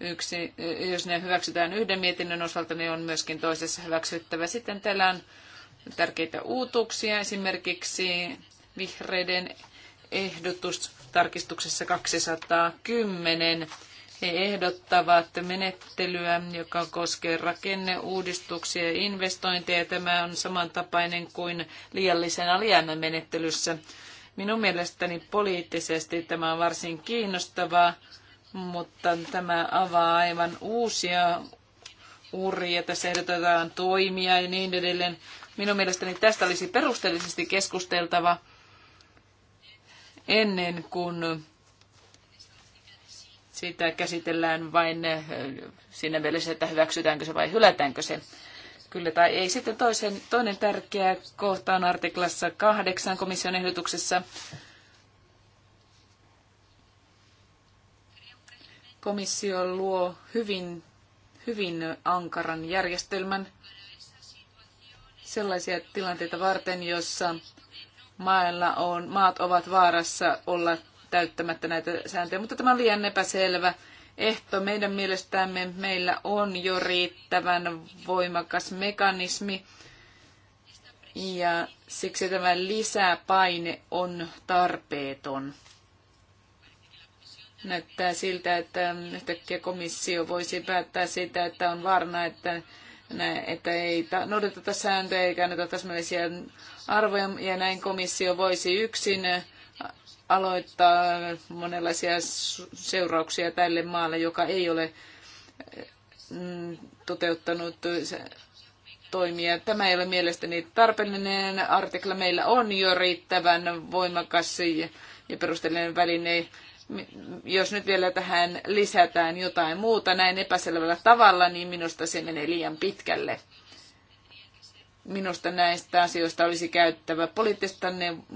yksi, jos ne hyväksytään yhden mietinnön osalta, niin on myöskin toisessa hyväksyttävä. Sitten täällä on tärkeitä uutuuksia, esimerkiksi vihreiden ehdotus tarkistuksessa 210 he ehdottavat menettelyä, joka koskee rakenneuudistuksia ja investointeja. Tämä on samantapainen kuin liiallisen alijäämän menettelyssä. Minun mielestäni poliittisesti tämä on varsin kiinnostavaa, mutta tämä avaa aivan uusia uria. Tässä ehdotetaan toimia ja niin edelleen. Minun mielestäni tästä olisi perusteellisesti keskusteltava ennen kuin sitä käsitellään vain eh, siinä mielessä, että hyväksytäänkö se vai hylätäänkö se. Kyllä tai ei. Sitten toisen, toinen tärkeä kohta on artiklassa kahdeksan komission ehdotuksessa. Komissio luo hyvin, hyvin ankaran järjestelmän sellaisia tilanteita varten, jossa mailla on, maat ovat vaarassa olla täyttämättä näitä sääntöjä, mutta tämä on liian epäselvä ehto. Meidän mielestämme meillä on jo riittävän voimakas mekanismi ja siksi tämä lisäpaine on tarpeeton. Näyttää siltä, että yhtäkkiä komissio voisi päättää sitä, että on varna, että näin, että ei noudateta sääntöjä eikä näitä täsmällisiä arvoja, ja näin komissio voisi yksin aloittaa monenlaisia seurauksia tälle maalle, joka ei ole mm, toteuttanut toimia. Tämä ei ole mielestäni tarpeellinen artikla. Meillä on jo riittävän voimakas ja perusteellinen väline. Jos nyt vielä tähän lisätään jotain muuta näin epäselvällä tavalla, niin minusta se menee liian pitkälle. Minusta näistä asioista olisi käyttävä poliittista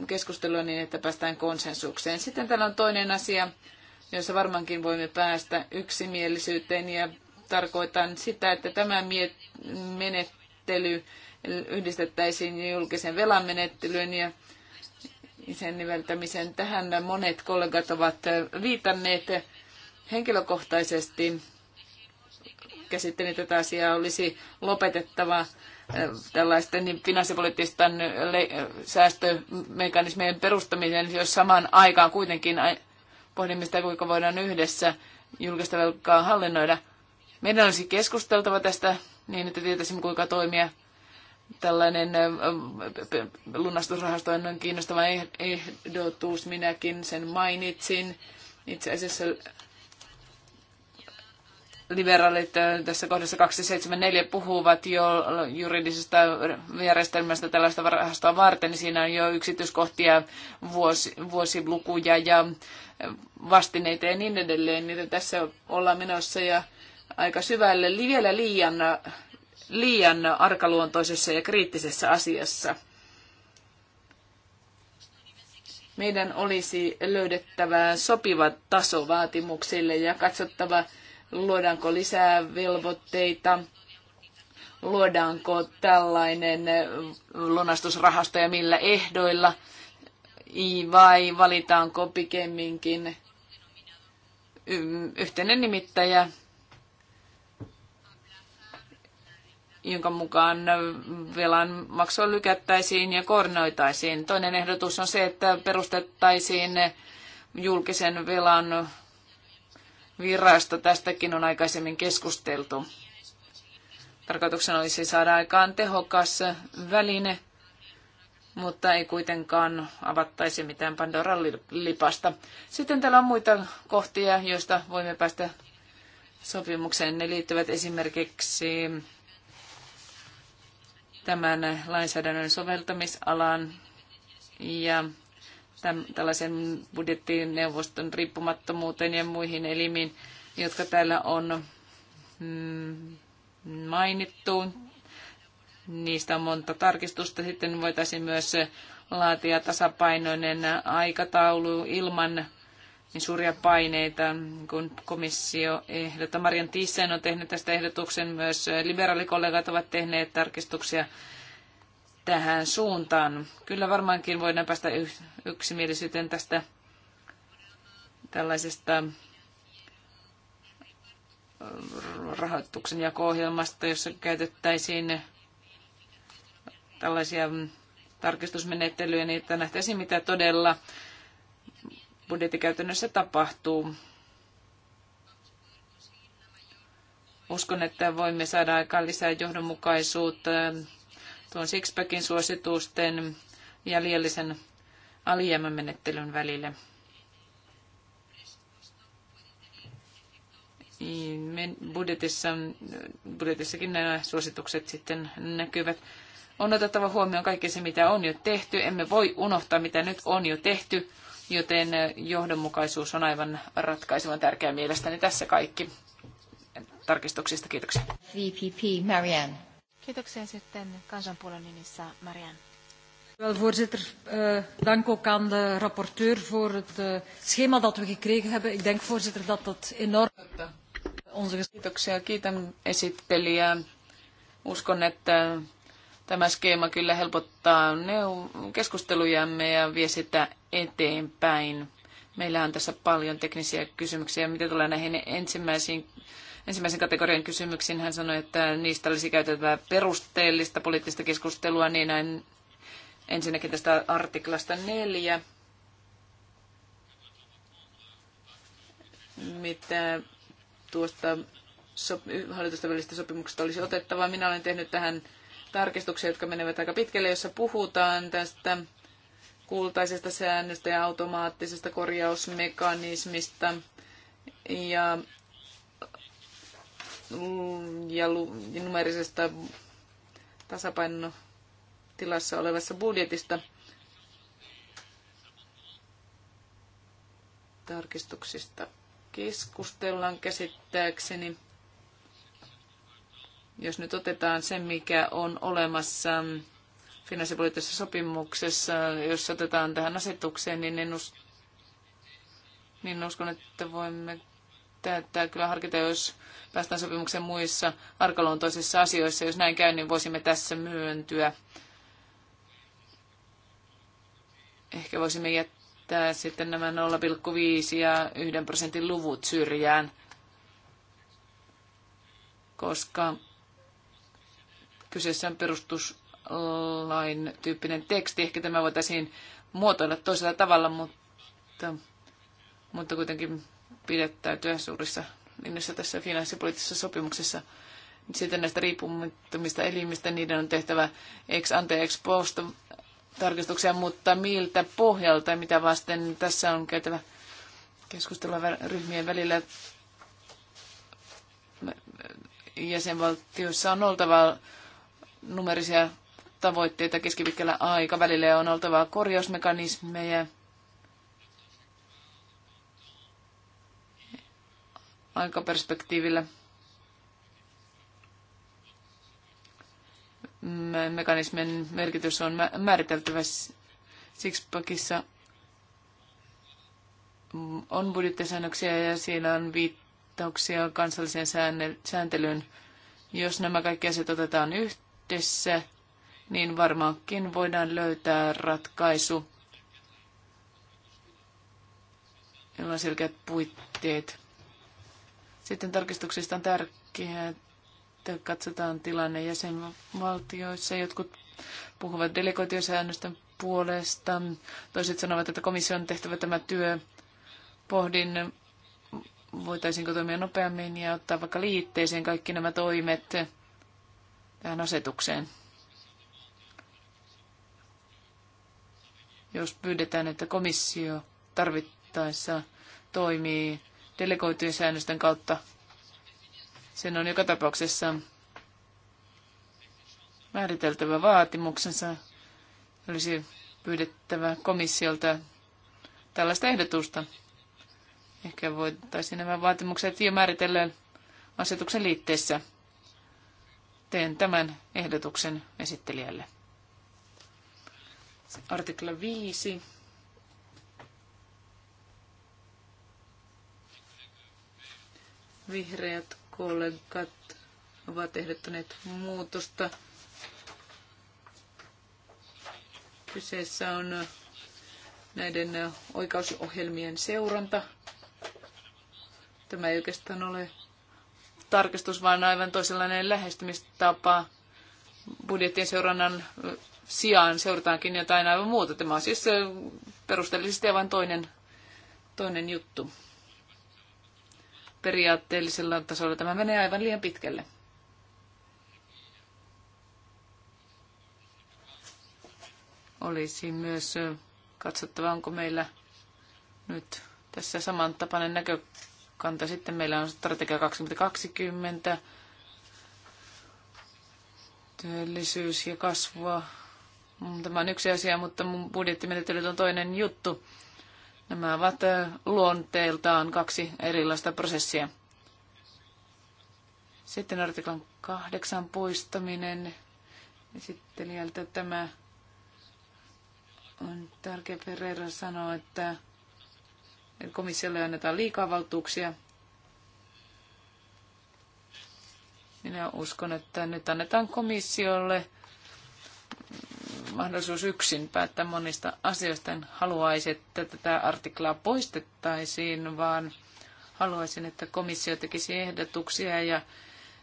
keskustelua niin, että päästään konsensukseen. Sitten täällä on toinen asia, jossa varmaankin voimme päästä yksimielisyyteen ja tarkoitan sitä, että tämä menettely yhdistettäisiin julkisen velan menettelyyn ja sen niveltämisen. Tähän monet kollegat ovat viitanneet henkilökohtaisesti. Käsittelin tätä asiaa, olisi lopetettava tällaisten niin finanssipoliittisten säästömekanismien perustamisen, jos samaan aikaan kuitenkin pohdimme sitä, kuinka voidaan yhdessä julkista velkaa hallinnoida. Meidän olisi keskusteltava tästä niin, että tietäisimme, kuinka toimia. Tällainen lunastusrahasto on kiinnostava ehdotus, minäkin sen mainitsin. Itse asiassa liberaalit tässä kohdassa 274 puhuvat jo juridisesta järjestelmästä tällaista rahastoa varten, niin siinä on jo yksityiskohtia, vuosi, vuosilukuja ja vastineita ja niin edelleen, niin tässä ollaan menossa ja aika syvälle vielä liian, liian arkaluontoisessa ja kriittisessä asiassa. Meidän olisi löydettävä sopiva taso vaatimuksille ja katsottava, luodaanko lisää velvoitteita, luodaanko tällainen lunastusrahasto ja millä ehdoilla, vai valitaanko pikemminkin yhteinen nimittäjä, jonka mukaan velan maksua lykättäisiin ja koordinoitaisiin. Toinen ehdotus on se, että perustettaisiin julkisen velan virasto. Tästäkin on aikaisemmin keskusteltu. Tarkoituksena olisi saada aikaan tehokas väline, mutta ei kuitenkaan avattaisi mitään Pandoran lipasta. Sitten täällä on muita kohtia, joista voimme päästä sopimukseen. Ne liittyvät esimerkiksi tämän lainsäädännön soveltamisalaan ja täm, tällaisen budjettineuvoston riippumattomuuteen ja muihin elimiin, jotka täällä on mm, mainittu. Niistä on monta tarkistusta. Sitten voitaisiin myös laatia tasapainoinen aikataulu ilman niin suuria paineita, kun komissio ehdottaa. Marian Thyssen on tehnyt tästä ehdotuksen, myös liberaalikollegat ovat tehneet tarkistuksia tähän suuntaan. Kyllä varmaankin voidaan päästä yksimielisyyteen tästä tällaisesta äh, rahoituksen jako-ohjelmasta, jossa käytettäisiin tällaisia mm, tarkistusmenettelyjä, niin että nähtäisiin, mitä todella budjettikäytännössä tapahtuu. Uskon, että voimme saada aikaan lisää johdonmukaisuutta tuon Sixpackin suositusten ja liiallisen alijäämämenettelyn välille. Budjetissa, budjetissakin nämä suositukset sitten näkyvät. On otettava huomioon kaikki se, mitä on jo tehty. Emme voi unohtaa, mitä nyt on jo tehty, joten johdonmukaisuus on aivan ratkaisevan tärkeä mielestäni tässä kaikki tarkistuksista. Kiitoksia.
VPP Marianne.
Kiitoksia sitten kansanpuolen nimissä Marianne.
Wel, voorzitter. Uh, dank ook aan
de rapporteur voor het uh, schema dat we gekregen hebben. Ik denk, voorzitter, dat dat enorm... Onze kiitoksia. Kiitän esittelijää. Uskon, että tämä skeema kyllä helpottaa neu- keskustelujamme ja vie sitä eteenpäin. Meillä on tässä paljon teknisiä kysymyksiä, mitä tulee näihin ensimmäisiin ensimmäisen kategorian kysymyksiin. Hän sanoi, että niistä olisi käytettävä perusteellista poliittista keskustelua, niin näin ensinnäkin tästä artiklasta neljä. Mitä tuosta sop- hallitusten välisestä sopimuksesta olisi otettava. Minä olen tehnyt tähän tarkistuksia, jotka menevät aika pitkälle, jossa puhutaan tästä kultaisesta säännöstä ja automaattisesta korjausmekanismista ja Mm, ja numerisesta tasapainotilassa olevassa budjetista. Tarkistuksista keskustellaan käsittääkseni. Jos nyt otetaan se, mikä on olemassa finanssipoliittisessa sopimuksessa, jos otetaan tähän asetukseen, niin en usko, niin uskon, että voimme tätä kyllä harkita, jos päästään sopimuksen muissa arkaluontoisissa asioissa. Jos näin käy, niin voisimme tässä myöntyä. Ehkä voisimme jättää sitten nämä 0,5 ja 1 prosentin luvut syrjään, koska kyseessä on perustuslain tyyppinen teksti. Ehkä tämä voitaisiin muotoilla toisella tavalla, mutta, mutta kuitenkin pidättäytyä suurissa linjassa tässä finanssipoliittisessa sopimuksessa. Sitten näistä riippumattomista elimistä niiden on tehtävä ex ante ex post tarkistuksia, mutta miltä pohjalta ja mitä vasten tässä on käytävä keskustelua ryhmien välillä. Jäsenvaltioissa on oltava numerisia tavoitteita keskipitkällä aikavälillä ja on oltava korjausmekanismeja aikaperspektiivillä. Mekanismin merkitys on määriteltävä Sixpackissa. On budjettisäännöksiä ja siinä on viittauksia kansalliseen sääntelyyn. Jos nämä kaikki asiat otetaan yhdessä, niin varmaankin voidaan löytää ratkaisu, jolla on selkeät puitteet sitten tarkistuksista on tärkeää, että katsotaan tilanne jäsenvaltioissa. Jotkut puhuvat delegoitiosäännösten puolesta. Toiset sanovat, että komission on tehtävä tämä työ. Pohdin, voitaisiinko toimia nopeammin ja ottaa vaikka liitteeseen kaikki nämä toimet tähän asetukseen. Jos pyydetään, että komissio tarvittaessa toimii delegoitujen säännösten kautta. Sen on joka tapauksessa määriteltävä vaatimuksensa. Olisi pyydettävä komissiolta tällaista ehdotusta. Ehkä voitaisiin nämä vaatimukset jo määritellä asetuksen liitteessä. Teen tämän ehdotuksen esittelijälle. Artikla 5 Vihreät kollegat ovat ehdottaneet muutosta. Kyseessä on näiden oikausohjelmien seuranta. Tämä ei oikeastaan ole tarkastus, vaan aivan toisenlainen lähestymistapa. Budjettien seurannan sijaan seurataankin jotain aivan muuta. Tämä on siis perusteellisesti aivan toinen, toinen juttu periaatteellisella tasolla tämä menee aivan liian pitkälle. Olisi myös katsottava, onko meillä nyt tässä samantapainen näkökanta. Sitten meillä on strategia 2020, työllisyys ja kasvua. Tämä on yksi asia, mutta mun budjettimenettelyt on toinen juttu. Nämä ovat luonteeltaan kaksi erilaista prosessia. Sitten artiklan kahdeksan poistaminen. Esittelijältä tämä on tärkeä Ferreira sanoa, että komissiolle annetaan liikaa valtuuksia. Minä uskon, että nyt annetaan komissiolle mahdollisuus yksin päättää monista asioista. En haluaisi, että tätä artiklaa poistettaisiin, vaan haluaisin, että komissio tekisi ehdotuksia ja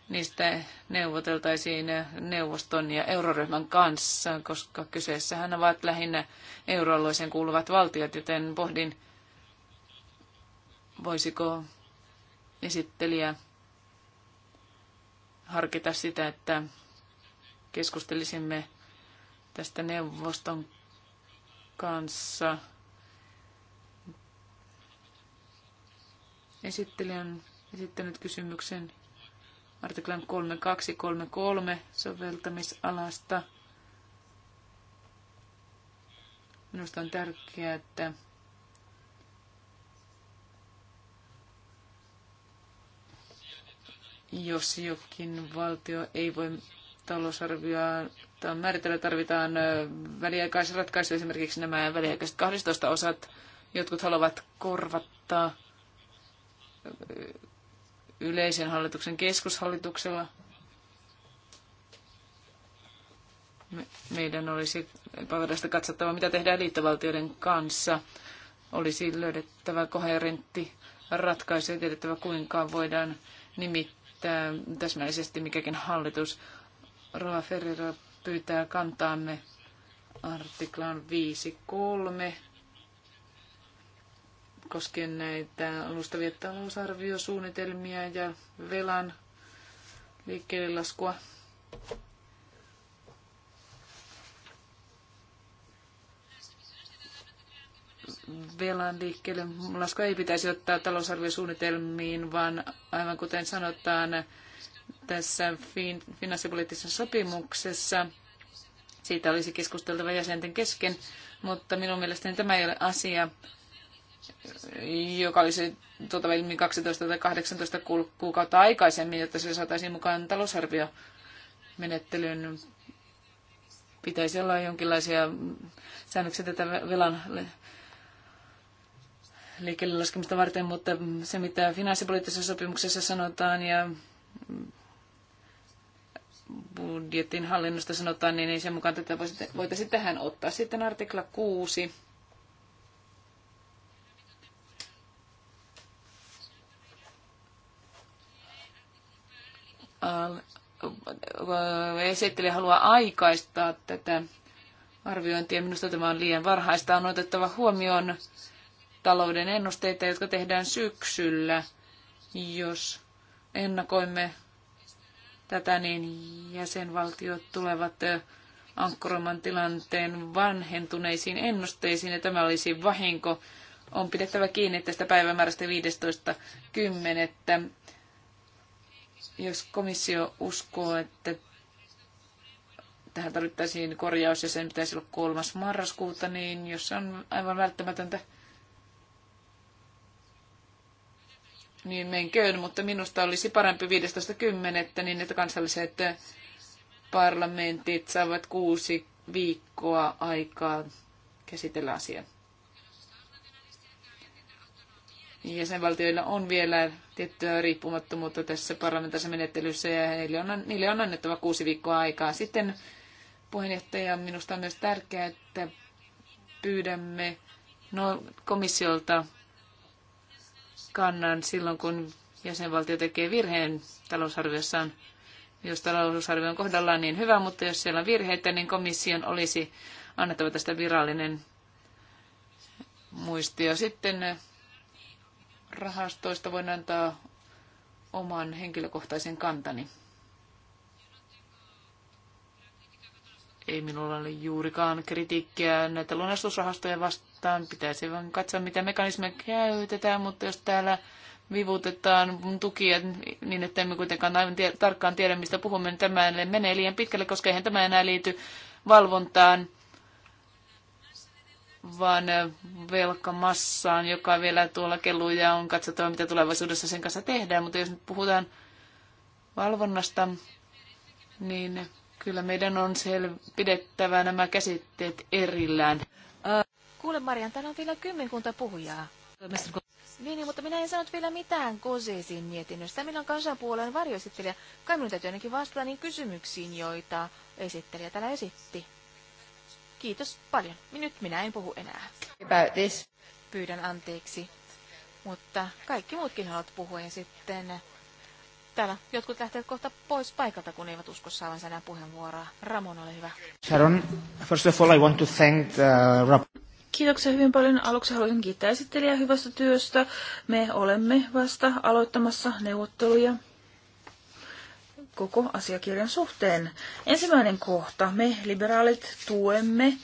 niistä neuvoteltaisiin neuvoston ja euroryhmän kanssa, koska kyseessähän ovat lähinnä euroalueeseen kuuluvat valtiot, joten pohdin, voisiko esittelijä harkita sitä, että keskustelisimme tästä neuvoston kanssa. esittelijän esittänyt kysymyksen artiklan 3233 soveltamisalasta. Minusta on tärkeää, että jos jokin valtio ei voi talousarvioa Tuon määritellä tarvitaan väliaikaisratkaisu, esimerkiksi nämä väliaikaiset 12 osat. Jotkut haluavat korvata yleisen hallituksen keskushallituksella. Me, meidän olisi epävirallista katsottava, mitä tehdään liittovaltioiden kanssa. Olisi löydettävä koherentti ratkaisu ja tiedettävä, kuinka voidaan nimittää täsmällisesti mikäkin hallitus. Rova Ferreira pyytää kantaamme artiklan 5.3 koskien näitä alustavia talousarviosuunnitelmia ja velan liikkeelle laskua. velan liikkeelle. Laskua ei pitäisi ottaa talousarviosuunnitelmiin, vaan aivan kuten sanotaan, tässä finanssipoliittisessa sopimuksessa. Siitä olisi keskusteltava jäsenten kesken, mutta minun mielestäni tämä ei ole asia, joka olisi tuotava ilmi 12 tai 18 kuukautta aikaisemmin, jotta se saataisiin mukaan talousarviomenettelyyn. Pitäisi olla jonkinlaisia säännöksiä tätä velan liikkeelle laskemista varten, mutta se mitä finanssipoliittisessa sopimuksessa sanotaan ja budjetin hallinnosta sanotaan, niin sen mukaan tätä voitaisiin tähän ottaa. Sitten artikla 6. Esittelijä haluaa aikaistaa tätä arviointia. Minusta tämä on liian varhaista. On otettava huomioon talouden ennusteita, jotka tehdään syksyllä, jos ennakoimme tätä, niin jäsenvaltiot tulevat ankkuroman tilanteen vanhentuneisiin ennusteisiin, ja tämä olisi vahinko. On pidettävä kiinni tästä päivämäärästä 15.10. Jos komissio uskoo, että tähän tarvittaisiin korjaus ja sen pitäisi olla kolmas marraskuuta, niin jos on aivan välttämätöntä niin menköön, mutta minusta olisi parempi 15.10. niin, että kansalliset parlamentit saavat kuusi viikkoa aikaa käsitellä asiaa. valtioilla on vielä tiettyä riippumattomuutta tässä parlamentaarisessa menettelyssä ja heille on, niille on annettava kuusi viikkoa aikaa. Sitten puheenjohtaja, minusta on myös tärkeää, että pyydämme no, komissiolta kannan silloin, kun jäsenvaltio tekee virheen talousarviossaan. Jos talousarvio on kohdallaan, niin hyvä, mutta jos siellä on virheitä, niin komission olisi annettava tästä virallinen muistio. Sitten eh, rahastoista voin antaa oman henkilökohtaisen kantani. Ei minulla ole juurikaan kritiikkiä näitä lunastusrahastoja vasta vastaan. Pitäisi vain katsoa, mitä mekanismeja käytetään, mutta jos täällä vivutetaan tukia niin, että emme kuitenkaan aivan tie- tarkkaan tiedä, mistä puhumme, niin tämä menee liian pitkälle, koska eihän tämä enää liity valvontaan, vaan velkamassaan, joka vielä tuolla kelluu ja on katsottava, mitä tulevaisuudessa sen kanssa tehdään. Mutta jos nyt puhutaan valvonnasta, niin kyllä meidän on sel- pidettävä nämä käsitteet erillään kuule Marian, täällä on vielä
kymmenkunta puhujaa. Niin, niin mutta minä en sanonut vielä mitään koseisiin mietinnöstä. Minä on kansanpuolueen varjoesittelijä. Kai minun täytyy ainakin vastata niin kysymyksiin, joita esittelijä täällä esitti. Kiitos paljon. Niin nyt minä en puhu enää.
About this.
Pyydän anteeksi. Mutta kaikki muutkin haluat puhua ja sitten... Eh, täällä jotkut lähtevät kohta pois paikalta, kun eivät usko saavansa enää puheenvuoroa. Ramon, ole hyvä.
Sharon, first of all I want to thank the... Uh,
Kiitoksia hyvin paljon. Aluksi haluaisin kiittää esittelijää hyvästä työstä. Me olemme vasta aloittamassa neuvotteluja koko asiakirjan suhteen. Ensimmäinen kohta. Me liberaalit tuemme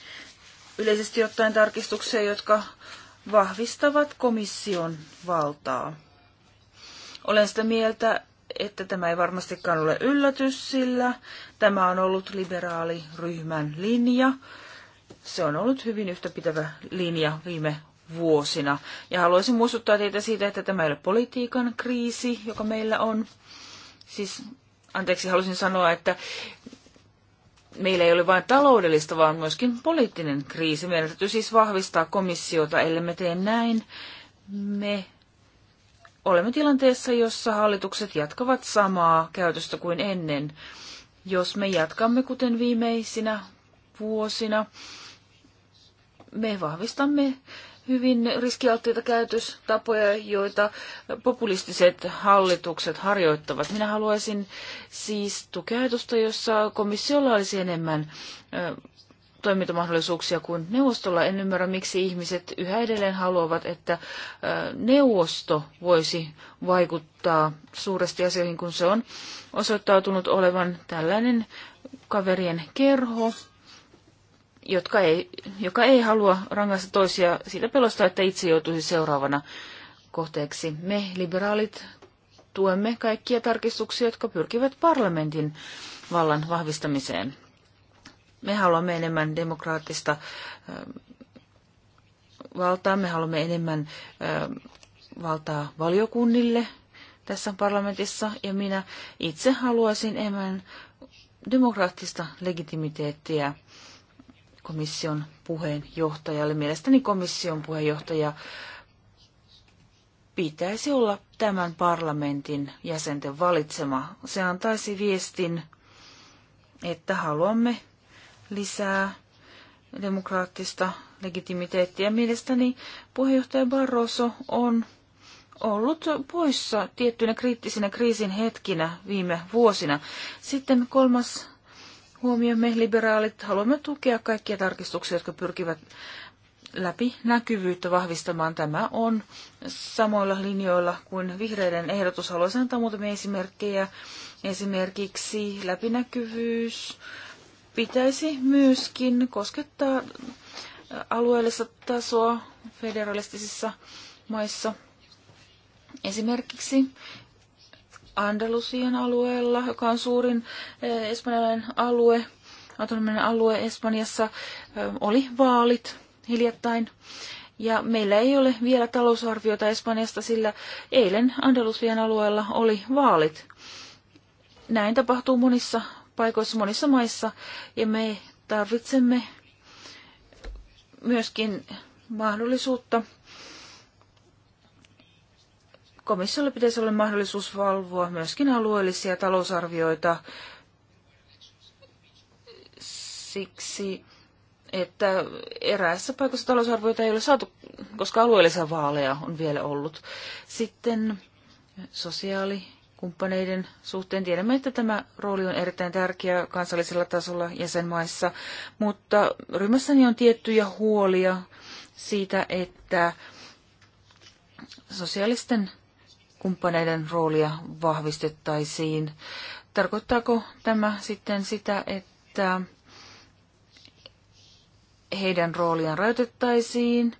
yleisesti ottaen tarkistuksia, jotka vahvistavat komission valtaa. Olen sitä mieltä, että tämä ei varmastikaan ole yllätys, sillä tämä on ollut liberaaliryhmän linja – se on ollut hyvin yhtäpitävä linja viime vuosina. Ja haluaisin muistuttaa teitä siitä, että tämä ei ole politiikan kriisi, joka meillä on. Siis, anteeksi, halusin sanoa, että meillä ei ole vain taloudellista, vaan myöskin poliittinen kriisi. Meidän täytyy siis vahvistaa komissiota, ellei me tee näin. Me olemme tilanteessa, jossa hallitukset jatkavat samaa käytöstä kuin ennen. Jos me jatkamme kuten viimeisinä vuosina, me vahvistamme hyvin riskialttiita käytöstapoja, joita populistiset hallitukset harjoittavat. Minä haluaisin siis tukehdusta, jossa komissiolla olisi enemmän toimintamahdollisuuksia kuin neuvostolla. En ymmärrä, miksi ihmiset yhä edelleen haluavat, että neuvosto voisi vaikuttaa suuresti asioihin, kun se on osoittautunut olevan tällainen kaverien kerho, jotka ei, joka ei halua rangaista toisia siitä pelosta, että itse joutuisi seuraavana kohteeksi. Me liberaalit tuemme kaikkia tarkistuksia, jotka pyrkivät parlamentin vallan vahvistamiseen. Me haluamme enemmän demokraattista valtaa, me haluamme enemmän valtaa valiokunnille tässä parlamentissa ja minä itse haluaisin enemmän demokraattista legitimiteettiä komission puheenjohtajalle. Mielestäni komission puheenjohtaja pitäisi olla tämän parlamentin jäsenten valitsema. Se antaisi viestin, että haluamme lisää demokraattista legitimiteettiä. Mielestäni puheenjohtaja Barroso on ollut poissa tiettyinä kriittisinä kriisin hetkinä viime vuosina. Sitten kolmas huomiomme liberaalit haluamme tukea kaikkia tarkistuksia, jotka pyrkivät läpi näkyvyyttä vahvistamaan. Tämä on samoilla linjoilla kuin vihreiden ehdotus. Haluaisin antaa muutamia esimerkkejä. Esimerkiksi läpinäkyvyys pitäisi myöskin koskettaa alueellista tasoa federalistisissa maissa. Esimerkiksi Andalusian alueella, joka on suurin eh, espanjalainen alue, autonominen alue Espanjassa, eh, oli vaalit hiljattain. Ja meillä ei ole vielä talousarviota Espanjasta, sillä eilen Andalusian alueella oli vaalit. Näin tapahtuu monissa paikoissa, monissa maissa, ja me tarvitsemme myöskin mahdollisuutta komissiolla pitäisi olla mahdollisuus valvoa myöskin alueellisia talousarvioita siksi, että eräässä paikassa talousarvioita ei ole saatu, koska alueellisia vaaleja on vielä ollut. Sitten sosiaali kumppaneiden suhteen tiedämme, että tämä rooli on erittäin tärkeä kansallisella tasolla jäsenmaissa, mutta ryhmässäni on tiettyjä huolia siitä, että sosiaalisten kumppaneiden roolia vahvistettaisiin. Tarkoittaako tämä sitten sitä, että heidän rooliaan rajoitettaisiin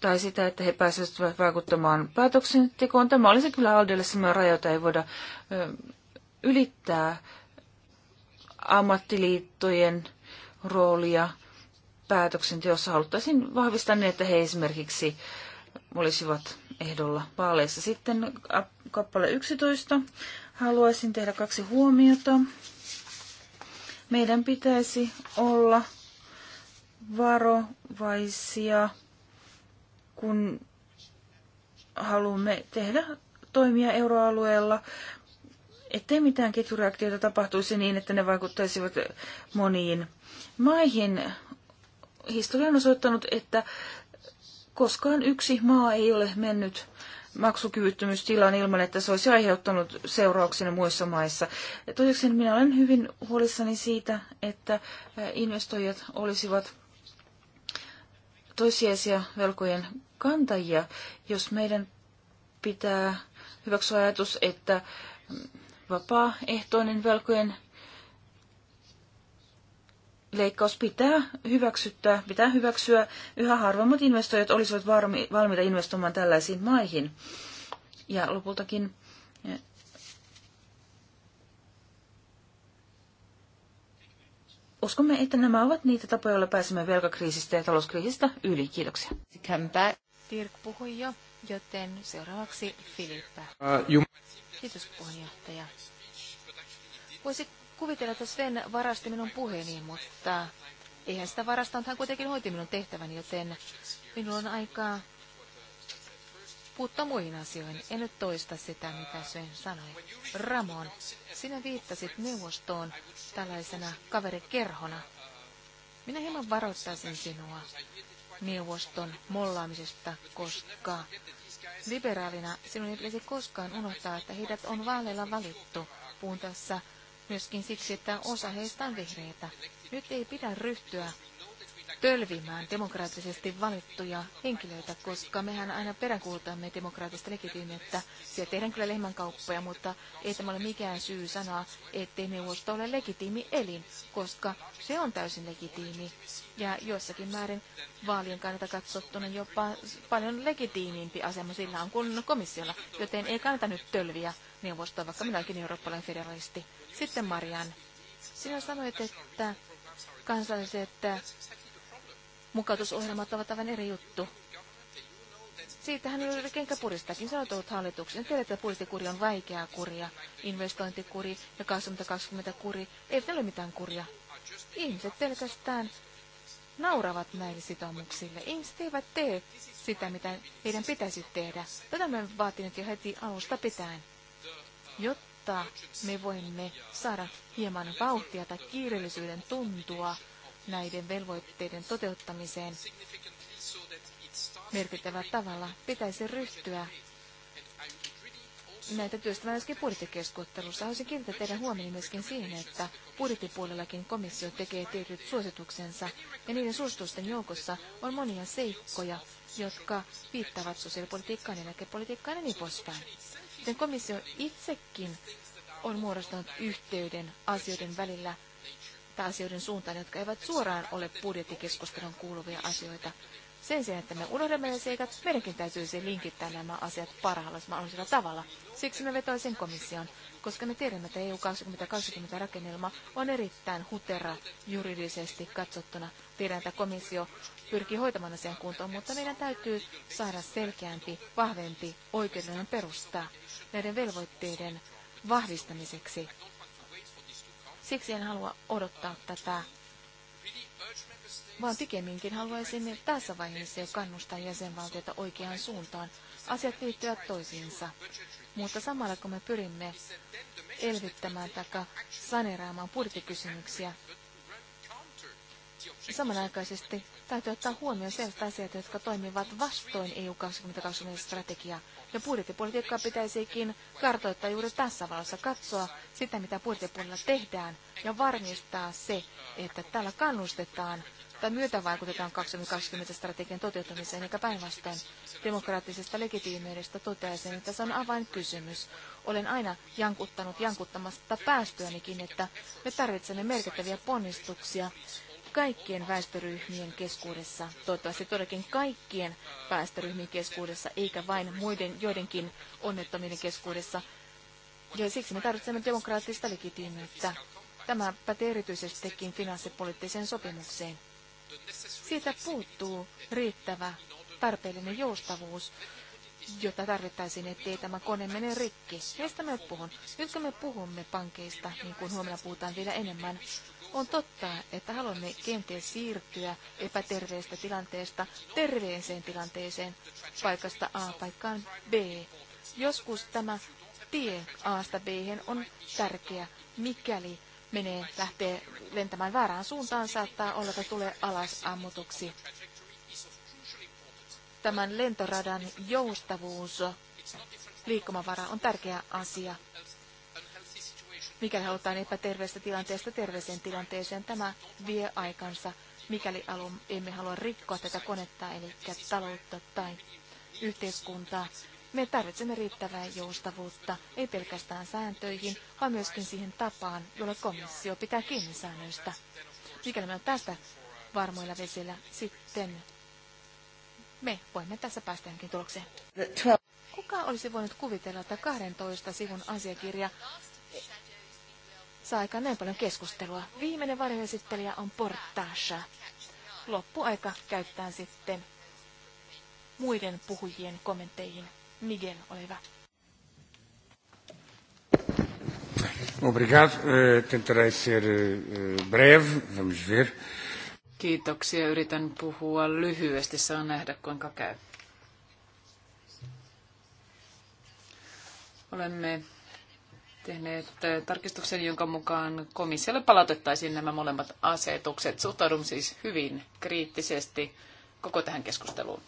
tai sitä, että he pääsisivät vaikuttamaan päätöksentekoon? Tämä olisi kyllä Aldelle sellainen raja, jota ei voida ylittää ammattiliittojen roolia päätöksenteossa. Haluttaisiin vahvistaa ne, niin, että he esimerkiksi olisivat ehdolla paaleissa. Sitten kappale 11. Haluaisin tehdä kaksi huomiota. Meidän pitäisi olla varovaisia, kun haluamme tehdä toimia euroalueella, ettei mitään ketjureaktioita tapahtuisi niin, että ne vaikuttaisivat moniin maihin. Historia on osoittanut, että koskaan yksi maa ei ole mennyt maksukyvyttömyystilaan ilman, että se olisi aiheuttanut seurauksena muissa maissa. Toiseksi minä olen hyvin huolissani siitä, että eh, investoijat olisivat toissijaisia velkojen kantajia, jos meidän pitää hyväksyä ajatus, että mm, vapaaehtoinen velkojen leikkaus pitää hyväksyttää, pitää hyväksyä. Yhä harvemmat investoijat olisivat varmi, valmiita investoimaan tällaisiin maihin. Ja lopultakin eh, uskomme, että nämä ovat niitä tapoja, joilla pääsemme velkakriisistä ja talouskriisistä yli. Kiitoksia.
Dirk puhui jo, joten seuraavaksi Filippa. Uh, Kiitos puheenjohtaja. Voisi kuvitella, että Sven varasti minun puheeni, mutta eihän sitä varastanut, hän kuitenkin hoiti minun tehtäväni, joten minulla on aikaa puuttua muihin asioihin. En nyt toista sitä, mitä Sven sanoi. Ramon, sinä viittasit neuvostoon tällaisena kaverikerhona. Minä hieman varoittaisin sinua neuvoston mollaamisesta, koska liberaalina sinun ei pitäisi koskaan unohtaa, että heidät on vaaleilla valittu. Puhun tässä myöskin siksi, että osa heistä on vihreitä. Nyt ei pidä ryhtyä tölvimään demokraattisesti valittuja henkilöitä, koska mehän aina peräkuultamme demokraattista legitiimiyttä. Siellä tehdään kyllä lehmänkauppoja, mutta ei tämä ole mikään syy sanoa, ettei neuvosto ole legitiimi elin, koska se on täysin legitiimi. Ja jossakin määrin vaalien kannalta katsottuna jopa paljon legitiimimpi asema sillä on kuin komissiolla, joten ei kannata nyt tölviä neuvostoa, vaikka minäkin eurooppalainen federalisti. Sitten Marian, sinä sanoit, että kansalliset mukautusohjelmat ovat aivan eri juttu. Siitähän oli kenkäpuristakin. Sä olet ollut hallituksen. Tiedät, että puristikuri on vaikeaa kuria. Investointikuri ja 2020 kuri. Ei ole mitään kuria. Ihmiset pelkästään nauravat näille sitoumuksille. Ihmiset eivät tee sitä, mitä heidän pitäisi tehdä. Tätä me vaatineet jo heti alusta pitäen. Jotta kautta me voimme saada hieman vauhtia tai kiireellisyyden tuntua näiden velvoitteiden toteuttamiseen merkittävällä tavalla. Pitäisi ryhtyä näitä työstämään myöskin budjettikeskustelussa. Haluaisin kiinnittää teidän huomioon myöskin siihen, että budjettipuolellakin komissio tekee tietyt suosituksensa, ja niiden suositusten joukossa on monia seikkoja, jotka viittaavat sosiaalipolitiikkaan, eläkepolitiikkaan ja niin poispäin. Sitten komissio itsekin on muodostanut yhteyden asioiden välillä tai asioiden suuntaan, jotka eivät suoraan ole budjettikeskustelun kuuluvia asioita. Sen sijaan, että me unohdamme ne seikat, meidänkin täytyy se linkittää nämä asiat parhaalla mahdollisella tavalla. Siksi me vetoisin komission, koska me tiedämme, että EU 2020 rakennelma on erittäin huterra juridisesti katsottuna. Tiedän, että komissio pyrkii hoitamaan asian kuntoon, mutta meidän täytyy saada selkeämpi, vahvempi oikeudellinen perusta näiden velvoitteiden vahvistamiseksi. Siksi en halua odottaa tätä vaan pikemminkin haluaisimme tässä vaiheessa jo kannustaa jäsenvaltioita oikeaan suuntaan. Asiat liittyvät toisiinsa. Mutta samalla kun me pyrimme elvyttämään tai saneeraamaan budjettikysymyksiä, samanaikaisesti täytyy ottaa huomioon sellaiset asiat, jotka toimivat vastoin EU 2020 strategiaa. Ja budjettipolitiikkaa pitäisikin kartoittaa juuri tässä valossa, katsoa sitä, mitä budjettipuolella tehdään, ja varmistaa se, että tällä kannustetaan tai myötä vaikutetaan 2020 strategian toteuttamiseen, eikä päinvastoin demokraattisesta legitiimeydestä toteaisin, että se on avainkysymys. Olen aina jankuttanut jankuttamasta päästyänikin, että me tarvitsemme merkittäviä ponnistuksia kaikkien väestöryhmien keskuudessa, toivottavasti todellakin kaikkien väestöryhmien keskuudessa, eikä vain muiden joidenkin onnettomien keskuudessa. Ja siksi me tarvitsemme demokraattista legitiimiyttä. Tämä pätee erityisestikin finanssipoliittiseen sopimukseen. Siitä puuttuu riittävä tarpeellinen joustavuus, jota tarvittaisiin, ettei tämä kone mene rikki. Mistä me puhun? Nyt kun me puhumme pankeista, niin kuin huomenna puhutaan vielä enemmän, on totta, että haluamme kenties siirtyä epäterveestä tilanteesta terveeseen tilanteeseen paikasta A paikkaan B. Joskus tämä tie a B on tärkeä, mikäli menee, lähtee lentämään väärään suuntaan, saattaa olla, että tulee alas ammutuksi. Tämän lentoradan joustavuus, liikkumavara on tärkeä asia. Mikäli halutaan epäterveestä tilanteesta terveeseen tilanteeseen, tämä vie aikansa, mikäli emme halua rikkoa tätä konetta, eli taloutta tai yhteiskuntaa. Me tarvitsemme riittävää joustavuutta, ei pelkästään sääntöihin, vaan myöskin siihen tapaan, jolla komissio pitää kiinni säännöistä. Mikäli me on tästä varmoilla vesillä, sitten me voimme tässä päästä jonkin tulokseen. Kuka olisi voinut kuvitella, että 12 sivun asiakirja saa aikaan näin paljon keskustelua. Viimeinen varjoesittelijä on Portasha. Loppuaika käyttää sitten muiden puhujien kommentteihin. Miguel, ole hyvä.
Obrigado. Eh, tentarei ser eh, breve.
Vamos ver. Kiitoksia. Yritän puhua lyhyesti. Saa nähdä, kuinka käy. Olemme tehneet eh, tarkistuksen, jonka mukaan komissiolle palautettaisiin nämä molemmat asetukset. Suhtaudun siis hyvin kriittisesti koko tähän keskusteluun.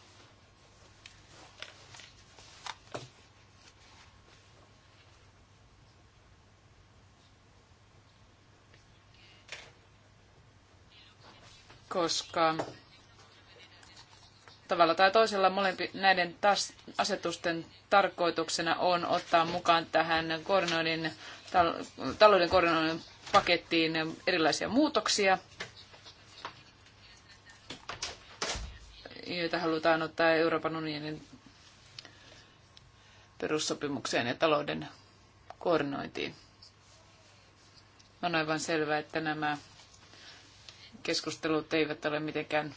koska tavalla tai toisella molempi näiden tas, asetusten tarkoituksena on ottaa mukaan tähän koordinoinnin, tal, talouden koordinoinnin pakettiin erilaisia muutoksia, joita halutaan ottaa Euroopan unionin perussopimukseen ja talouden koordinointiin. On aivan selvää, että nämä keskustelut eivät ole mitenkään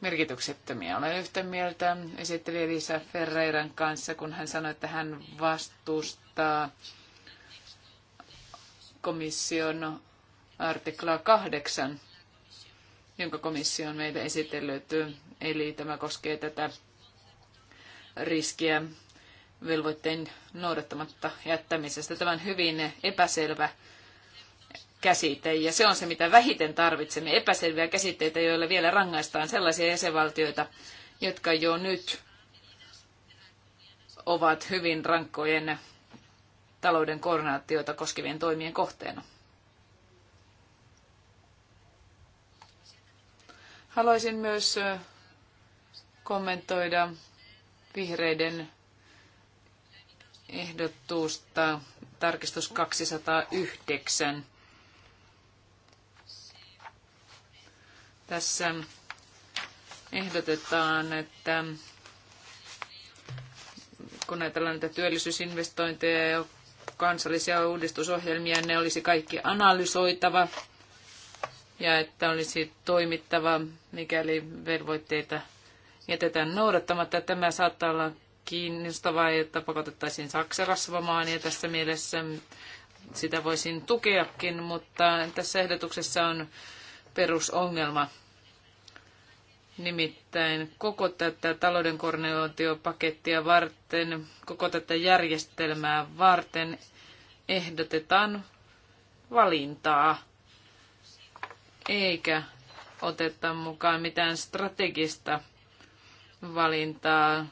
merkityksettömiä. Olen yhtä mieltä esitteli Elisa Ferreiran kanssa, kun hän sanoi, että hän vastustaa komission artiklaa 8, jonka komissio on meitä esitellyt. Eli tämä koskee tätä riskiä velvoitteen noudattamatta jättämisestä. Tämä on hyvin epäselvä käsite, ja se on se, mitä vähiten tarvitsemme, epäselviä käsitteitä, joilla vielä rangaistaan sellaisia jäsenvaltioita, jotka jo nyt ovat hyvin rankkojen talouden koordinaatiota koskevien toimien kohteena. Haluaisin myös kommentoida vihreiden ehdotusta tarkistus 209. Tässä ehdotetaan, että kun ajatellaan näitä työllisyysinvestointeja ja kansallisia uudistusohjelmia, ne olisi kaikki analysoitava ja että olisi toimittava, mikäli velvoitteita jätetään noudattamatta. Tämä saattaa olla kiinnostavaa, että pakotettaisiin Saksa rasvamaan ja tässä mielessä sitä voisin tukeakin, mutta tässä ehdotuksessa on perusongelma. Nimittäin koko tätä talouden koordinaatiopakettia varten, koko tätä järjestelmää varten ehdotetaan valintaa, eikä oteta mukaan mitään strategista valintaa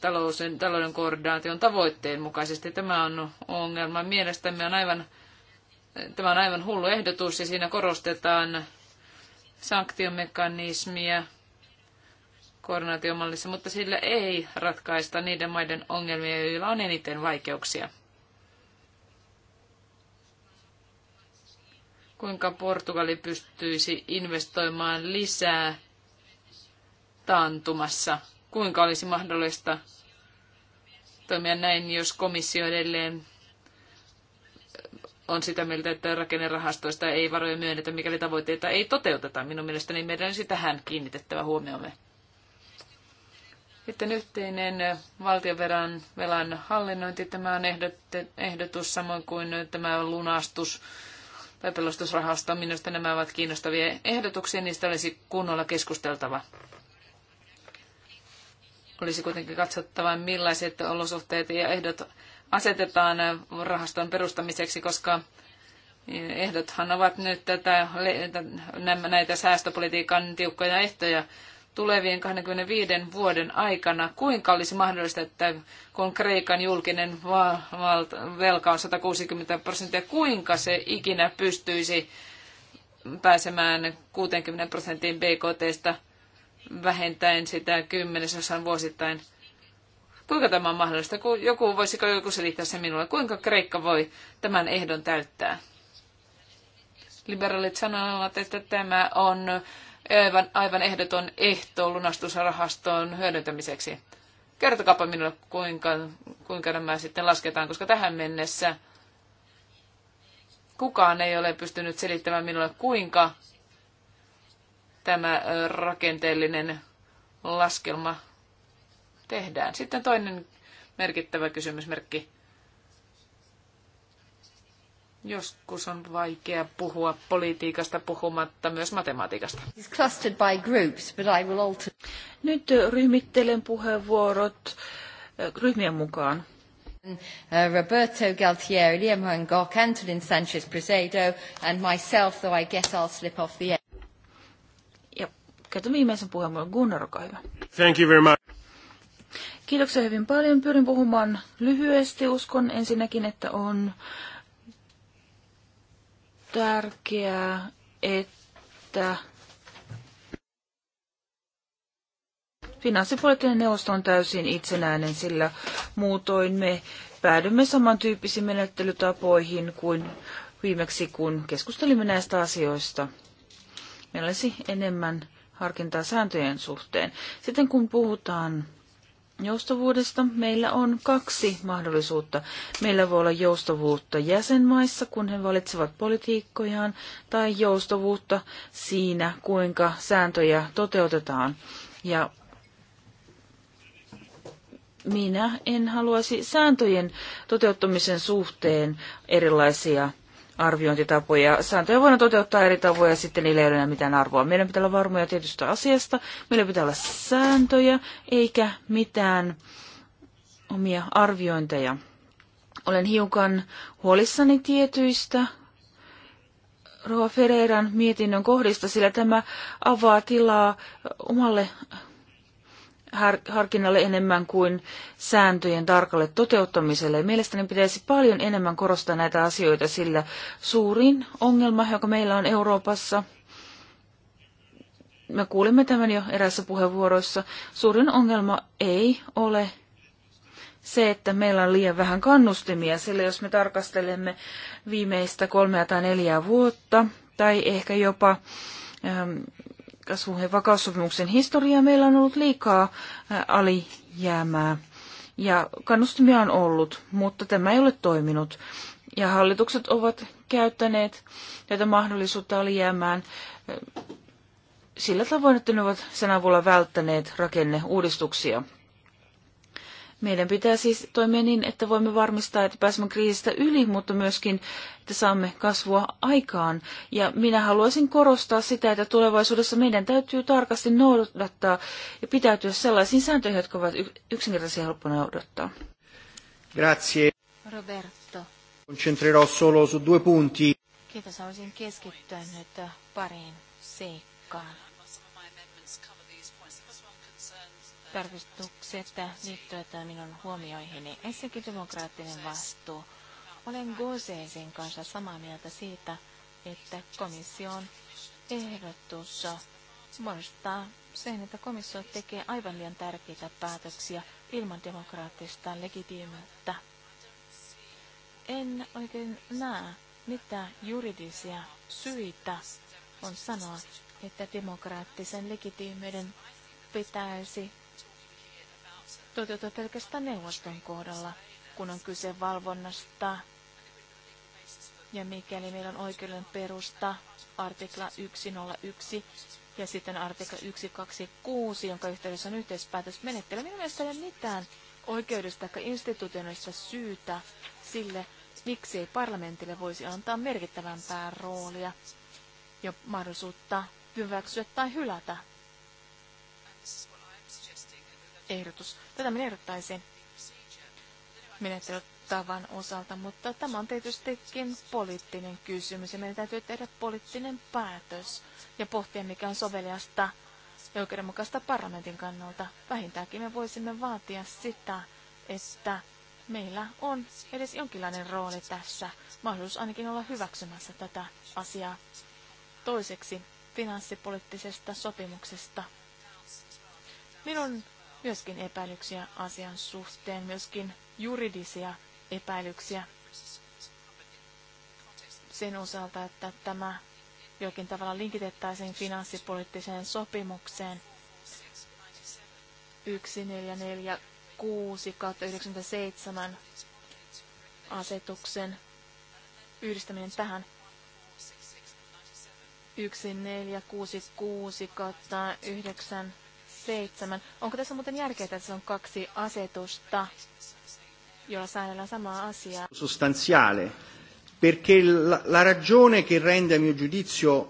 talouden, talouden koordinaation tavoitteen mukaisesti. Tämä on ongelma. Mielestämme on aivan Tämä on aivan hullu ehdotus ja siinä korostetaan sanktiomekanismia koordinaatiomallissa, mutta sillä ei ratkaista niiden maiden ongelmia, joilla on eniten vaikeuksia. Kuinka Portugali pystyisi investoimaan lisää taantumassa? Kuinka olisi mahdollista toimia näin, jos komissio edelleen on sitä mieltä, että rakennerahastoista ei varoja myönnetä, mikäli tavoitteita ei toteuteta. Minun mielestäni meidän sitä tähän kiinnitettävä huomiomme. Sitten yhteinen valtionveran velan hallinnointi. Tämä on ehdotus samoin kuin tämä lunastus tai pelastusrahasto. Minusta nämä ovat kiinnostavia ehdotuksia. Niistä olisi kunnolla keskusteltava. Olisi kuitenkin katsottava, millaiset olosuhteet ja ehdot asetetaan rahaston perustamiseksi, koska ehdothan ovat nyt tätä, näitä säästöpolitiikan tiukkoja ehtoja tulevien 25 vuoden aikana. Kuinka olisi mahdollista, että kun Kreikan julkinen velka on 160 prosenttia, kuinka se ikinä pystyisi pääsemään 60 prosenttiin BKTstä vähentäen sitä kymmenesosan vuosittain – Kuinka tämä on mahdollista? Joku, voisiko joku selittää se minulle? Kuinka Kreikka voi tämän ehdon täyttää? Liberaalit sanovat, että tämä on aivan, aivan ehdoton ehto lunastusrahaston hyödyntämiseksi. Kertokaapa minulle, kuinka, kuinka nämä sitten lasketaan, koska tähän mennessä kukaan ei ole pystynyt selittämään minulle, kuinka tämä rakenteellinen laskelma tehdään. Sitten toinen merkittävä kysymysmerkki. Joskus on vaikea puhua politiikasta puhumatta myös matematiikasta.
Groups, alter... Nyt ryhmittelen puheenvuorot eh, ryhmien mukaan. Uh, Roberto Galtieri, Liam Hancock, Antonin Sanchez Presedo and myself, though I guess I'll slip off the end. Ja käytän viimeisen puheenvuoron. Gunnar, olkaa hyvä.
Thank you very much.
Kiitoksia hyvin paljon. Pyrin puhumaan lyhyesti. Uskon ensinnäkin, että on tärkeää, että finanssipoliittinen neuvosto on täysin itsenäinen, sillä muutoin me päädymme samantyyppisiin menettelytapoihin kuin viimeksi, kun keskustelimme näistä asioista. Meillä olisi enemmän harkintaa sääntöjen suhteen. Sitten kun puhutaan joustavuudesta. Meillä on kaksi mahdollisuutta. Meillä voi olla joustavuutta jäsenmaissa, kun he valitsevat politiikkojaan, tai joustavuutta siinä, kuinka sääntöjä toteutetaan. Ja minä en haluaisi sääntöjen toteuttamisen suhteen erilaisia arviointitapoja. Sääntöjä voidaan toteuttaa eri tavoin ja sitten niillä ei ole mitään arvoa. Meidän pitää olla varmoja tietystä asiasta. Meillä pitää olla sääntöjä eikä mitään omia arviointeja. Olen hiukan huolissani tietyistä Roa Ferreiran mietinnön kohdista, sillä tämä avaa tilaa omalle harkinnalle enemmän kuin sääntöjen tarkalle toteuttamiselle. Mielestäni pitäisi paljon enemmän korostaa näitä asioita, sillä suurin ongelma, joka meillä on Euroopassa, me kuulimme tämän jo erässä puheenvuoroissa, suurin ongelma ei ole se, että meillä on liian vähän kannustimia, sillä jos me tarkastelemme viimeistä kolmea tai neljää vuotta, tai ehkä jopa ähm, kasvu- ja vakaussopimuksen historiaa meillä on ollut liikaa alijäämää ja kannustimia on ollut, mutta tämä ei ole toiminut. Ja hallitukset ovat käyttäneet tätä mahdollisuutta alijäämään sillä tavoin, että ne ovat sen avulla välttäneet rakenneuudistuksia. Meidän pitää siis toimia niin, että voimme varmistaa, että pääsemme kriisistä yli, mutta myöskin, että saamme kasvua aikaan. Ja minä haluaisin korostaa sitä, että tulevaisuudessa meidän täytyy tarkasti noudattaa ja pitäytyä sellaisiin sääntöihin, jotka ovat yksinkertaisesti helppo noudattaa.
Grazie.
Roberto.
Concentrerò solo su due punti.
Kiitos, haluaisin keskittyä nyt pariin seikkaan.
tarkistukset liittyvät
minun huomioihini. Ensinnäkin demokraattinen vastuu. Olen Gozeisin kanssa samaa mieltä siitä, että komission ehdotus muistaa sen, että komissio tekee aivan liian tärkeitä päätöksiä ilman demokraattista legitiimettä. En oikein näe, mitä juridisia syitä on sanoa, että demokraattisen legitiimeiden pitäisi toteuteta pelkästään neuvoston kohdalla, kun on kyse valvonnasta. Ja mikäli meillä on oikeuden perusta, artikla 101 ja sitten artikla 126, jonka yhteydessä on menettely. Minun mielestäni ei ole mitään oikeudesta tai institutionaalista syytä sille, miksei parlamentille voisi antaa merkittävämpää roolia ja mahdollisuutta hyväksyä tai hylätä ehdotus. Tätä minä ehdottaisin menettelytavan osalta, mutta tämä on tietystikin poliittinen kysymys ja meidän täytyy tehdä poliittinen päätös ja pohtia, mikä on soveliasta ja oikeudenmukaista parlamentin kannalta. Vähintäänkin me voisimme vaatia sitä, että meillä on edes jonkinlainen rooli tässä, mahdollisuus ainakin olla hyväksymässä tätä asiaa. Toiseksi finanssipoliittisesta sopimuksesta. Minun myöskin epäilyksiä asian suhteen, myöskin juridisia epäilyksiä sen osalta, että tämä jokin tavalla linkitettäisiin finanssipoliittiseen sopimukseen 1446-97 asetuksen yhdistäminen tähän 1466 9 7. Onko tässä muuten järkeä, että tässä on kaksi asetusta, jolla säännellään samaa asiaa?
Sostanziale, perché la, la ragione che rende a mio giudizio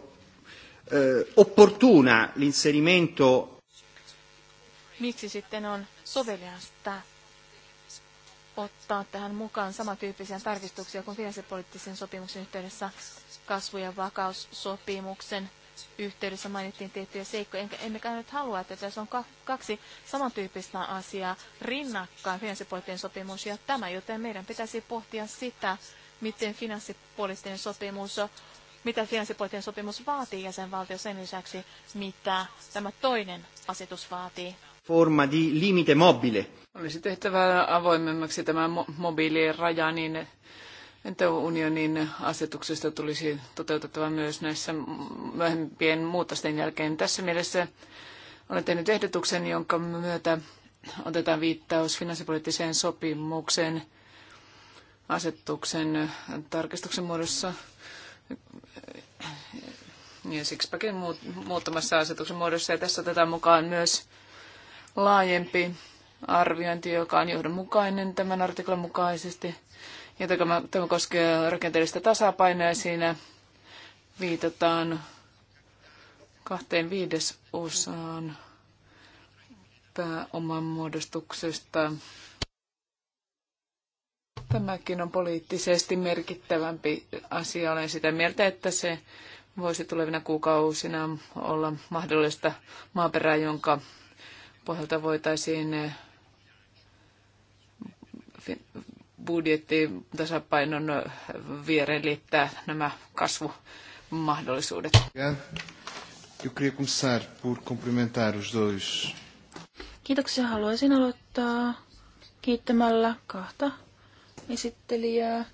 eh, opportuna l'inserimento
Miksi sitten on soveliasta ottaa tähän mukaan samantyyppisiä tarkistuksia kuin finanssipoliittisen sopimuksen yhteydessä kasvu- ja vakaussopimuksen yhteydessä mainittiin tiettyjä seikkoja, enkä emmekä nyt halua, että tässä on kaksi samantyyppistä asiaa rinnakkain, finanssipoliittinen sopimus ja tämä, joten meidän pitäisi pohtia sitä, miten finanssipoliittinen sopimus, mitä finanssipoliittinen sopimus vaatii jäsenvaltio sen lisäksi, mitä tämä toinen
asetus vaatii. Forma di limite mobile. Olisi tehtävä avoimemmaksi tämä mo- raja niin, että unionin asetuksesta tulisi toteutettava myös näissä myöhempien muutosten jälkeen. Tässä mielessä olen tehnyt ehdotuksen, jonka myötä otetaan viittaus finanssipoliittiseen sopimukseen asetuksen tarkistuksen muodossa ja sixpackin muuttamassa asetuksen muodossa. Ja tässä otetaan mukaan myös laajempi arviointi, joka on johdonmukainen tämän artiklan mukaisesti – ja tämä koskee rakenteellista tasapainoa ja siinä viitataan kahteen viidesosaan pääoman muodostuksesta. Tämäkin on poliittisesti merkittävämpi asia. Olen sitä mieltä, että se voisi tulevina kuukausina olla mahdollista maaperää, jonka pohjalta voitaisiin budjettitasapainon viereen liittää nämä kasvumahdollisuudet.
Kiitoksia. Haluaisin aloittaa kiittämällä kahta esittelijää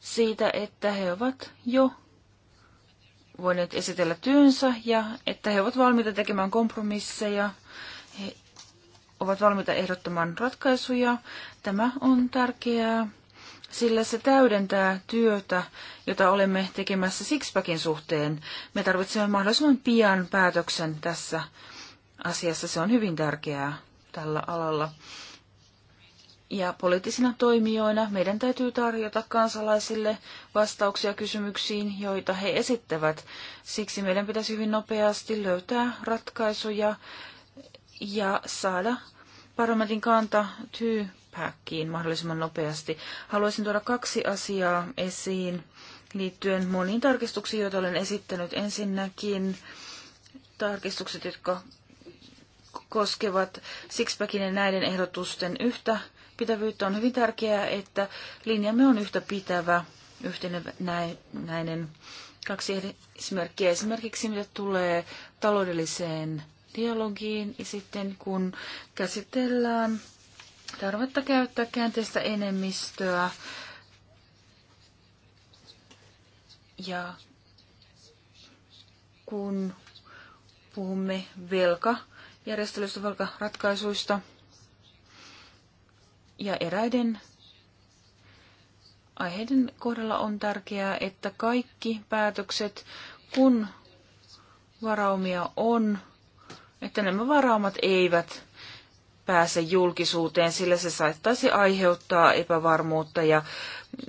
siitä, että he ovat jo voineet esitellä työnsä ja että he ovat valmiita tekemään kompromisseja ovat valmiita ehdottamaan ratkaisuja. Tämä on tärkeää, sillä se täydentää työtä, jota olemme tekemässä Sixpackin suhteen. Me tarvitsemme mahdollisimman pian päätöksen tässä asiassa. Se on hyvin tärkeää tällä alalla. Ja poliittisina toimijoina meidän täytyy tarjota kansalaisille vastauksia kysymyksiin, joita he esittävät. Siksi meidän pitäisi hyvin nopeasti löytää ratkaisuja ja saada parlamentin kanta tyypäkkiin mahdollisimman nopeasti. Haluaisin tuoda kaksi asiaa esiin liittyen moniin tarkistuksiin, joita olen esittänyt. Ensinnäkin tarkistukset, jotka koskevat Sixpackin ja näiden ehdotusten yhtä pitävyyttä. On hyvin tärkeää, että linjamme on yhtä pitävä, yhtenäinen. Kaksi esimerkkiä. Esimerkiksi mitä tulee taloudelliseen dialogiin ja sitten kun käsitellään tarvetta käyttää käänteistä enemmistöä ja kun puhumme velkajärjestelystä, velkaratkaisuista ja eräiden aiheiden kohdalla on tärkeää, että kaikki päätökset, kun varaumia on, että nämä varaumat eivät pääse julkisuuteen, sillä se saattaisi aiheuttaa epävarmuutta ja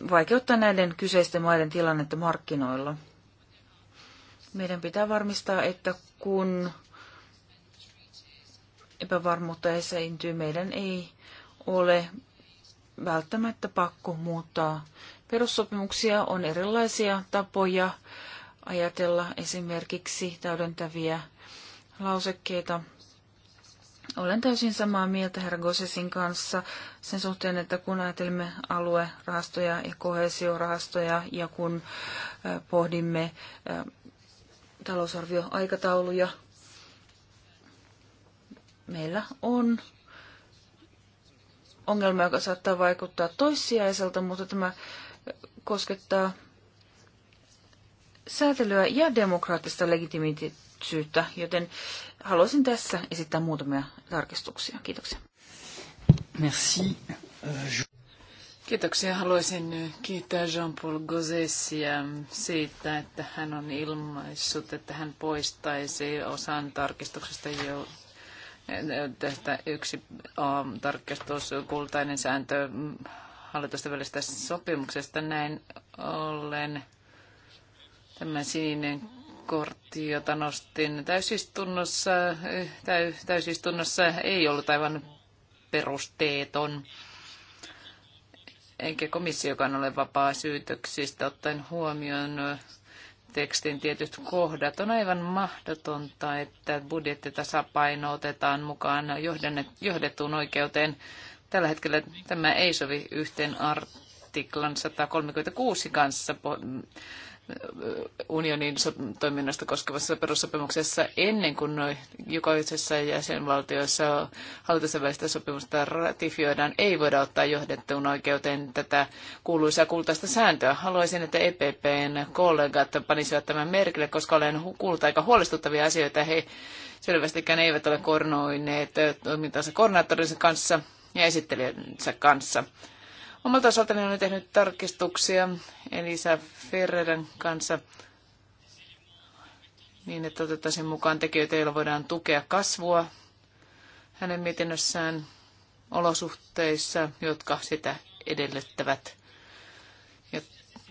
vaikeuttaa näiden kyseisten maiden tilannetta markkinoilla. Meidän pitää varmistaa, että kun epävarmuutta esiintyy, meidän ei ole välttämättä pakko muuttaa perussopimuksia. On erilaisia tapoja ajatella esimerkiksi täydentäviä lausekkeita. Olen täysin samaa mieltä herra Gosesin kanssa sen suhteen, että kun ajatelemme aluerahastoja ja kohesiorahastoja ja kun pohdimme talousarvioaikatauluja, meillä on ongelma, joka saattaa vaikuttaa toissijaiselta, mutta tämä koskettaa säätelyä ja demokraattista legitimiteettiä syytä, joten haluaisin tässä esittää muutamia tarkistuksia. Kiitoksia.
Merci.
Kiitoksia. Haluaisin kiittää Jean-Paul Gozessia siitä, että hän on ilmaissut, että hän poistaisi osan tarkistuksesta jo tästä yksi tarkistus, kultainen sääntö hallitusten välisestä sopimuksesta. Näin ollen tämä sininen kortti, jota nostin täysistunnossa, täy, täysistunnossa ei ollut aivan perusteeton. Enkä komissiokaan ole vapaa syytöksistä, ottaen huomioon tekstin tietyt kohdat. On aivan mahdotonta, että budjettitasapaino otetaan mukaan johdettuun oikeuteen. Tällä hetkellä tämä ei sovi yhteen artiklan 136 kanssa unionin toiminnasta koskevassa perussopimuksessa ennen kuin jokaisessa jäsenvaltiossa hallitusten välistä sopimusta ratifioidaan, ei voida ottaa johdettuun oikeuteen tätä kuuluisaa kultaista sääntöä. Haluaisin, että EPPn kollegat panisivat tämän merkille, koska olen kuullut aika huolestuttavia asioita. He selvästikään eivät ole koordinoineet toimintansa koordinaattorinsa kanssa ja esittelijänsä kanssa. Omalta osaltani olen tehnyt tarkistuksia Elisa Ferreran kanssa niin, että otettaisiin mukaan tekijöitä, joilla voidaan tukea kasvua hänen mietinnössään olosuhteissa, jotka sitä edellyttävät. Ja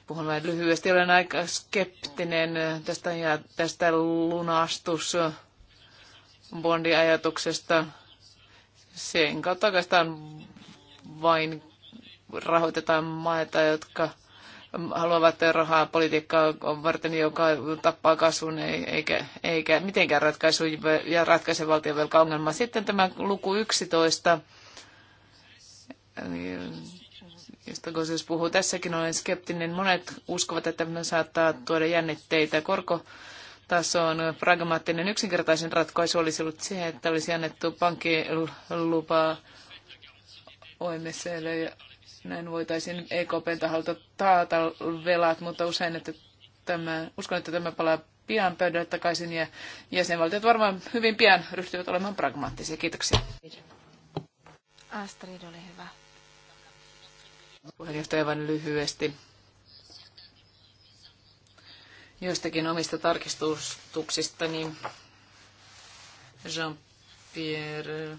puhun vain lyhyesti, olen aika skeptinen tästä, ja tästä lunastus bondiajatuksesta. Sen kautta oikeastaan vain rahoitetaan maita, jotka haluavat rahaa politiikkaa varten, joka tappaa kasvun eikä, eikä mitenkään ratkaisu ja ratkaise valtionvelkaongelmaa. Sitten tämä luku 11, josta Gosius puhuu. Tässäkin olen skeptinen. Monet uskovat, että me saattaa tuoda jännitteitä. Korko on pragmaattinen yksinkertaisin ratkaisu olisi ollut se, että olisi annettu pankkilupa OMClle näin voitaisiin EKPn taholta taata velat, mutta usein, että tämä, uskon, että tämä palaa pian pöydälle takaisin ja jäsenvaltiot varmaan hyvin pian ryhtyvät olemaan pragmaattisia. Kiitoksia.
Astrid, ole hyvä.
Puheenjohtaja vain lyhyesti. Joistakin omista tarkistuksista, niin Jean-Pierre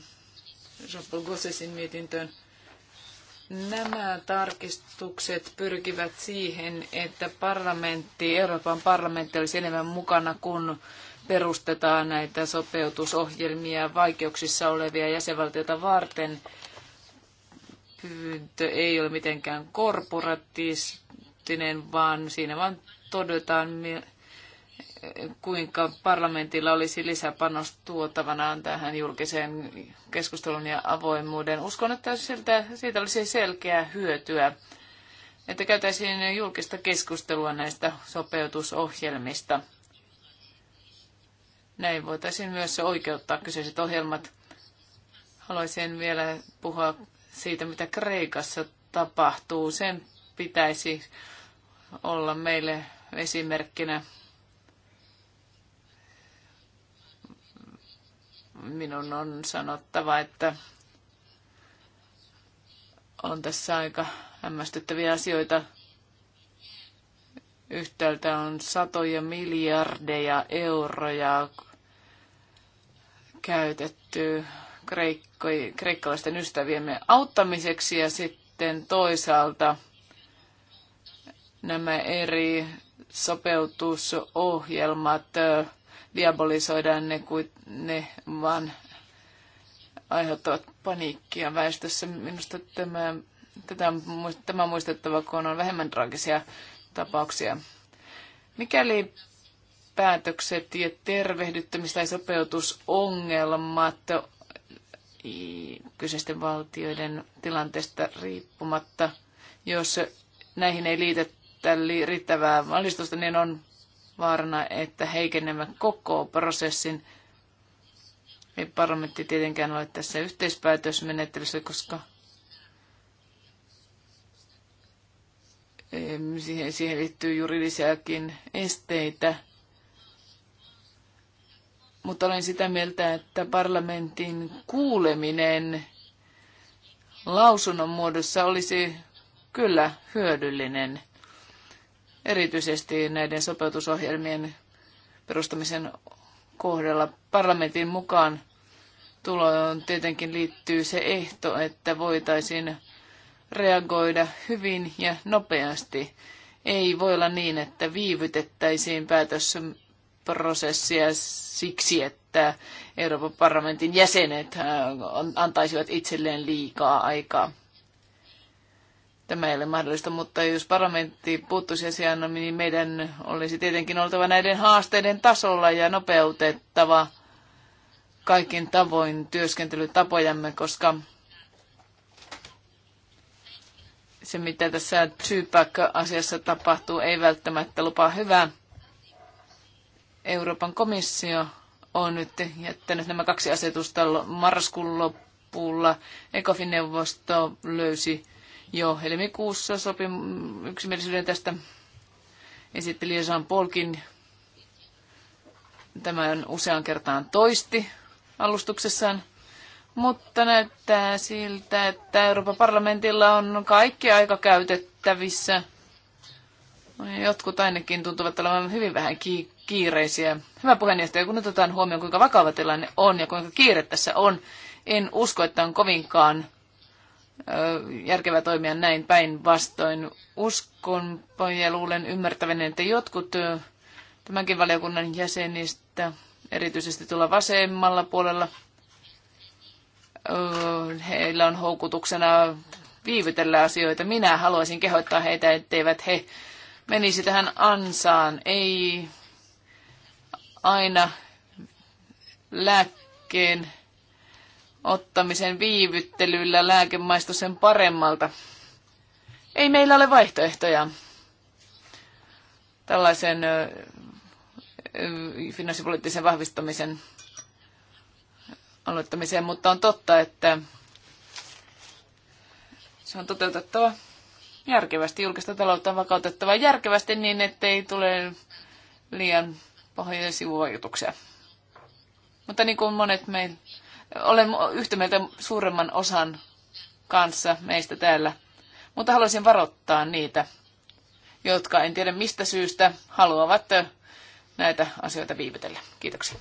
Jean-Paul Gossesin mietintöön Nämä tarkistukset pyrkivät siihen, että parlamentti, Euroopan parlamentti olisi enemmän mukana, kun perustetaan näitä sopeutusohjelmia vaikeuksissa olevia jäsenvaltioita varten. Pyyntö ei ole mitenkään korporatistinen, vaan siinä vaan todetaan, kuinka parlamentilla olisi lisäpanos tuotavanaan tähän julkiseen keskusteluun ja avoimuuden. Uskon, että siltä, siitä olisi selkeää hyötyä, että käytäisiin julkista keskustelua näistä sopeutusohjelmista. Näin voitaisiin myös oikeuttaa kyseiset ohjelmat. Haluaisin vielä puhua siitä, mitä Kreikassa tapahtuu. Sen pitäisi olla meille esimerkkinä minun on sanottava, että on tässä aika hämmästyttäviä asioita. Yhtäältä on satoja miljardeja euroja käytetty kreikko, kreikkalaisten ystäviemme auttamiseksi ja sitten toisaalta nämä eri sopeutusohjelmat diabolisoidaan ne, kuin ne vaan aiheuttavat paniikkia väestössä. Minusta tämä, tätä, tämä on muistettava, kun on vähemmän traagisia tapauksia. Mikäli päätökset ja tervehdyttämistä ja sopeutusongelmat kyseisten valtioiden tilanteesta riippumatta, jos näihin ei liitetä riittävää valistusta, niin on vaarana, että heikennämme koko prosessin. Ei parlamentti tietenkään ole tässä yhteispäätösmenettelyssä, koska siihen, liittyy juridisiakin esteitä. Mutta olen sitä mieltä, että parlamentin kuuleminen lausunnon muodossa olisi kyllä hyödyllinen erityisesti näiden sopeutusohjelmien perustamisen kohdalla parlamentin mukaan tuloon tietenkin liittyy se ehto, että voitaisiin reagoida hyvin ja nopeasti. Ei voi olla niin, että viivytettäisiin päätösprosessia siksi, että Euroopan parlamentin jäsenet äh, antaisivat itselleen liikaa aikaa. Tämä ei ole mahdollista, mutta jos parlamentti puuttuisi asiaan, no, niin meidän olisi tietenkin oltava näiden haasteiden tasolla ja nopeutettava kaikin tavoin työskentelytapojamme, koska se, mitä tässä Tupac-asiassa tapahtuu, ei välttämättä lupaa hyvää. Euroopan komissio on nyt jättänyt nämä kaksi asetusta marraskuun loppuun Ecofin-neuvosto löysi jo helmikuussa sopim yksimielisyyden tästä esitteli Jean Polkin. Tämän usean kertaan toisti alustuksessaan. Mutta näyttää siltä, että Euroopan parlamentilla on kaikki aika käytettävissä. Jotkut ainakin tuntuvat olevan hyvin vähän kiireisiä. Hyvä puheenjohtaja, kun otetaan huomioon, kuinka vakava tilanne on ja kuinka kiire tässä on, en usko, että on kovinkaan järkevää toimia näin päin vastoin. Uskon ja luulen ymmärtävän, että jotkut tämänkin valiokunnan jäsenistä, erityisesti tuolla vasemmalla puolella, heillä on houkutuksena viivytellä asioita. Minä haluaisin kehottaa heitä, etteivät he menisi tähän ansaan. Ei aina lääkkeen ottamisen viivyttelyllä lääke maistu sen paremmalta. Ei meillä ole vaihtoehtoja tällaisen finanssipoliittisen vahvistamisen aloittamiseen, mutta on totta, että se on toteutettava järkevästi, julkista taloutta on vakautettava järkevästi niin, ettei tule liian pahoja sivuvaikutuksia. Mutta niin kuin monet meillä olen yhtä mieltä suuremman osan kanssa meistä täällä, mutta haluaisin varoittaa niitä, jotka en tiedä mistä syystä haluavat näitä asioita viivytellä. Kiitoksia.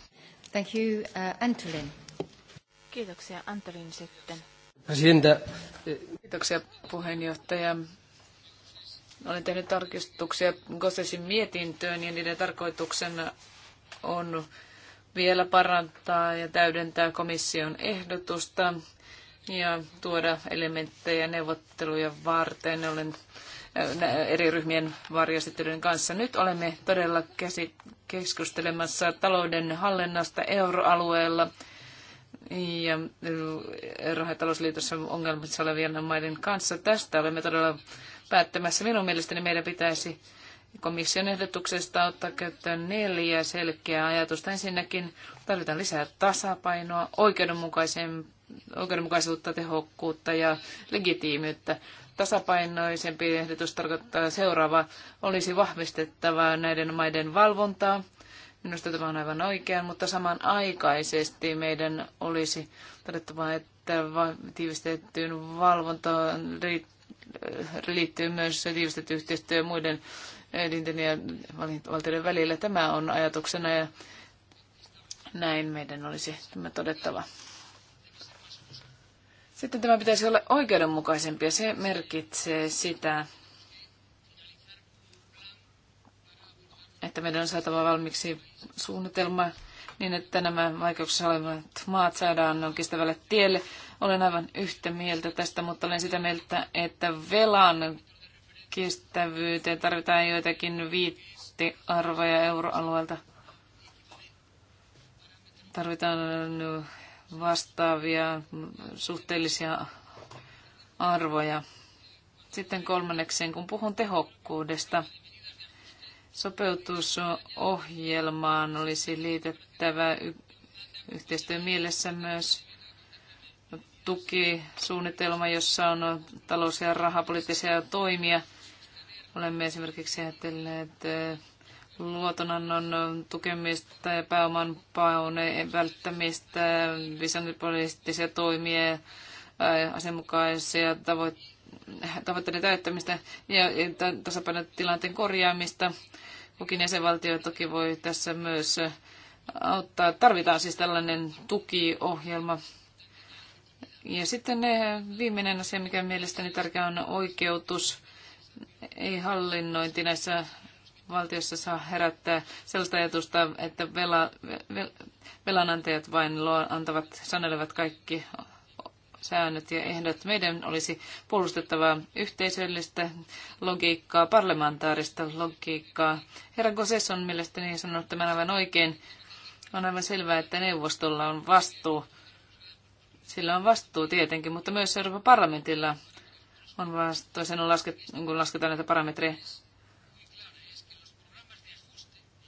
Thank you, uh, Antolin.
Kiitoksia, Antolin sitten.
Presidenta.
Kiitoksia, puheenjohtaja. Olen tehnyt tarkistuksia Gossesin mietintöön ja niiden tarkoituksena on vielä parantaa ja täydentää komission ehdotusta ja tuoda elementtejä neuvotteluja varten. Olen äh, eri ryhmien varjostelijoiden kanssa. Nyt olemme todella keskustelemassa talouden hallinnasta euroalueella ja äh, rahatalousliitossa ongelmissa olevien maiden kanssa. Tästä olemme todella päättämässä. Minun mielestäni meidän pitäisi komission ehdotuksesta ottaa käyttöön neljä selkeää ajatusta. Ensinnäkin tarvitaan lisää tasapainoa, oikeudenmukaisuutta, tehokkuutta ja legitiimiyttä. Tasapainoisempi ehdotus tarkoittaa seuraava. Olisi vahvistettava näiden maiden valvontaa. Minusta tämä on aivan oikein, mutta samanaikaisesti meidän olisi todettava, että tiivistettyyn valvontaan liittyy myös tiivistetty yhteistyö muiden elinten ja valtioiden välillä. Tämä on ajatuksena ja näin meidän olisi tämä todettava. Sitten tämä pitäisi olla oikeudenmukaisempi ja se merkitsee sitä, että meidän on saatava valmiiksi suunnitelma niin, että nämä vaikeuksissa olevat maat saadaan kestävälle tielle. Olen aivan yhtä mieltä tästä, mutta olen sitä mieltä, että velan kestävyyteen tarvitaan joitakin viittiarvoja euroalueelta. Tarvitaan no, vastaavia suhteellisia arvoja. Sitten kolmannekseen, kun puhun tehokkuudesta, sopeutusohjelmaan olisi liitettävä yhteistyön mielessä myös tukisuunnitelma, jossa on talous- ja rahapoliittisia toimia – Olemme esimerkiksi ajatelleet luotonannon tukemista ja pääoman pauneen välttämistä, visanipoliittisia toimia, äh, asianmukaisia tavoitteiden täyttämistä ja tasapainotilanteen korjaamista. Kukin jäsenvaltio toki voi tässä myös auttaa. Tarvitaan siis tällainen tukiohjelma. Ja sitten viimeinen asia, mikä mielestäni tärkeä on oikeutus ei hallinnointi näissä valtiossa saa herättää sellaista ajatusta, että vela, vel, velanantajat vain luo, antavat, sanelevat kaikki säännöt ja ehdot. Meidän olisi puolustettava yhteisöllistä logiikkaa, parlamentaarista logiikkaa. Herra Gosses on mielestäni sanonut tämän aivan oikein. On aivan selvää, että neuvostolla on vastuu. Sillä on vastuu tietenkin, mutta myös Euroopan parlamentilla on vastoisen, on lasket, niin kun lasketaan näitä parametreja.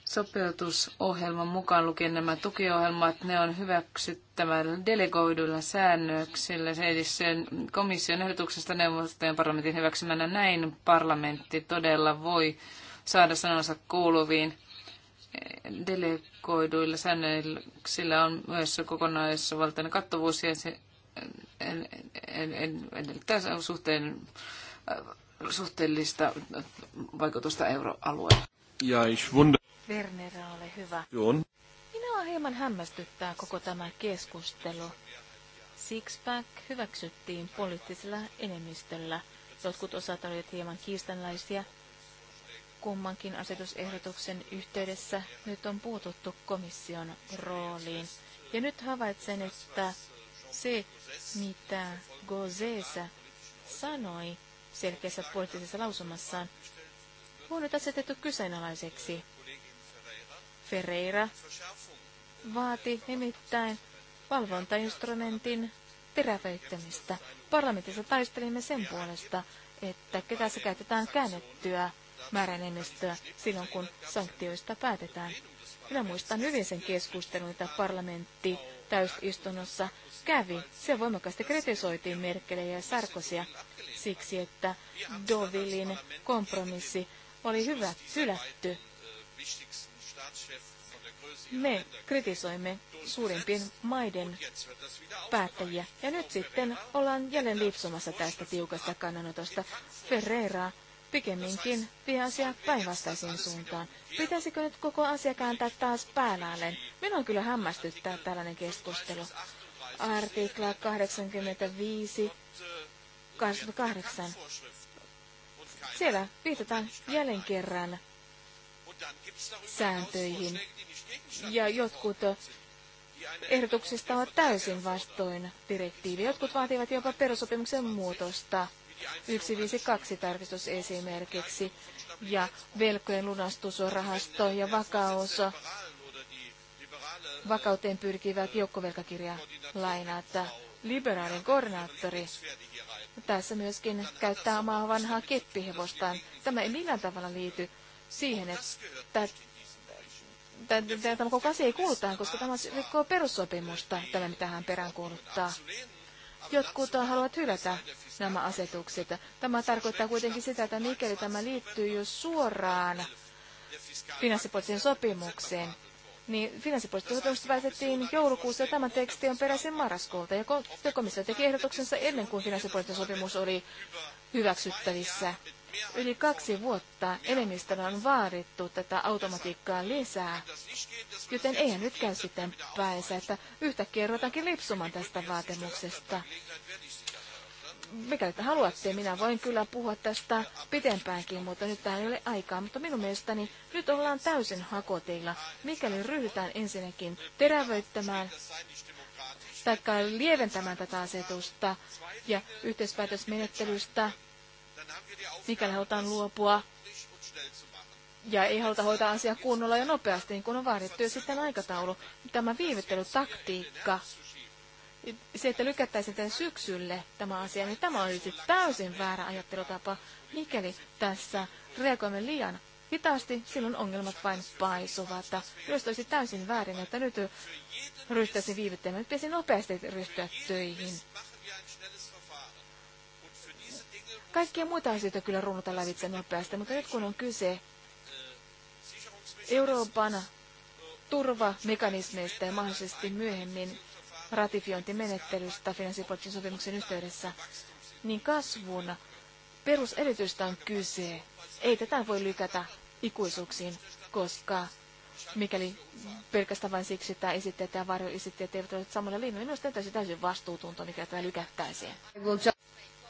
Sopeutusohjelman mukaan lukien nämä tukiohjelmat, ne on hyväksyttävällä delegoiduilla säännöksillä. Se siis sen komission ehdotuksesta neuvostojen parlamentin hyväksymänä näin parlamentti todella voi saada sanansa kuuluviin delegoiduilla säännöksillä on myös kokonaisvaltainen kattavuus ja se edellyttää suhteen, suhteellista vaikutusta euroalueella. Ja ich
Werner, ole hyvä. Joon. Minua hieman hämmästyttää koko tämä keskustelu. Sixpack hyväksyttiin poliittisella enemmistöllä. Jotkut osat olivat hieman kiistanlaisia. Kummankin asetusehdotuksen yhteydessä nyt on puututtu komission rooliin. Ja nyt havaitsen, että se, mitä Gozes sanoi selkeässä poliittisessa lausumassaan, on nyt asetettu kyseenalaiseksi. Ferreira vaati nimittäin valvontainstrumentin terävöittämistä. Parlamentissa taistelimme sen puolesta, että ketä se käytetään käännettyä määräenemmistöä silloin, kun sanktioista päätetään. Minä muistan hyvin sen keskustelun, että parlamentti täysistunnossa kävi. Se voimakkaasti kritisoitiin Merkelejä ja Sarkosia siksi, että Dovilin kompromissi oli hyvä hylätty. Me kritisoimme suurimpien maiden päättäjiä. Ja nyt sitten ollaan jälleen lipsumassa tästä tiukasta kannanotosta. Ferreira pikemminkin vie päinvastaisiin suuntaan. Pitäisikö nyt koko asia kääntää taas päälleen? Minua kyllä hämmästyttää tällainen keskustelu. Artikla 85, 28. Siellä viitataan jälleen kerran sääntöihin. Ja jotkut ehdotuksista ovat täysin vastoin direktiivi. Jotkut vaativat jopa perusopimuksen muutosta. 152 tarkistus esimerkiksi ja velkojen lunastusrahasto ja vakaus, vakauteen pyrkivät joukkovelkakirjalainat. Liberaalin koordinaattori tässä myöskin käyttää omaa vanhaa keppihevostaan. Tämä ei millään tavalla liity siihen, että tämä koko asia ei kuulu tähän, koska tämä rikkoo perussopimusta, tämä mitä hän peräänkuuluttaa. Jotkut haluavat hylätä nämä asetukset. Tämä tarkoittaa kuitenkin sitä, että mikäli tämä liittyy jo suoraan finanssipoliittiseen sopimukseen, niin finanssipoliittiset sopimukset päätettiin joulukuussa ja tämä teksti on peräisin marraskuulta. Ja komissio teki ehdotuksensa ennen kuin finanssipoliittinen sopimus oli hyväksyttävissä. Yli kaksi vuotta enemmistöllä on vaadittu tätä automatiikkaa lisää, joten eihän nyt käy sitten päänsä, että yhtäkkiä ruvetaankin lipsumaan tästä vaatimuksesta mikäli te haluatte, minä voin kyllä puhua tästä pitempäänkin, mutta nyt tähän ei ole aikaa. Mutta minun mielestäni nyt ollaan täysin hakoteilla, mikäli ryhdytään ensinnäkin terävöittämään tai lieventämään tätä asetusta ja yhteispäätösmenettelystä, mikäli halutaan luopua ja ei haluta hoitaa asiaa kunnolla ja nopeasti, niin kun on vaadittu, ja sitten aikataulu. Tämä viivyttelytaktiikka se, että lykättäisiin tämän syksylle tämä asia, niin tämä olisi täysin väärä ajattelutapa, mikäli tässä reagoimme liian hitaasti, silloin ongelmat vain paisuvat. Jos olisi täysin väärin, että nyt ryhtäisi viivyttämään, pitäisi nopeasti ryhtyä töihin. Kaikkia muita asioita kyllä runnuta lävitse nopeasti, mutta nyt kun on kyse Euroopan turvamekanismeista ja mahdollisesti myöhemmin ratifiointimenettelystä finanssipoliittisen sopimuksen yhteydessä, niin kasvun peruseritystä on kyse. Ei tätä voi lykätä ikuisuuksiin, koska mikäli pelkästään vain siksi, että esittäjät ja varjoesittäjät eivät ole samalla linjalla, niin minusta täysin täysin vastuutunto, mikä tämä lykättäisiin.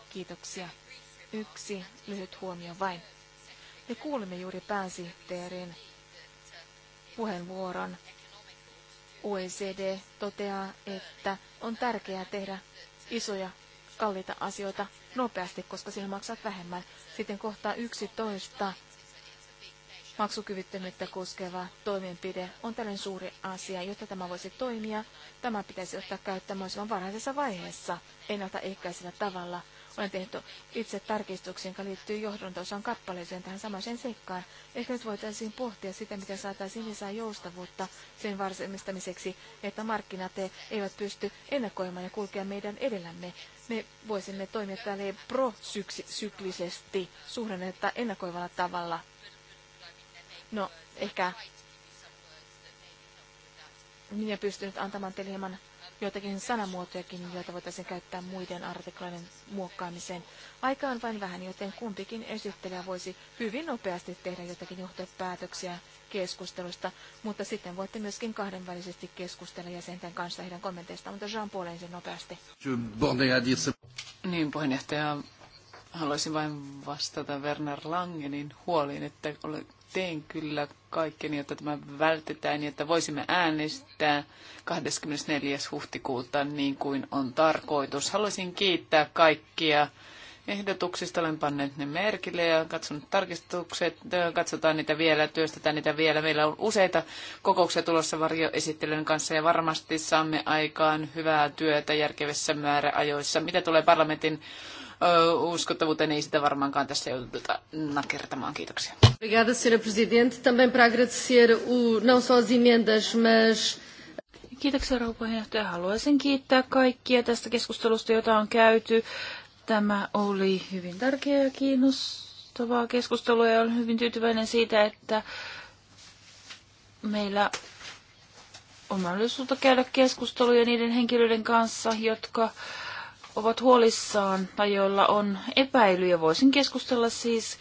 Kiitoksia. Yksi lyhyt huomio vain. Me kuulimme juuri pääsihteerin puheenvuoron OECD toteaa, että on tärkeää tehdä isoja, kalliita asioita nopeasti, koska sillä maksat vähemmän. Sitten kohtaa 11 maksukyvyttömyyttä koskeva toimenpide on tällainen suuri asia, jotta tämä voisi toimia. Tämä pitäisi ottaa käyttöön mahdollisimman varhaisessa vaiheessa ennaltaehkäisellä tavalla – olen tehnyt itse tarkistuksen, joka liittyy johdontosan kappaleeseen tähän samaiseen seikkaan. Ehkä nyt voitaisiin pohtia sitä, miten saataisiin lisää joustavuutta sen varmistamiseksi, että markkinat eivät pysty ennakoimaan ja kulkea meidän edellämme. Me voisimme toimia tälleen prosyklisesti suhdannetta ennakoivalla tavalla. No, ehkä minä pystynyt antamaan teille hieman joitakin sanamuotojakin, joita voitaisiin käyttää muiden artikloiden muokkaamiseen. Aika on vain vähän, joten kumpikin esittelijä voisi hyvin nopeasti tehdä jotakin johtopäätöksiä keskustelusta, mutta sitten voitte myöskin kahdenvälisesti keskustella jäsenten kanssa heidän kommenteistaan, mutta Jean Paul ensin nopeasti.
Niin, puheenjohtaja, haluaisin vain vastata Werner Langenin huoliin, että teen kyllä kaikkeni, jotta tämä vältetään, niin että voisimme äänestää 24. huhtikuuta niin kuin on tarkoitus. Haluaisin kiittää kaikkia ehdotuksista. Olen pannut ne merkille ja katsonut tarkistukset. Katsotaan niitä vielä, työstetään niitä vielä. Meillä on useita kokouksia tulossa varjoesittelyn kanssa ja varmasti saamme aikaan hyvää työtä järkevissä määräajoissa. Mitä tulee parlamentin uskottavuuteen ei sitä varmaankaan tässä jouduta nakertamaan. Kiitoksia.
Obrigada, senhora presidente. Também para agradecer o, não só as emendas, mas...
Kiitoksia, rouva puheenjohtaja. Haluaisin kiittää kaikkia tästä keskustelusta, jota on käyty. Tämä oli hyvin tärkeä ja kiinnostavaa keskustelua ja olen hyvin tyytyväinen siitä, että meillä on mahdollisuutta käydä keskusteluja niiden henkilöiden kanssa, jotka ovat huolissaan tai joilla on epäilyjä. Voisin keskustella siis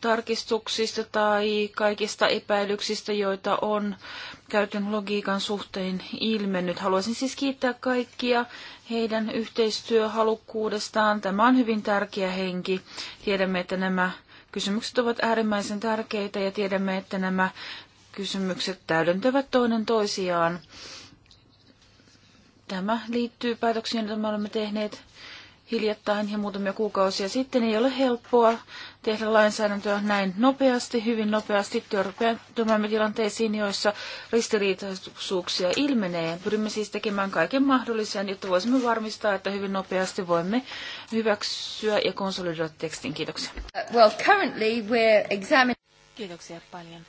tarkistuksista tai kaikista epäilyksistä, joita on käytön logiikan suhteen ilmennyt. Haluaisin siis kiittää kaikkia heidän yhteistyöhalukkuudestaan. Tämä on hyvin tärkeä henki. Tiedämme, että nämä kysymykset ovat äärimmäisen tärkeitä ja tiedämme, että nämä kysymykset täydentävät toinen toisiaan. Tämä liittyy päätöksiin, joita me olemme tehneet hiljattain ja muutamia kuukausia sitten. Ei ole helppoa tehdä lainsäädäntöä näin nopeasti, hyvin nopeasti törmämme tilanteisiin, joissa ristiriitaisuuksia ilmenee. Pyrimme siis tekemään kaiken mahdollisen, jotta voisimme varmistaa, että hyvin nopeasti voimme hyväksyä ja konsolidoida tekstin. Kiitoksia.
Well, currently we're examining...
Kiitoksia paljon.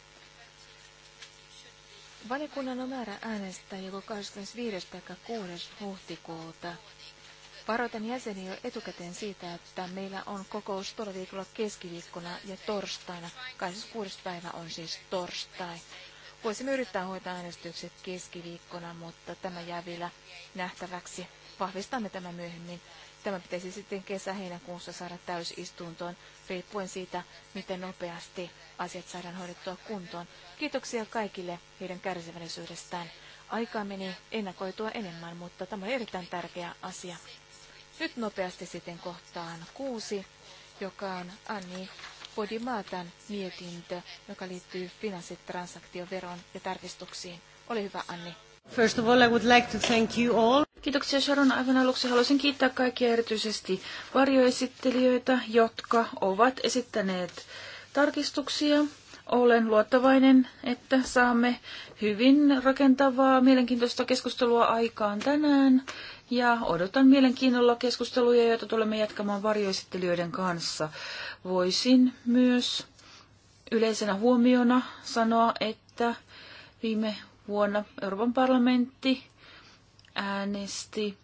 Valiokunnan on määrä äänestää joko 25. tai 6. huhtikuuta. Varoitan jäseniä jo etukäteen siitä, että meillä on kokous tuolla viikolla keskiviikkona ja torstaina. 26. päivä on siis torstai. Voisimme yrittää hoitaa äänestykset keskiviikkona, mutta tämä jää vielä nähtäväksi. Vahvistamme tämä myöhemmin. Tämä pitäisi sitten kesä-heinäkuussa saada täysistuntoon, riippuen siitä, miten nopeasti asiat saadaan hoidettua kuntoon. Kiitoksia kaikille heidän kärsivällisyydestään. Aikaa meni ennakoitua enemmän, mutta tämä on erittäin tärkeä asia. Nyt nopeasti sitten kohtaan kuusi, joka on Anni Podimaatan mietintö, joka liittyy finanssitransaktioveron ja tarkistuksiin. Ole hyvä, Anni.
First of all, I would like to thank you all. Kiitoksia Sharon. Aivan aluksi haluaisin kiittää kaikkia erityisesti varjoesittelijöitä, jotka ovat esittäneet tarkistuksia. Olen luottavainen, että saamme hyvin rakentavaa, mielenkiintoista keskustelua aikaan tänään ja odotan mielenkiinnolla keskusteluja, joita tulemme jatkamaan varjoesittelijöiden kanssa. Voisin myös yleisenä huomiona sanoa, että viime vuonna Euroopan parlamentti äänesti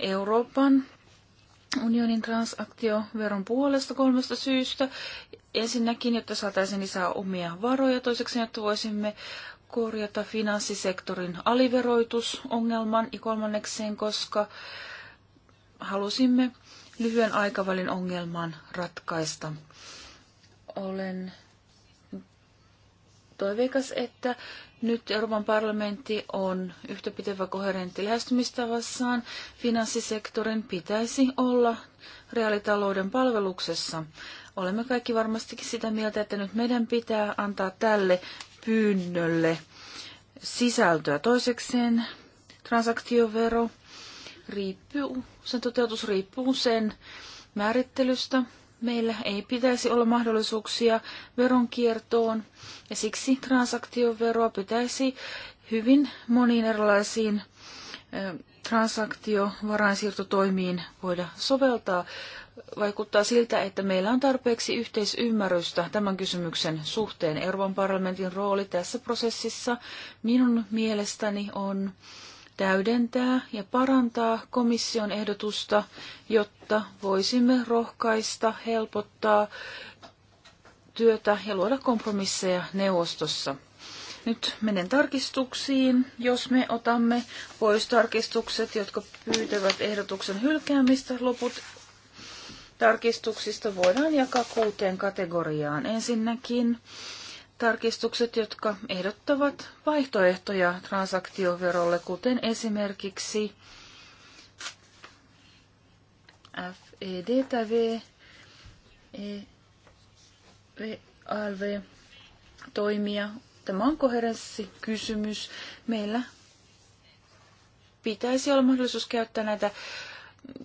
Euroopan unionin transaktioveron puolesta kolmesta syystä. Ensinnäkin, jotta saataisiin lisää omia varoja. Toiseksi, että voisimme korjata finanssisektorin aliveroitusongelman. Ja kolmannekseen, koska halusimme lyhyen aikavälin ongelman ratkaista. Olen toiveikas, että nyt Euroopan parlamentti on yhtäpitävä koherentti lähestymistavassaan. Finanssisektorin pitäisi olla reaalitalouden palveluksessa. Olemme kaikki varmastikin sitä mieltä, että nyt meidän pitää antaa tälle pyynnölle sisältöä. Toisekseen transaktiovero riippuu, sen toteutus riippuu sen määrittelystä meillä ei pitäisi olla mahdollisuuksia veronkiertoon ja siksi transaktioveroa pitäisi hyvin moniin erilaisiin transaktiovarainsiirtotoimiin voida soveltaa. Vaikuttaa siltä, että meillä on tarpeeksi yhteisymmärrystä tämän kysymyksen suhteen. Euroopan parlamentin rooli tässä prosessissa minun mielestäni on täydentää ja parantaa komission ehdotusta, jotta voisimme rohkaista, helpottaa työtä ja luoda kompromisseja neuvostossa. Nyt menen tarkistuksiin. Jos me otamme pois tarkistukset, jotka pyytävät ehdotuksen hylkäämistä, loput tarkistuksista voidaan jakaa kuuteen kategoriaan. Ensinnäkin tarkistukset, jotka ehdottavat vaihtoehtoja transaktioverolle, kuten esimerkiksi FED tai V, e, VALV toimia. Tämä on koherenssikysymys. Meillä pitäisi olla mahdollisuus käyttää näitä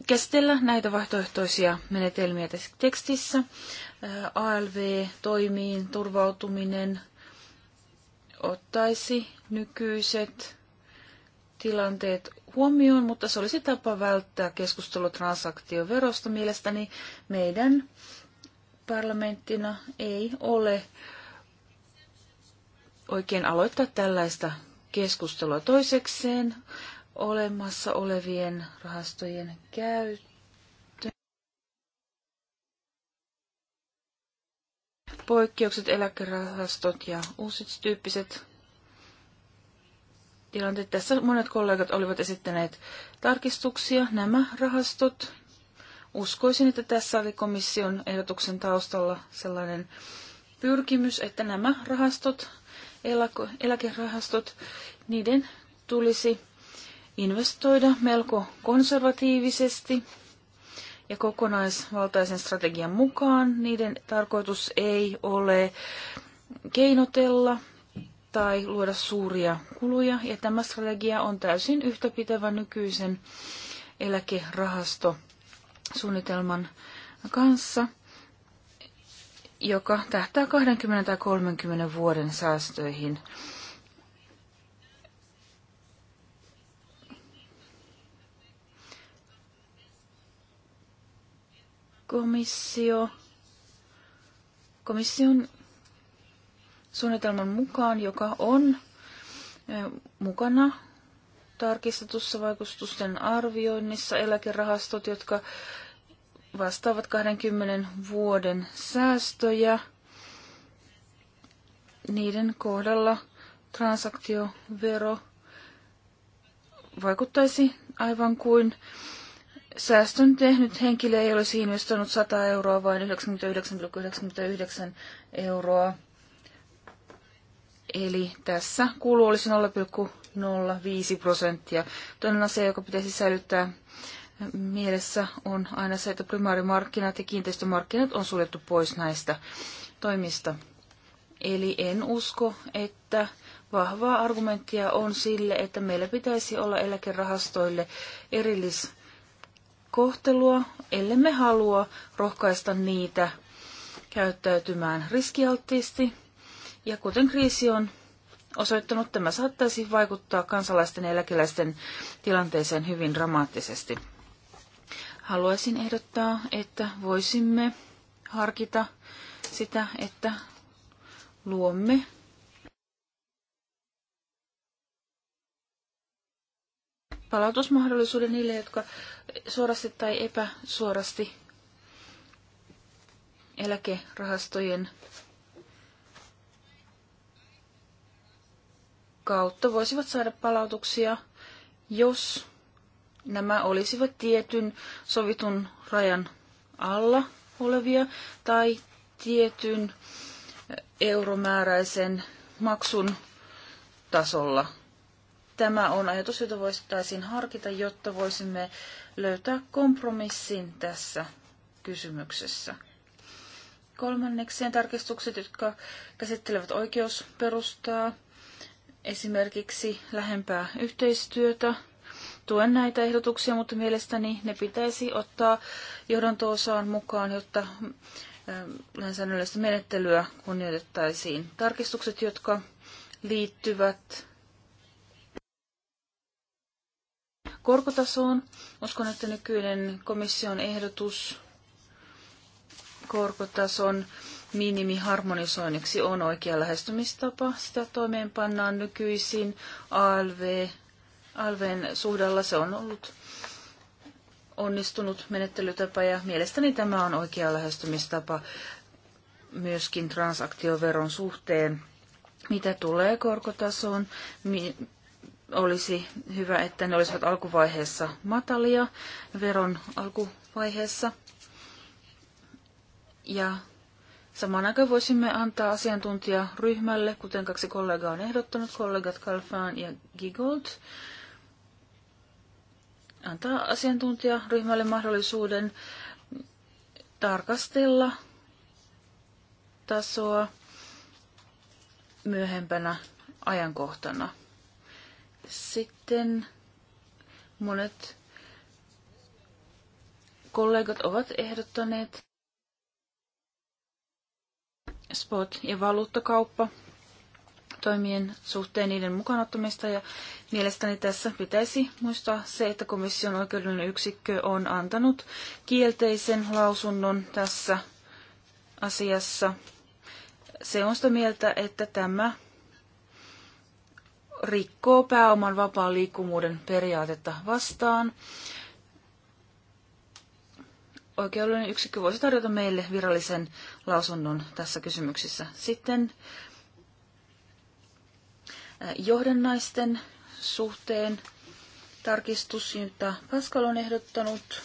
käsitellä näitä vaihtoehtoisia menetelmiä tässä tekstissä. ALV toimiin turvautuminen ottaisi nykyiset tilanteet huomioon, mutta se olisi tapa välttää keskustelutransaktioverosta. Mielestäni meidän parlamenttina ei ole oikein aloittaa tällaista keskustelua toisekseen olemassa olevien rahastojen käyttö. Poikkeukset, eläkerahastot ja uusit tyyppiset tilanteet. Tässä monet kollegat olivat esittäneet tarkistuksia. Nämä rahastot, uskoisin, että tässä oli komission ehdotuksen taustalla sellainen pyrkimys, että nämä rahastot, eläkerahastot, niiden tulisi investoida melko konservatiivisesti ja kokonaisvaltaisen strategian mukaan. Niiden tarkoitus ei ole keinotella tai luoda suuria kuluja, ja tämä strategia on täysin yhtäpitävä nykyisen eläkerahastosuunnitelman kanssa, joka tähtää 20 tai 30 vuoden säästöihin. Komissio, komission suunnitelman mukaan, joka on mukana tarkistetussa vaikutusten arvioinnissa eläkerahastot, jotka vastaavat 20 vuoden säästöjä. Niiden kohdalla transaktiovero vaikuttaisi aivan kuin säästön tehnyt henkilö ei olisi investoinut 100 euroa, vaan 99,99 euroa. Eli tässä kulu olisi 0,05 prosenttia. Toinen asia, joka pitäisi säilyttää mielessä, on aina se, että primaarimarkkinat ja kiinteistömarkkinat on suljettu pois näistä toimista. Eli en usko, että vahvaa argumenttia on sille, että meillä pitäisi olla eläkerahastoille erillis kohtelua, ellemme halua rohkaista niitä käyttäytymään riskialttiisti. Ja kuten kriisi on osoittanut, tämä saattaisi vaikuttaa kansalaisten ja eläkeläisten tilanteeseen hyvin dramaattisesti. Haluaisin ehdottaa, että voisimme harkita sitä, että luomme palautusmahdollisuuden niille, jotka suorasti tai epäsuorasti eläkerahastojen kautta voisivat saada palautuksia, jos nämä olisivat tietyn sovitun rajan alla olevia tai tietyn euromääräisen maksun tasolla Tämä on ajatus, jota voisittaisiin harkita, jotta voisimme löytää kompromissin tässä kysymyksessä. Kolmannekseen tarkistukset, jotka käsittelevät oikeusperustaa, esimerkiksi lähempää yhteistyötä. Tuen näitä ehdotuksia, mutta mielestäni ne pitäisi ottaa johdantoosaan mukaan, jotta ähm, lainsäädännöllistä menettelyä kunnioitettaisiin. Tarkistukset, jotka liittyvät korkotasoon. Uskon, että nykyinen komission ehdotus korkotason minimiharmonisoinniksi on oikea lähestymistapa. Sitä toimeenpannaan nykyisin ALV, ALVn suhdalla. Se on ollut onnistunut menettelytapa ja mielestäni tämä on oikea lähestymistapa myöskin transaktioveron suhteen. Mitä tulee korkotasoon, olisi hyvä, että ne olisivat alkuvaiheessa matalia, veron alkuvaiheessa. Ja samaan aikaan voisimme antaa asiantuntijaryhmälle, kuten kaksi kollegaa on ehdottanut, kollegat Kalfan ja Gigold, antaa asiantuntijaryhmälle mahdollisuuden tarkastella tasoa myöhempänä ajankohtana. Sitten monet kollegat ovat ehdottaneet spot- ja valuuttakauppa toimien suhteen niiden mukanottamista ja mielestäni tässä pitäisi muistaa se, että komission oikeudellinen yksikkö on antanut kielteisen lausunnon tässä asiassa. Se on sitä mieltä, että tämä rikkoo pääoman vapaan liikkuvuuden periaatetta vastaan. Oikeudellinen yksikkö voisi tarjota meille virallisen lausunnon tässä kysymyksessä. Sitten eh, johdannaisten suhteen tarkistus, jota Pascal on ehdottanut.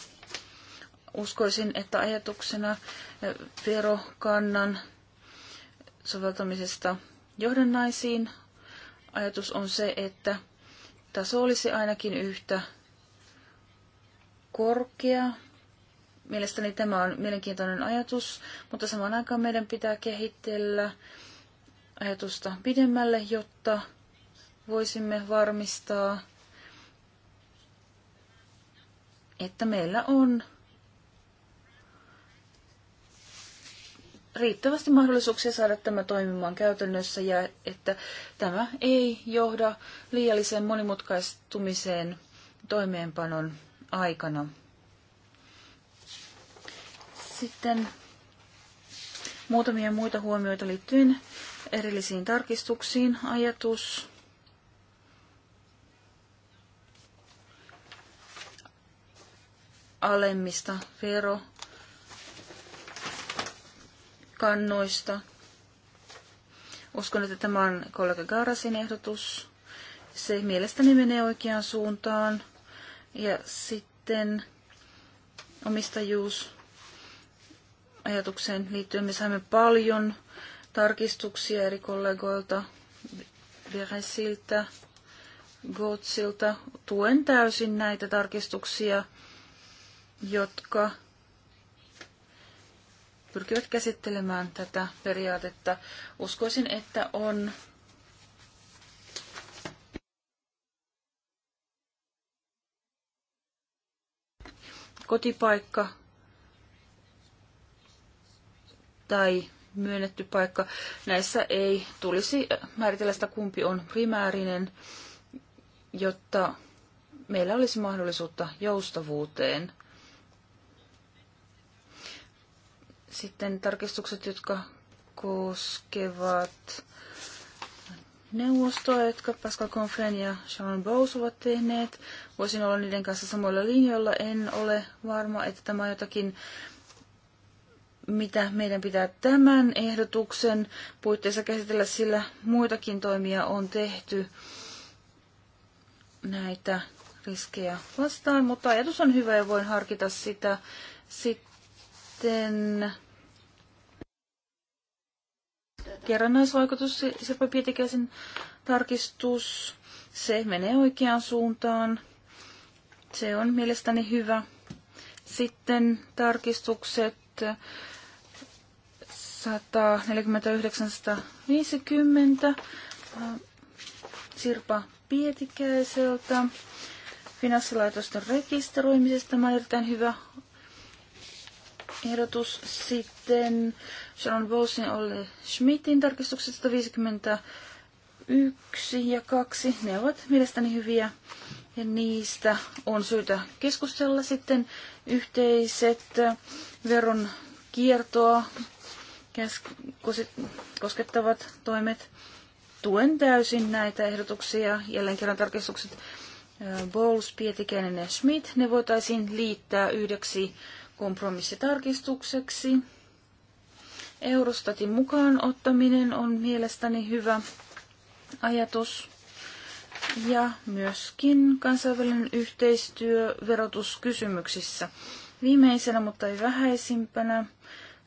Uskoisin, että ajatuksena eh, verokannan soveltamisesta johdannaisiin ajatus on se, että taso olisi ainakin yhtä korkea. Mielestäni tämä on mielenkiintoinen ajatus, mutta samaan aikaan meidän pitää kehitellä ajatusta pidemmälle, jotta voisimme varmistaa, että meillä on riittävästi mahdollisuuksia saada tämä toimimaan käytännössä ja että tämä ei johda liialliseen monimutkaistumiseen toimeenpanon aikana. Sitten muutamia muita huomioita liittyen erillisiin tarkistuksiin. Ajatus alemmista vero kannoista. Uskon, että tämä on kollega Garasin ehdotus. Se mielestäni menee oikeaan suuntaan. Ja sitten omistajuus ajatukseen liittyen me saimme paljon tarkistuksia eri kollegoilta, Viresiltä, Gotsilta. Tuen täysin näitä tarkistuksia, jotka pyrkivät käsittelemään tätä periaatetta. Uskoisin, että on kotipaikka tai myönnetty paikka. Näissä ei tulisi määritellä sitä, kumpi on primäärinen, jotta meillä olisi mahdollisuutta joustavuuteen. Sitten tarkistukset, jotka koskevat neuvostoa, jotka Pascal Confren ja Sean Bowes ovat tehneet. Voisin olla niiden kanssa samoilla linjoilla. En ole varma, että tämä on jotakin, mitä meidän pitää tämän ehdotuksen puitteissa käsitellä, sillä muitakin toimia on tehty näitä riskejä vastaan, mutta ajatus on hyvä ja voin harkita sitä. Sitten sitten kerrannaisvaikutus, se Pietikäisen tarkistus, se menee oikeaan suuntaan. Se on mielestäni hyvä. Sitten tarkistukset 149.50 Sirpa Pietikäiseltä. Finanssilaitosten rekisteröimisestä on erittäin hyvä ehdotus sitten Sharon Bowsin Olle Schmidtin tarkistukset 151 ja 2. Ne ovat mielestäni hyviä ja niistä on syytä keskustella sitten yhteiset veron kiertoa koskettavat toimet. Tuen täysin näitä ehdotuksia. Jälleen kerran tarkistukset Bowles, Pietikäinen ja Schmidt, ne voitaisiin liittää yhdeksi kompromissitarkistukseksi. Eurostatin mukaan ottaminen on mielestäni hyvä ajatus. Ja myöskin kansainvälinen yhteistyö verotuskysymyksissä. Viimeisenä, mutta ei vähäisimpänä,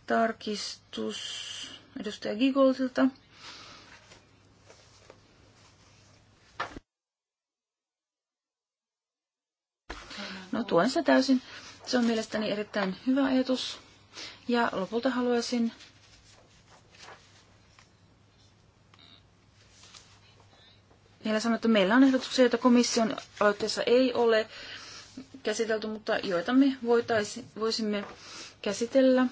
tarkistus edustaja Gigoltilta. No tuen se täysin. Se on mielestäni erittäin hyvä ajatus. Ja lopulta haluaisin vielä sanoa, että meillä on ehdotuksia, joita komission aloitteessa ei ole käsitelty, mutta joita me voitaisi, voisimme käsitellä,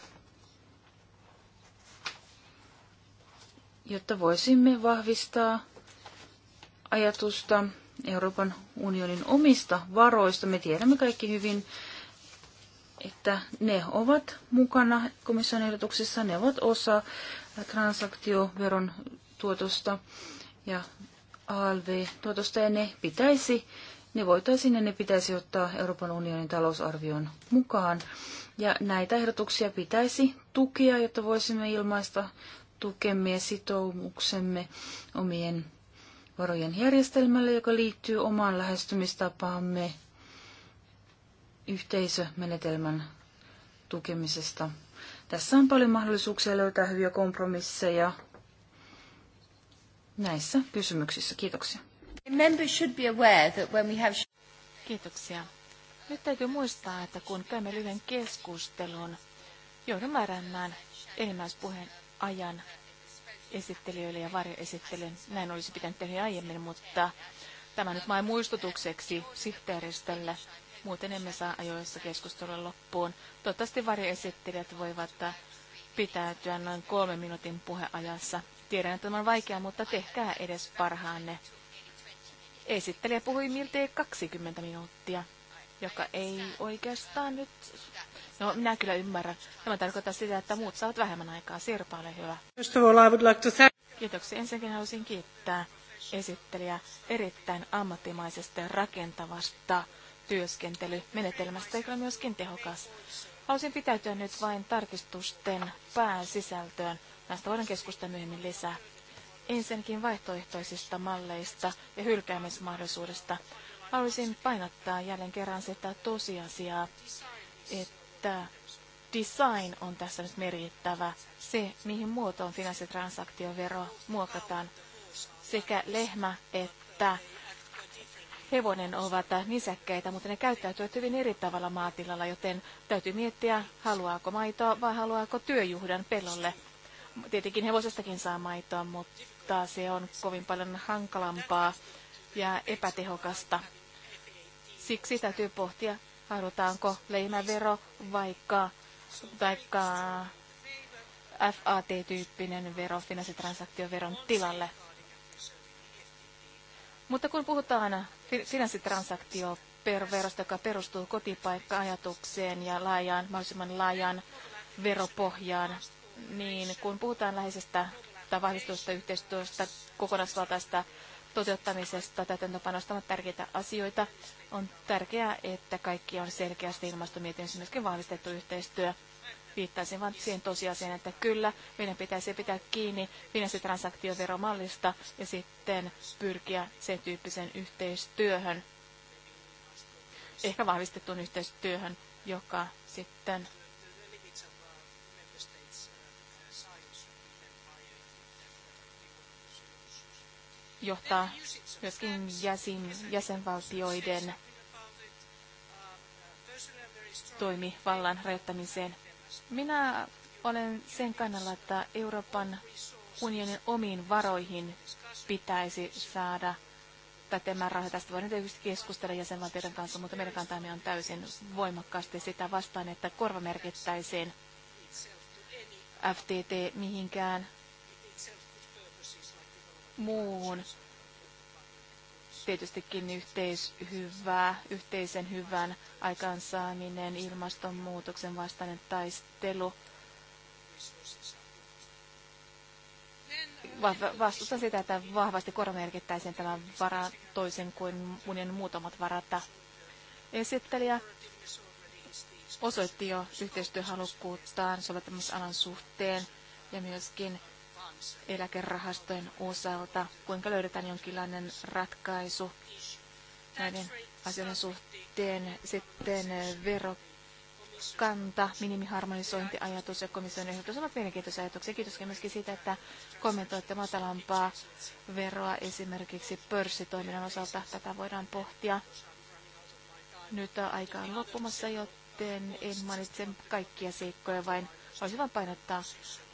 jotta voisimme vahvistaa ajatusta Euroopan unionin omista varoista. Me tiedämme kaikki hyvin, että ne ovat mukana komission ehdotuksessa, ne ovat osa transaktioveron tuotosta ja ALV-tuotosta ja ne pitäisi, ne voitaisiin ja ne pitäisi ottaa Euroopan unionin talousarvion mukaan. Ja näitä ehdotuksia pitäisi tukea, jotta voisimme ilmaista tukemme ja sitoumuksemme omien varojen järjestelmälle, joka liittyy omaan lähestymistapaamme yhteisömenetelmän tukemisesta. Tässä on paljon mahdollisuuksia löytää hyviä kompromisseja näissä kysymyksissä. Kiitoksia.
Kiitoksia. Nyt täytyy muistaa, että kun käymme lyhyen keskustelun, joudun määräämään enimmäispuheen ajan esittelijöille ja varjoesittelijän. Näin olisi pitänyt tehdä aiemmin, mutta tämä nyt vain muistutukseksi sihteeristölle. Muuten emme saa ajoissa keskustelua loppuun. Toivottavasti varjoesittelijät voivat pitäytyä noin kolme minuutin puheajassa. Tiedän, että tämä on vaikeaa, mutta tehkää edes parhaanne. Esittelijä puhui miltei 20 minuuttia, joka ei oikeastaan nyt... No, minä kyllä ymmärrän. Tämä tarkoittaa sitä, että muut saavat vähemmän aikaa. Sirpa, ole hyvä. Kiitoksia. Ensinnäkin haluaisin kiittää esittelijä erittäin ammattimaisesta ja rakentavasta työskentelymenetelmästä, joka on myöskin tehokas. Haluaisin pitäytyä nyt vain tarkistusten pääsisältöön. Näistä voidaan keskustella myöhemmin lisää. Ensinnäkin vaihtoehtoisista malleista ja hylkäämismahdollisuudesta. Haluaisin painottaa jälleen kerran sitä tosiasiaa, että design on tässä nyt merkittävä. Se, mihin muotoon finanssitransaktiovero muokataan. Sekä lehmä että hevonen ovat nisäkkäitä, mutta ne käyttäytyvät hyvin eri tavalla maatilalla, joten täytyy miettiä, haluaako maitoa vai haluaako työjuhdan pellolle. Tietenkin hevosestakin saa maitoa, mutta se on kovin paljon hankalampaa ja epätehokasta. Siksi täytyy pohtia, halutaanko leimävero vaikka, vaikka FAT-tyyppinen vero finanssitransaktioveron tilalle. Mutta kun puhutaan finanssitransaktio verosta, joka perustuu kotipaikka-ajatukseen ja laajaan, mahdollisimman laajaan veropohjaan, niin kun puhutaan läheisestä tai vahvistusta yhteistyöstä, kokonaisvaltaista toteuttamisesta, täytäntöpanosta on tärkeitä asioita. On tärkeää, että kaikki on selkeästi ilmastomietinnössä myöskin vahvistettu yhteistyö viittaisin vain siihen tosiasiaan, että kyllä meidän pitäisi pitää kiinni finanssitransaktioveromallista ja sitten pyrkiä sen tyyppiseen yhteistyöhön, ehkä vahvistettuun yhteistyöhön, joka sitten
johtaa myöskin jäsen,
jäsenvaltioiden toimivallan rajoittamiseen minä olen sen kannalla, että Euroopan unionin omiin varoihin pitäisi saada tätä määrärahaa. Tästä voidaan tietysti keskustella jäsenvaltioiden kanssa, mutta meidän kantamme on täysin voimakkaasti sitä vastaan, että korvamerkittäisiin FTT mihinkään muuhun tietystikin yhteishyvää, yhteisen hyvän aikaansaaminen, ilmastonmuutoksen vastainen taistelu. vastustan sitä, että vahvasti korvamerkittäisiin tämän vara toisen kuin munen muutamat varata. Esittelijä osoitti jo yhteistyöhalukkuuttaan soveltamisalan suhteen ja myöskin eläkerahastojen osalta, kuinka löydetään jonkinlainen ratkaisu näiden asioiden suhteen. Sitten verokanta, minimiharmonisointiajatus ja komission ehdotus ovat mielenkiintoisia ajatuksia. Kiitos myöskin siitä, että kommentoitte matalampaa veroa esimerkiksi pörssitoiminnan osalta. Tätä voidaan pohtia. Nyt aika on loppumassa, joten en mainitse kaikkia seikkoja, vain Haluaisin vain painottaa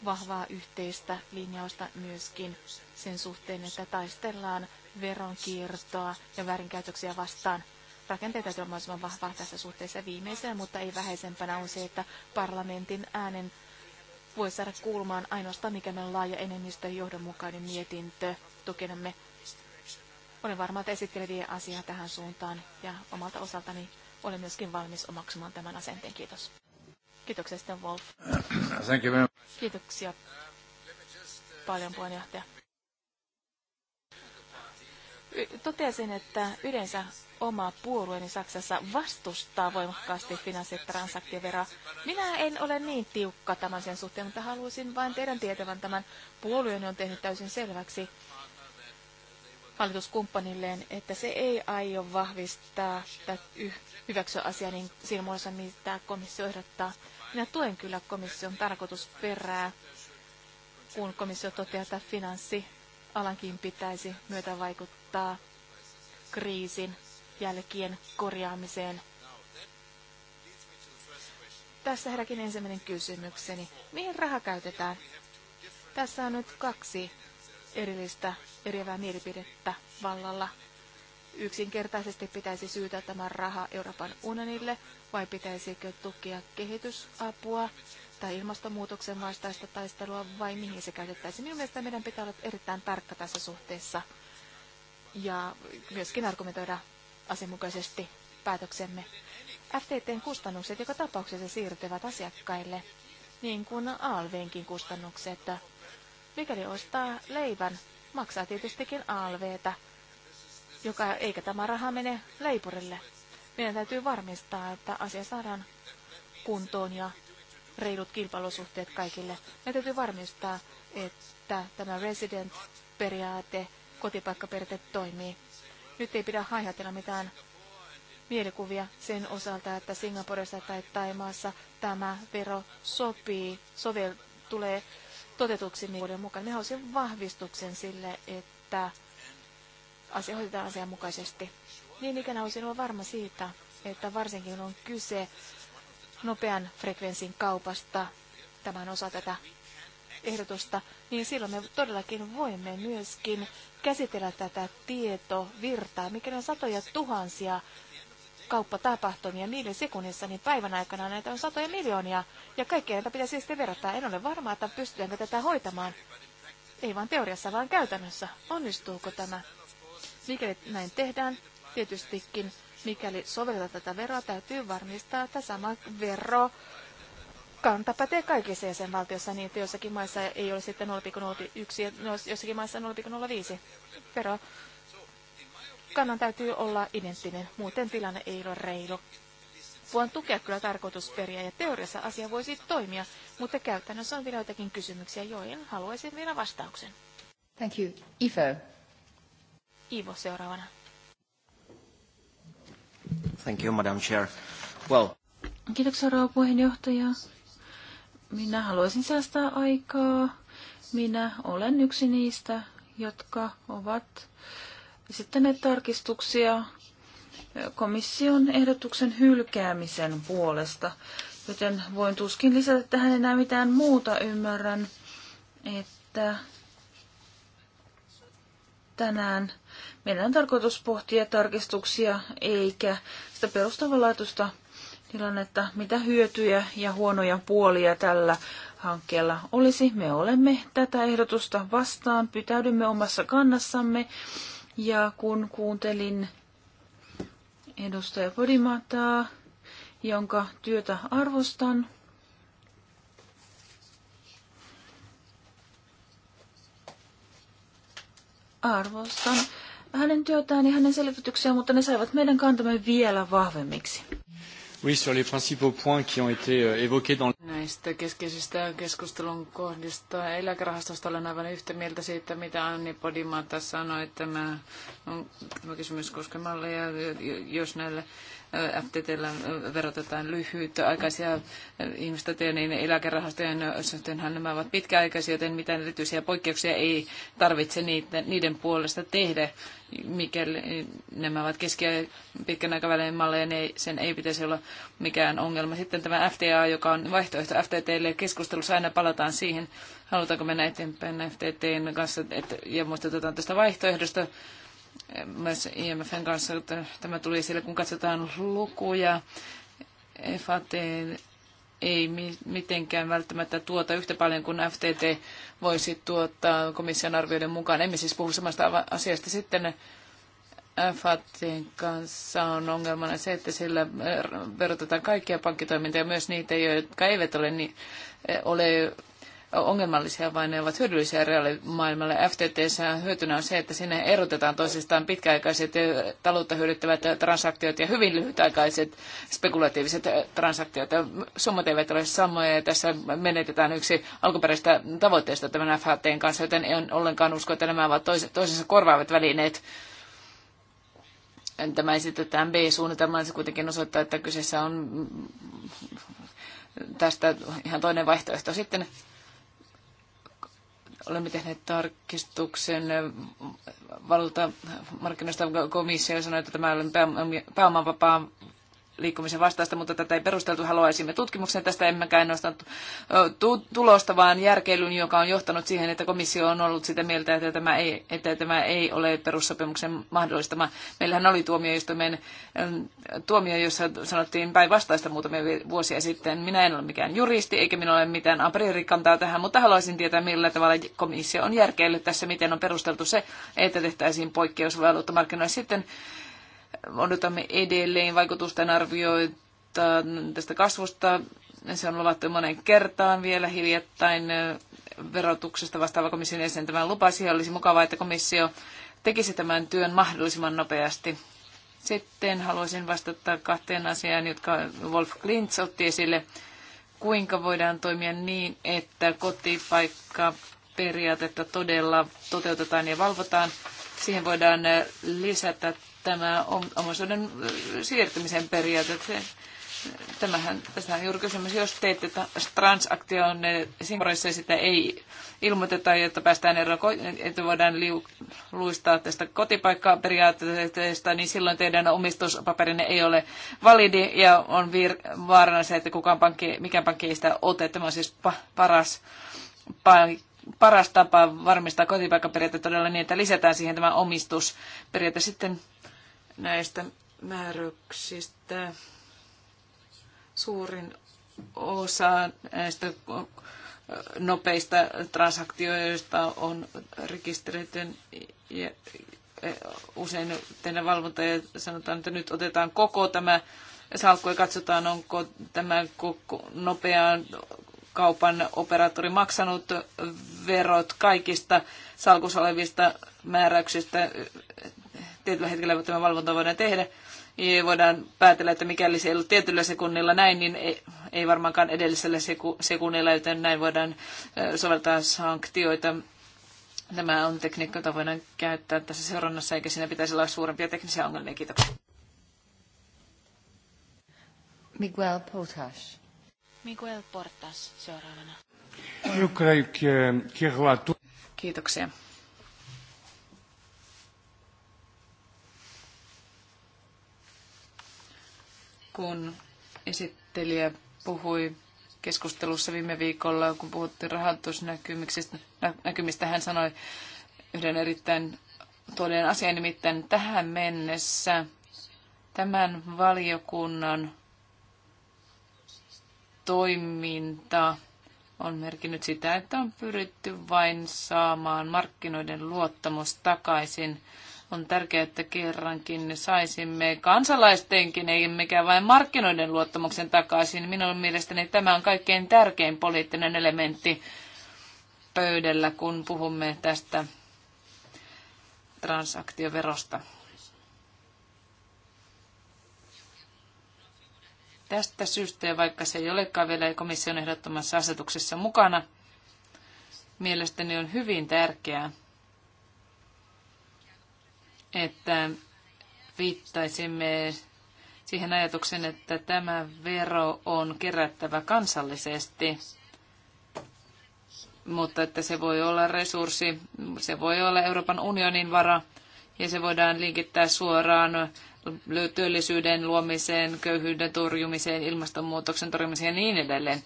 vahvaa yhteistä linjausta myöskin sen suhteen, että taistellaan veronkiertoa ja väärinkäytöksiä vastaan. Rakenteet täytyy olla mahdollisimman vahvaa tässä suhteessa viimeisenä, mutta ei vähäisempänä on se, että parlamentin äänen voi saada kuulumaan ainoastaan mikä meillä on laaja enemmistö johdonmukainen mietintö tukenamme. Olen varma, että esittelee asiaa tähän suuntaan ja omalta osaltani olen myöskin valmis omaksumaan tämän asenteen. Kiitos. Kiitoksia sitten Wolf. Kiitoksia paljon puheenjohtaja. Totesin, että yleensä oma puolueeni Saksassa vastustaa voimakkaasti finanssitransaktioveroa. Minä en ole niin tiukka tämän sen suhteen, mutta haluaisin vain teidän tietävän tämän. Puolueeni on tehnyt täysin selväksi, hallituskumppanilleen, että se ei aio vahvistaa tai hyväksyä asiaa niin siinä muodossa, mitä komissio ehdottaa. Minä tuen kyllä komission tarkoitusperää, kun komissio toteaa, että finanssialankin pitäisi myötä vaikuttaa kriisin jälkien korjaamiseen. Tässä heräkin ensimmäinen kysymykseni. Mihin raha käytetään? Tässä on nyt kaksi erillistä eriävää mielipidettä vallalla. Yksinkertaisesti pitäisi syytää tämä raha Euroopan unionille vai pitäisikö tukea kehitysapua tai ilmastonmuutoksen vastaista taistelua vai mihin se käytettäisiin. Minun mielestä meidän pitää olla erittäin tarkka tässä suhteessa ja myöskin argumentoida asianmukaisesti päätöksemme. FTTn kustannukset joka tapauksessa siirtyvät asiakkaille, niin kuin ALVinkin kustannukset Mikäli ostaa leivän, maksaa tietystikin alveeta, joka eikä tämä raha mene leipurille. Meidän täytyy varmistaa, että asia saadaan kuntoon ja reilut kilpailusuhteet kaikille. Meidän täytyy varmistaa, että tämä resident-periaate, kotipaikkaperiaate toimii. Nyt ei pidä haihatella mitään mielikuvia sen osalta, että Singaporessa tai Taimaassa tämä vero sopii, sovel, tulee totetuksi vuoden mukaan. Me haluaisin vahvistuksen sille, että asia hoidetaan asianmukaisesti. Niin ikään haluaisin olla varma siitä, että varsinkin kun on kyse nopean frekvenssin kaupasta, tämän osa tätä ehdotusta, niin silloin me todellakin voimme myöskin käsitellä tätä tietovirtaa, mikä on satoja tuhansia kauppatapahtumia millisekunnissa, niin päivän aikana näitä on satoja miljoonia. Ja kaikkea näitä pitäisi sitten verrata. En ole varma, että pystytäänkö tätä hoitamaan. Ei vain teoriassa, vaan käytännössä. Onnistuuko tämä? Mikäli näin tehdään, tietystikin, mikäli sovelletaan tätä veroa, täytyy varmistaa, että sama vero kanta pätee kaikissa jäsenvaltioissa niin, että jossakin maissa ei ole sitten 0,01 jossakin maissa 0,05 vero kannan täytyy olla identtinen, muuten tilanne ei ole reilu. Voin tukea kyllä tarkoitusperiä ja teoriassa asia voisi toimia, mutta käytännössä on vielä jotakin kysymyksiä, joihin haluaisin vielä vastauksen. Thank you. Ivo. Ivo seuraavana.
Thank you, Madam Chair. Well. Kiitoksia, rouva puheenjohtaja. Minä haluaisin säästää aikaa. Minä olen yksi niistä, jotka ovat ne tarkistuksia komission ehdotuksen hylkäämisen puolesta, joten voin tuskin lisätä tähän enää mitään muuta. Ymmärrän, että tänään meidän on tarkoitus pohtia tarkistuksia eikä sitä perustavanlaatuista tilannetta, mitä hyötyjä ja huonoja puolia tällä hankkeella olisi. Me olemme tätä ehdotusta vastaan, pitäydymme omassa kannassamme ja kun kuuntelin edustaja Podimataa, jonka työtä arvostan, arvostan hänen työtään ja hänen selvityksiään, mutta ne saivat meidän kantamme vielä
vahvemmiksi.
Oui, sur les principaux points qui ont été euh, évoqués dans...
Näistä keskeisistä keskustelun kohdista eläkerahastosta olen aivan yhtä mieltä siitä, mitä Anni Podimata sanoi, että tämä, on, tämä kysymys koskee ja jos näille FTTllä verotetaan lyhyitä aikaisia investointeja, niin eläkerahastojen suhteenhan nämä ovat pitkäaikaisia, joten mitään erityisiä poikkeuksia ei tarvitse niiden puolesta tehdä, mikäli nämä ovat keski- ja pitkän aikavälin malleja, niin sen ei pitäisi olla mikään ongelma. Sitten tämä FTA, joka on vaihtoehto FTTlle, keskustelussa aina palataan siihen, halutaanko mennä eteenpäin FTTn kanssa, et, ja muistutetaan tästä vaihtoehdosta, myös IMFn kanssa. Tämä tuli esille, kun katsotaan lukuja. FAT ei mitenkään välttämättä tuota yhtä paljon kuin FTT voisi tuottaa komission arvioiden mukaan. Emme siis puhu samasta asiasta sitten. FATin kanssa on ongelmana se, että sillä verotetaan kaikkia pankkitoimintoja, myös niitä, jotka eivät ole, niin, ole ongelmallisia, vaan ne ovat hyödyllisiä reaalimaailmalle. FTTssä hyötynä on se, että sinne erotetaan toisistaan pitkäaikaiset taloutta hyödyttävät transaktiot ja hyvin lyhytaikaiset spekulatiiviset transaktiot. Summat eivät ole samoja ja tässä menetetään yksi alkuperäistä tavoitteesta tämän FHTn kanssa, joten en ollenkaan usko, että nämä ovat toisensa korvaavat välineet tämä esitetään B-suunnitelmaan, se kuitenkin osoittaa, että kyseessä on tästä ihan toinen vaihtoehto. Sitten Olemme tehneet tarkistuksen valuuttamarkkinoista komissio sanoi, että tämä on pääoman vapaa liikkumisen vastaista, mutta tätä ei perusteltu. Haluaisimme tutkimuksen tästä, emmekä ainoastaan tulosta, vaan järkeilyn, joka on johtanut siihen, että komissio on ollut sitä mieltä, että tämä ei, että tämä ei ole perussopimuksen mahdollistama. Meillähän oli tuomioistuimen tuomio, jossa sanottiin päinvastaista muutamia vuosia sitten. Minä en ole mikään juristi, eikä minulla ole mitään a priori kantaa tähän, mutta haluaisin tietää, millä tavalla komissio on järkeillyt tässä, miten on perusteltu se, että tehtäisiin poikkeus valuuttamarkkinoille Sitten odotamme edelleen vaikutusten arvioita tästä kasvusta. Se on luvattu monen kertaan vielä hiljattain verotuksesta vastaava komission jäsen tämän lupasi. Olisi mukavaa, että komissio tekisi tämän työn mahdollisimman nopeasti. Sitten haluaisin vastata kahteen asiaan, jotka Wolf Klintz otti esille. Kuinka voidaan toimia niin, että kotipaikka periaatetta todella toteutetaan ja valvotaan. Siihen voidaan lisätä tämä omaisuuden siirtymisen periaate. Se, tämähän, tässä on juuri kysymys, jos teette transaktion niin Singaporessa sitä ei ilmoiteta, jotta päästään eroon, että voidaan liu, luistaa tästä kotipaikkaa periaatteesta, niin silloin teidän omistuspaperinne ei ole validi ja on vir, vaarana se, että kukaan pankki, mikään pankki ei sitä ote. Tämä on siis pa, paras pa, paras tapa varmistaa kotipaikkaperiaate todella niin, että lisätään siihen tämä omistusperiaate. Sitten näistä määräyksistä. Suurin osa näistä nopeista transaktioista on rekisteröityn ja usein tehdä valvonta ja sanotaan, että nyt otetaan koko tämä salkku ja katsotaan, onko tämä nopean kaupan operaattori maksanut verot kaikista salkussa olevista määräyksistä tietyllä hetkellä tämä valvonta voidaan tehdä. Ja voidaan päätellä, että mikäli se ei ollut tietyllä sekunnilla näin, niin ei, ei varmaankaan edellisellä sekunnilla, joten näin voidaan soveltaa sanktioita. Tämä on tekniikka, jota voidaan käyttää tässä seurannassa, eikä siinä pitäisi olla suurempia teknisiä ongelmia. Kiitoksia.
Miguel Portas.
Miguel Portas seuraavana.
Kiitoksia. kun esittelijä puhui keskustelussa viime viikolla, kun puhuttiin rahoitusnäkymistä, hän sanoi yhden erittäin toden asian, nimittäin tähän mennessä tämän valiokunnan toiminta on merkinnyt sitä, että on pyritty vain saamaan markkinoiden luottamus takaisin on tärkeää, että kerrankin saisimme kansalaistenkin, ei mikään vain markkinoiden luottamuksen takaisin. Minun mielestäni tämä on kaikkein tärkein poliittinen elementti pöydällä, kun puhumme tästä transaktioverosta. Tästä syystä, ja vaikka se ei olekaan vielä komission ehdottomassa asetuksessa mukana, mielestäni on hyvin tärkeää, että viittaisimme siihen ajatuksen, että tämä vero on kerättävä kansallisesti, mutta että se voi olla resurssi, se voi olla Euroopan unionin vara ja se voidaan linkittää suoraan työllisyyden luomiseen, köyhyyden torjumiseen, ilmastonmuutoksen torjumiseen ja niin edelleen.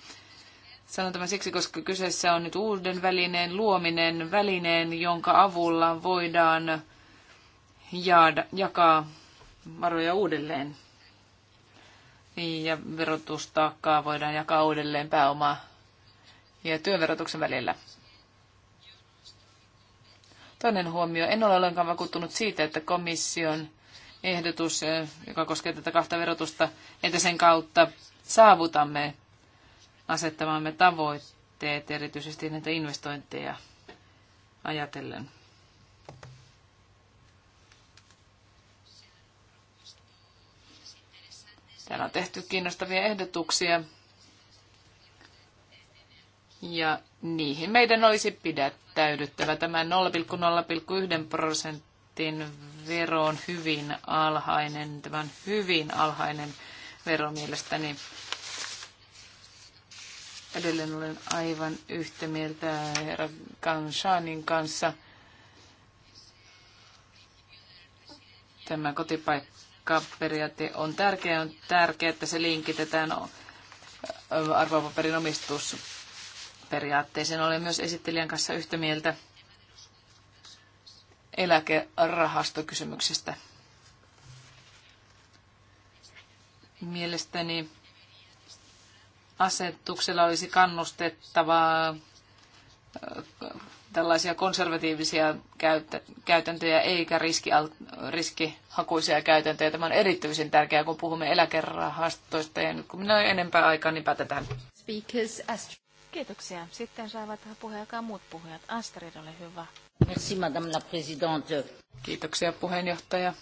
Sanon tämän siksi, koska kyseessä on nyt uuden välineen luominen, välineen, jonka avulla voidaan jaada, jakaa varoja uudelleen. Ja verotustaakkaa voidaan jakaa uudelleen pääomaa ja työverotuksen välillä. Toinen huomio. En ole ollenkaan vakuuttunut siitä, että komission ehdotus, joka koskee tätä kahta verotusta, että sen kautta saavutamme asettamamme tavoitteet, erityisesti näitä investointeja ajatellen. Täällä on tehty kiinnostavia ehdotuksia. Ja niihin meidän olisi pidättäydyttävä. Tämä 0,0,1 prosentin vero on hyvin alhainen. tämän hyvin alhainen vero mielestäni. Edelleen olen aivan yhtä mieltä herra Kanshanin kanssa. Tämä kotipaikka Periaate on tärkeä. On tärkeää, että se linkitetään arvopaperin omistusperiaatteeseen. Olen myös esittelijän kanssa yhtä mieltä eläkerahastokysymyksestä. Mielestäni asetuksella olisi kannustettavaa tällaisia konservatiivisia käytäntöjä eikä riskihakuisia käytäntöjä. Tämä on erityisen tärkeää, kun puhumme eläkerahastoista. Ja nyt kun minä olen enempää aikaa, niin päätetään.
Kiitoksia. Sitten saavat puheenjohtaja muut puhujat. Astrid, ole hyvä.
Merci, madame la présidente. Kiitoksia, puheenjohtaja.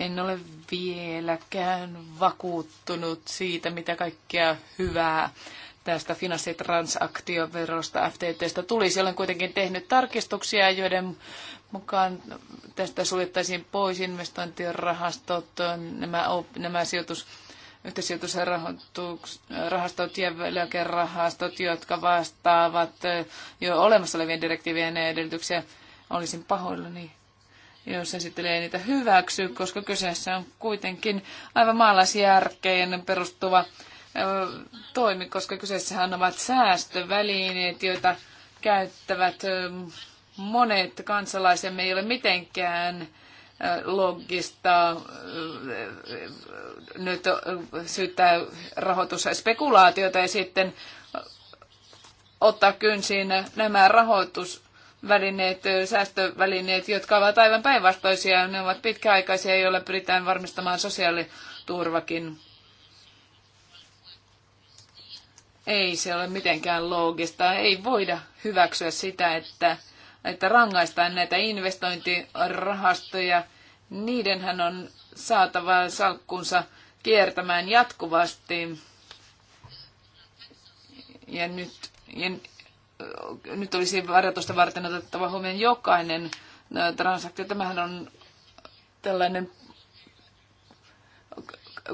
En ole vieläkään vakuuttunut siitä, mitä kaikkea hyvää tästä finanssitransaktioverosta FTTstä tulisi. Olen kuitenkin tehnyt tarkistuksia, joiden mukaan tästä suljettaisiin pois investointirahastot, nämä, nämä sijoitus, yhteisijoitusrahastot ja eläkerahastot, jotka vastaavat jo olemassa olevien direktiivien edellytyksiä. Olisin pahoillani jos esittelee ei niitä hyväksy, koska kyseessä on kuitenkin aivan maalaisjärkeen perustuva toimi, koska kyseessähän ovat säästövälineet, joita käyttävät monet kansalaisemme. Ei ole mitenkään logista nyt syyttää rahoitusspekulaatiota ja sitten ottaa kynsiin nämä rahoitusvälineet, säästövälineet, jotka ovat aivan päinvastoisia. Ne ovat pitkäaikaisia, joilla pyritään varmistamaan sosiaaliturvakin. Ei se ole mitenkään loogista. Ei voida hyväksyä sitä, että, että rangaistaan näitä investointirahastoja. Niidenhän on saatava salkkunsa kiertämään jatkuvasti. Ja nyt, ja nyt olisi varjotusta varten otettava huomioon jokainen no, transaktio. Tämähän on tällainen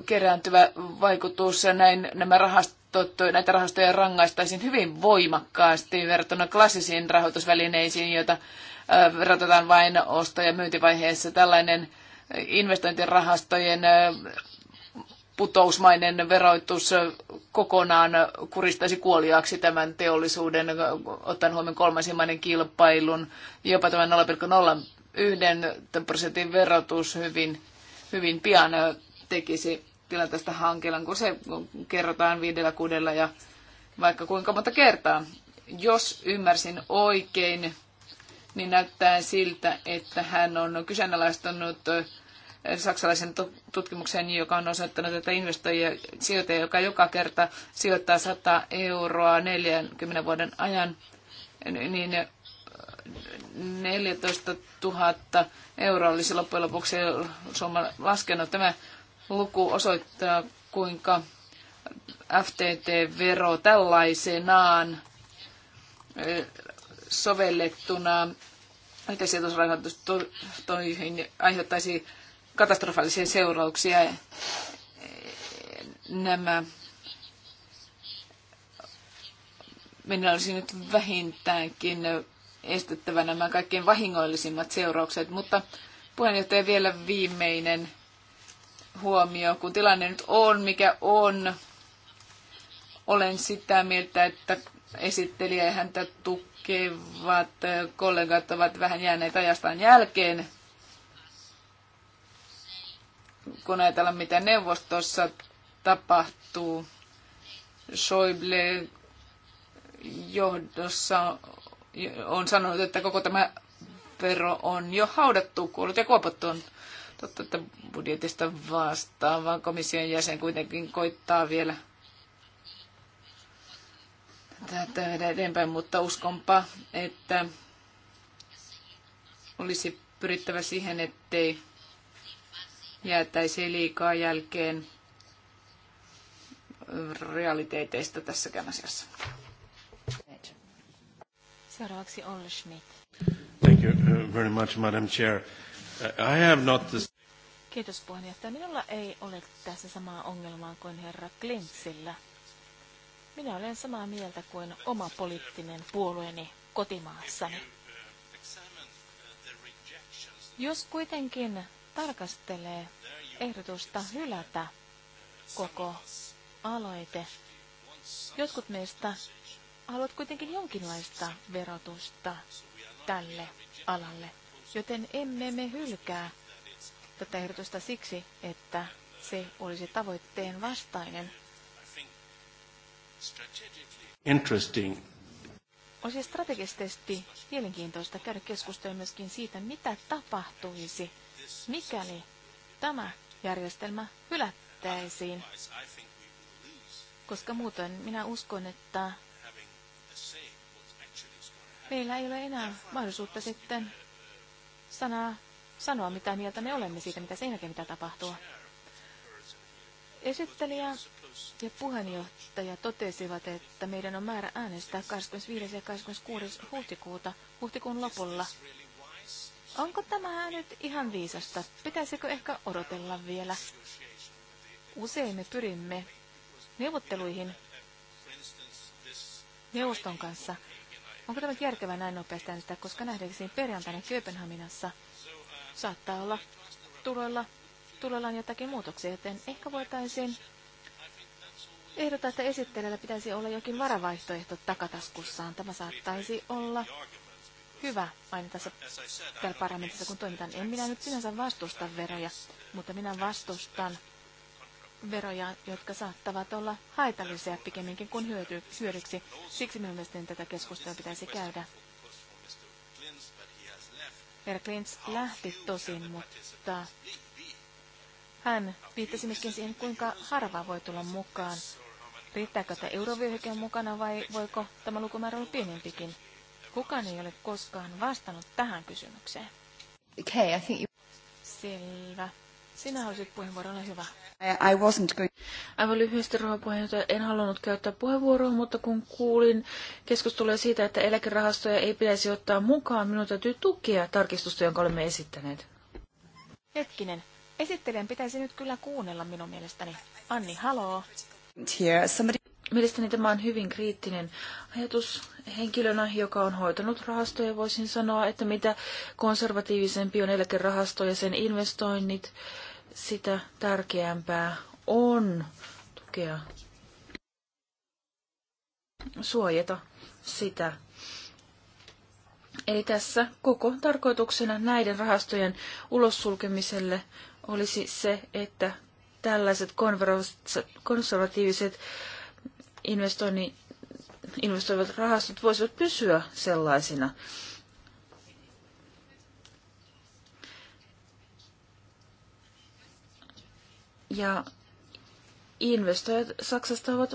kerääntyvä vaikutus ja näin nämä rahastot tuotto, näitä rahastoja rangaistaisiin hyvin voimakkaasti verrattuna klassisiin rahoitusvälineisiin, joita verotetaan vain osto- ja myyntivaiheessa. Tällainen investointirahastojen putousmainen veroitus kokonaan kuristaisi kuoliaaksi tämän teollisuuden, ottaen huomioon kolmansien kilpailun, jopa tämän 0,01 prosentin verotus hyvin, hyvin pian tekisi tilanteesta hankilan, kun se kerrotaan viidellä kuudella ja vaikka kuinka monta kertaa. Jos ymmärsin oikein, niin näyttää siltä, että hän on kyseenalaistanut saksalaisen tutkimuksen, joka on osoittanut, että investoija sijoittaja, joka joka kerta sijoittaa 100 euroa 40 vuoden ajan, niin 14 niin, 000 euroa olisi loppujen lopuksi summa laskenut. Tämä luku osoittaa, kuinka FTT-vero tällaisenaan sovellettuna yhteisijoitusrahoitustoihin aiheuttaisi katastrofaalisia seurauksia. Nämä minä olisi nyt vähintäänkin estettävä nämä kaikkein vahingollisimmat seuraukset, mutta puheenjohtaja vielä viimeinen huomio, kun tilanne nyt on, mikä on. Olen sitä mieltä, että esittelijä ja häntä tukevat kollegat ovat vähän jääneet ajastaan jälkeen, kun ajatellaan, mitä neuvostossa tapahtuu. Schäuble johdossa on sanonut, että koko tämä vero on jo haudattu, kuollut ja kuopattu. Totta, että budjetista vastaava komission jäsen kuitenkin koittaa vielä tätä eteenpäin, mutta uskonpa, että olisi pyrittävä siihen, ettei jäätäisi liikaa jälkeen realiteeteista tässäkään asiassa.
Seuraavaksi Olle Schmidt.
Thank you uh, very much, Madam
Chair. I have not
Kiitos puheenjohtaja. Minulla ei ole tässä samaa ongelmaa kuin herra Klintsillä. Minä olen samaa mieltä kuin oma poliittinen puolueeni kotimaassani. Jos kuitenkin tarkastelee ehdotusta hylätä koko aloite, jotkut meistä haluat kuitenkin jonkinlaista verotusta tälle alalle. Joten emme me hylkää tätä ehdotusta siksi, että se olisi tavoitteen vastainen. Olisi strategisesti mielenkiintoista käydä keskustelua myöskin siitä, mitä tapahtuisi, mikäli tämä järjestelmä hylättäisiin. Koska muuten minä uskon, että meillä ei ole enää mahdollisuutta sitten sanaa, sanoa, mitä mieltä me olemme siitä, mitä sen jälkeen mitä tapahtuu. Esittelijä ja puheenjohtaja totesivat, että meidän on määrä äänestää 25. ja 26. huhtikuuta huhtikuun lopulla. Onko tämä nyt ihan viisasta? Pitäisikö ehkä odotella vielä? Usein me pyrimme neuvotteluihin neuvoston kanssa. Onko tämä järkevää näin nopeasti äänestää, koska nähdäkseni perjantaina Kööpenhaminassa saattaa olla tuloilla, tuloillaan jotakin muutoksia, joten ehkä voitaisiin ehdottaa, että esittelijällä pitäisi olla jokin varavaihtoehto takataskussaan. Tämä saattaisi olla hyvä aina tässä täällä parlamentissa, kun toimitaan. En minä nyt sinänsä vastusta veroja, mutta minä vastustan veroja, jotka saattavat olla haitallisia pikemminkin kuin hyöty, hyödyksi. Siksi minun mielestäni tätä keskustelua pitäisi käydä. Herra Klintz lähti tosin, mutta hän viittasi myöskin siihen, kuinka harva voi tulla mukaan. Riittääkö tämä eurovyöhyke mukana vai voiko tämä lukumäärä olla pienempikin? Kukaan ei ole koskaan vastannut tähän kysymykseen.
Okay, I think you...
Selvä. Sinä halusit puheenvuoron, ole hyvä.
I wasn't going... Aivan lyhyesti, rouva puheenjohtaja, en halunnut käyttää puheenvuoroa, mutta kun kuulin keskustelua siitä, että eläkerahastoja ei pitäisi ottaa mukaan, minun täytyy tukea tarkistusta, jonka olemme esittäneet.
Hetkinen, esittelijän pitäisi nyt kyllä kuunnella minun mielestäni. Anni, haloo.
Here, somebody... Mielestäni tämä on hyvin kriittinen ajatus henkilönä, joka on hoitanut rahastoja. Voisin sanoa, että mitä konservatiivisempi on eläkerahasto ja sen investoinnit, sitä tärkeämpää on tukea, suojata sitä. Eli tässä koko tarkoituksena näiden rahastojen ulossulkemiselle olisi se, että tällaiset konservatiiviset investoivat rahastot voisivat pysyä sellaisina. Ja investoijat Saksasta ovat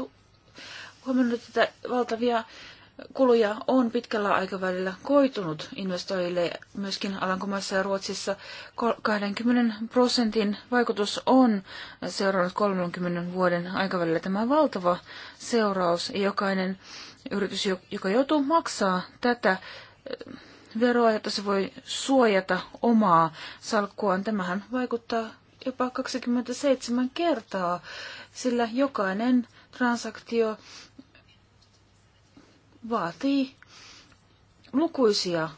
huomannut, että valtavia kuluja on pitkällä aikavälillä koitunut investoijille myöskin Alankomaissa ja Ruotsissa. 20 prosentin vaikutus on seurannut 30 vuoden aikavälillä. Tämä valtava seuraus jokainen yritys, joka joutuu maksaa tätä eh, veroa, jotta se voi suojata omaa salkkuaan, tämähän vaikuttaa jopa 27 kertaa, sillä jokainen transaktio vaatii lukuisia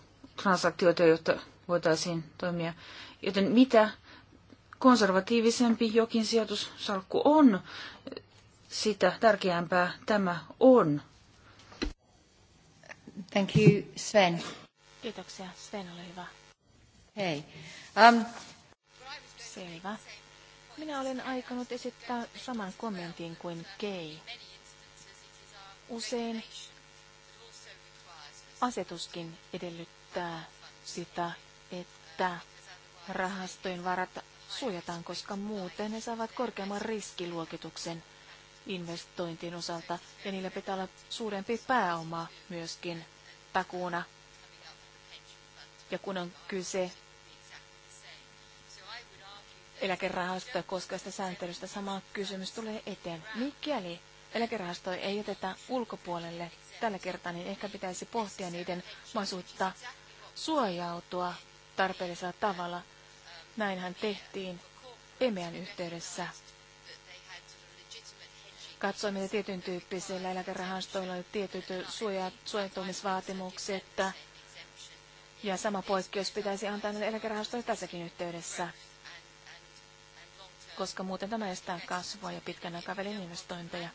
transaktioita, jotta voitaisiin toimia. Joten mitä konservatiivisempi jokin sijoitussalkku on, sitä tärkeämpää tämä on. Thank you, Sven.
Kiitoksia. Sven, ole hyvä.
Hei. Um,
Selvä. Minä olen aikonut esittää saman kommentin kuin Kei. Usein asetuskin edellyttää sitä, että rahastojen varat suojataan, koska muuten ne saavat korkeamman riskiluokituksen investointien osalta, ja niillä pitää olla suurempi pääoma myöskin takuuna. Ja kun on kyse eläkerahastoja koskevasta sääntelystä sama kysymys tulee eteen. Mikäli eläkerahastoja ei oteta ulkopuolelle tällä kertaa, niin ehkä pitäisi pohtia niiden masuutta suojautua tarpeellisella tavalla. Näinhän tehtiin EMEAn yhteydessä. Katsoimme, että tietyn tyyppisillä eläkerahastoilla oli tietyt suojautumisvaatimukset, ja sama poikkeus pitäisi antaa näille eläkerahastoille tässäkin yhteydessä koska muuten tämä estää kasvua ja pitkän aikavälin investointeja.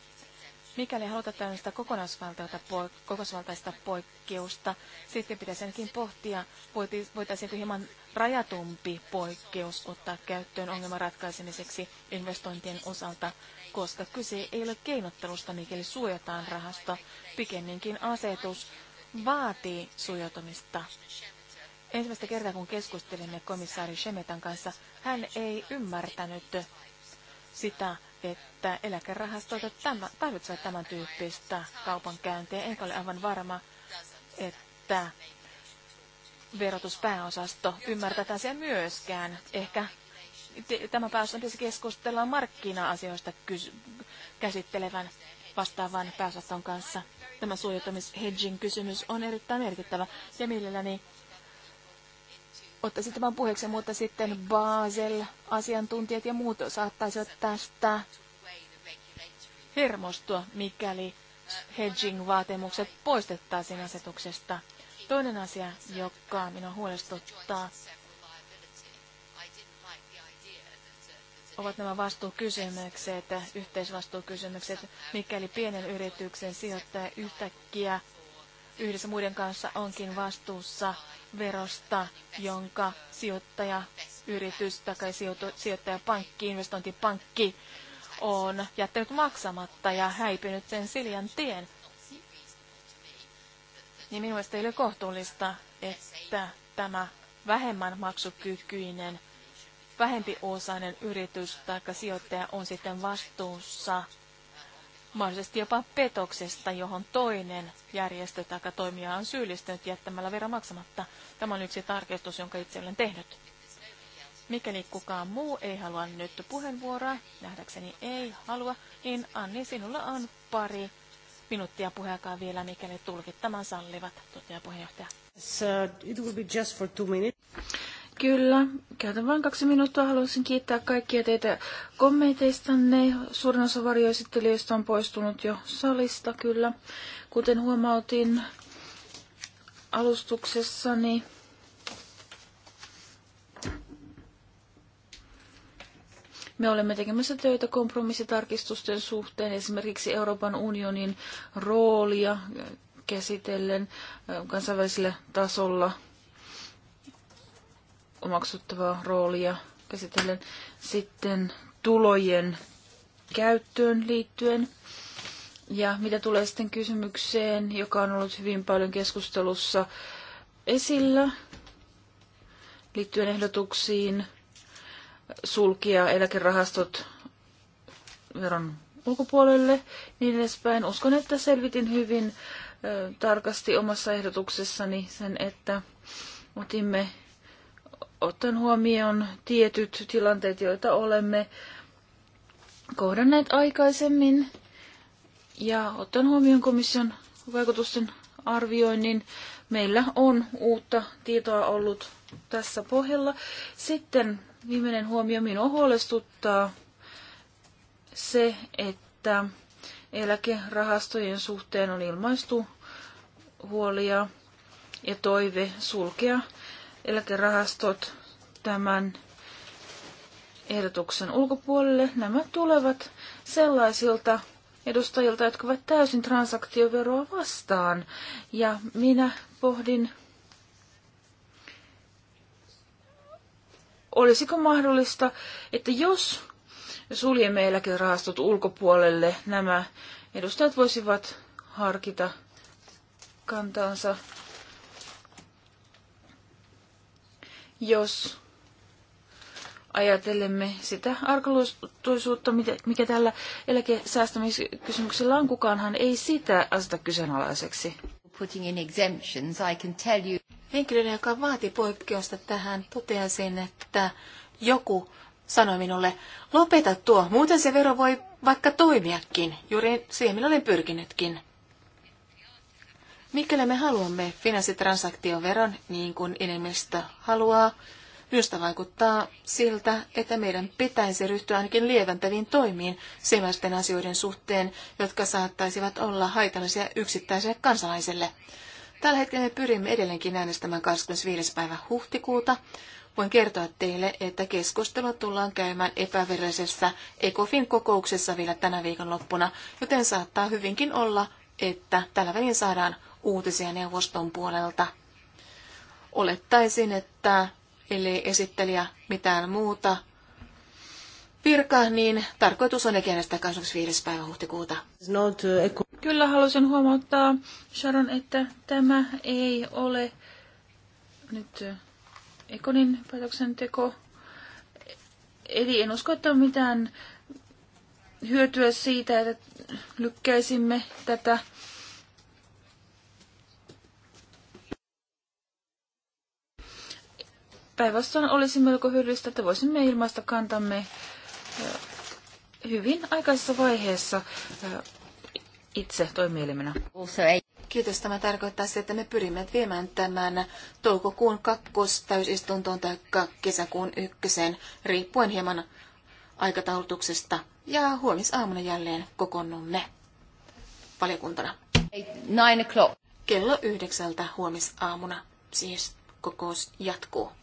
Mikäli halutaan tällaista kokonaisvaltaista poikkeusta, sitten pitäisi ainakin pohtia, voitaisiinko hieman rajatumpi poikkeus ottaa käyttöön ongelman ratkaisemiseksi investointien osalta, koska kyse ei ole keinottelusta, mikäli suojataan rahasto. Pikemminkin asetus vaatii suojautumista Ensimmäistä kertaa, kun keskustelimme komissaari Shemetan kanssa, hän ei ymmärtänyt sitä, että eläkerahastot tarvitsevat tämän tyyppistä kaupankäyntiä. Enkä ole aivan varma, että verotuspääosasto ymmärtää asiaa myöskään. Ehkä tämä on tietysti keskustella markkina-asioista käsittelevän vastaavan pääosaston kanssa. Tämä suojautumishedging hedging kysymys on erittäin merkittävä ja mielelläni ottaisin tämän puheeksi, mutta sitten Basel-asiantuntijat ja muut saattaisivat tästä hermostua, mikäli hedging-vaatimukset poistettaisiin asetuksesta. Toinen asia, joka minua huolestuttaa, ovat nämä vastuukysymykset, yhteisvastuukysymykset, mikäli pienen yrityksen sijoittaja yhtäkkiä yhdessä muiden kanssa onkin vastuussa verosta, jonka sijoittaja yritys tai sijoittajapankki, investointipankki on jättänyt maksamatta ja häipynyt sen siljan tien. Niin minun mielestä ei ole kohtuullista, että tämä vähemmän maksukykyinen, vähempi osainen yritys tai sijoittaja on sitten vastuussa mahdollisesti jopa petoksesta, johon toinen järjestö tai toimija on syyllistynyt jättämällä vera maksamatta. Tämä on yksi tarkistus, jonka itse olen tehnyt. Mikäli kukaan muu ei halua nyt puheenvuoroa, nähdäkseni ei halua, niin Anni, sinulla on pari minuuttia puheakaan vielä, mikäli tulkit
tämän sallivat, toteaa puheenjohtaja. So it will be just for two minutes. Kyllä, käytän vain kaksi minuuttia. Haluaisin kiittää kaikkia teitä kommenteistanne. Suurin osa varjoesittelijöistä on poistunut jo salista, kyllä. Kuten huomautin alustuksessani, Me olemme tekemässä töitä kompromissitarkistusten suhteen, esimerkiksi Euroopan unionin roolia käsitellen kansainvälisellä tasolla – omaksuttavaa roolia käsitellen. Sitten tulojen käyttöön liittyen. Ja mitä tulee sitten kysymykseen, joka on ollut hyvin paljon keskustelussa esillä liittyen ehdotuksiin sulkia eläkerahastot veron ulkopuolelle, niin edespäin. Uskon, että selvitin hyvin tarkasti omassa ehdotuksessani sen, että otimme ottan huomioon tietyt tilanteet, joita olemme kohdanneet aikaisemmin ja ottan huomioon komission vaikutusten arvioinnin, meillä on uutta tietoa ollut tässä pohjalla. Sitten viimeinen huomio minua huolestuttaa se, että eläkerahastojen suhteen on ilmaistu huolia ja toive sulkea eläkerahastot tämän ehdotuksen ulkopuolelle. Nämä tulevat sellaisilta edustajilta, jotka ovat täysin transaktioveroa vastaan. Ja minä pohdin, olisiko mahdollista, että jos suljemme eläkerahastot ulkopuolelle, nämä edustajat voisivat harkita kantaansa jos ajatelemme sitä arkaluistuisuutta, mikä tällä eläkesäästämiskysymyksellä on, kukaanhan ei sitä aseta kyseenalaiseksi. Putting in exemptions, I can tell you. Henkilönä, joka vaati poikkeusta tähän, toteaisin,
että joku sanoi minulle, lopeta tuo, muuten se vero voi vaikka toimiakin, juuri siihen minä olen pyrkinytkin. Mikäli me haluamme finanssitransaktioveron niin kuin enemmistö haluaa, Minusta vaikuttaa siltä, että meidän pitäisi ryhtyä ainakin lieventäviin toimiin sellaisten asioiden suhteen, jotka saattaisivat olla haitallisia yksittäiselle kansalaiselle. Tällä hetkellä me pyrimme edelleenkin äänestämään 25. päivä huhtikuuta. Voin kertoa teille, että keskustelua tullaan käymään epävirallisessa ECOFIN kokouksessa vielä tänä viikon loppuna, joten saattaa hyvinkin olla, että tällä välin saadaan uutisia neuvoston puolelta. Olettaisin, että ellei esittelijä mitään muuta virka, niin tarkoitus on äänestää
25. päivä huhtikuuta. Kyllä halusin huomauttaa, Sharon, että tämä ei ole nyt Ekonin päätöksenteko. Eli en usko, että on mitään hyötyä siitä, että lykkäisimme tätä Päinvastoin olisi melko hyödyllistä, että voisimme ilmaista kantamme hyvin aikaisessa vaiheessa itse toimielimenä. Kiitos. Tämä
tarkoittaa sitä, että me pyrimme viemään tämän toukokuun kakkostäysistuntoon tai kesäkuun ykköseen, riippuen hieman aikataulutuksesta. Ja huomisaamuna jälleen kokoonnumme valiokuntana. Nine o'clock. Kello yhdeksältä huomisaamuna siis kokous jatkuu.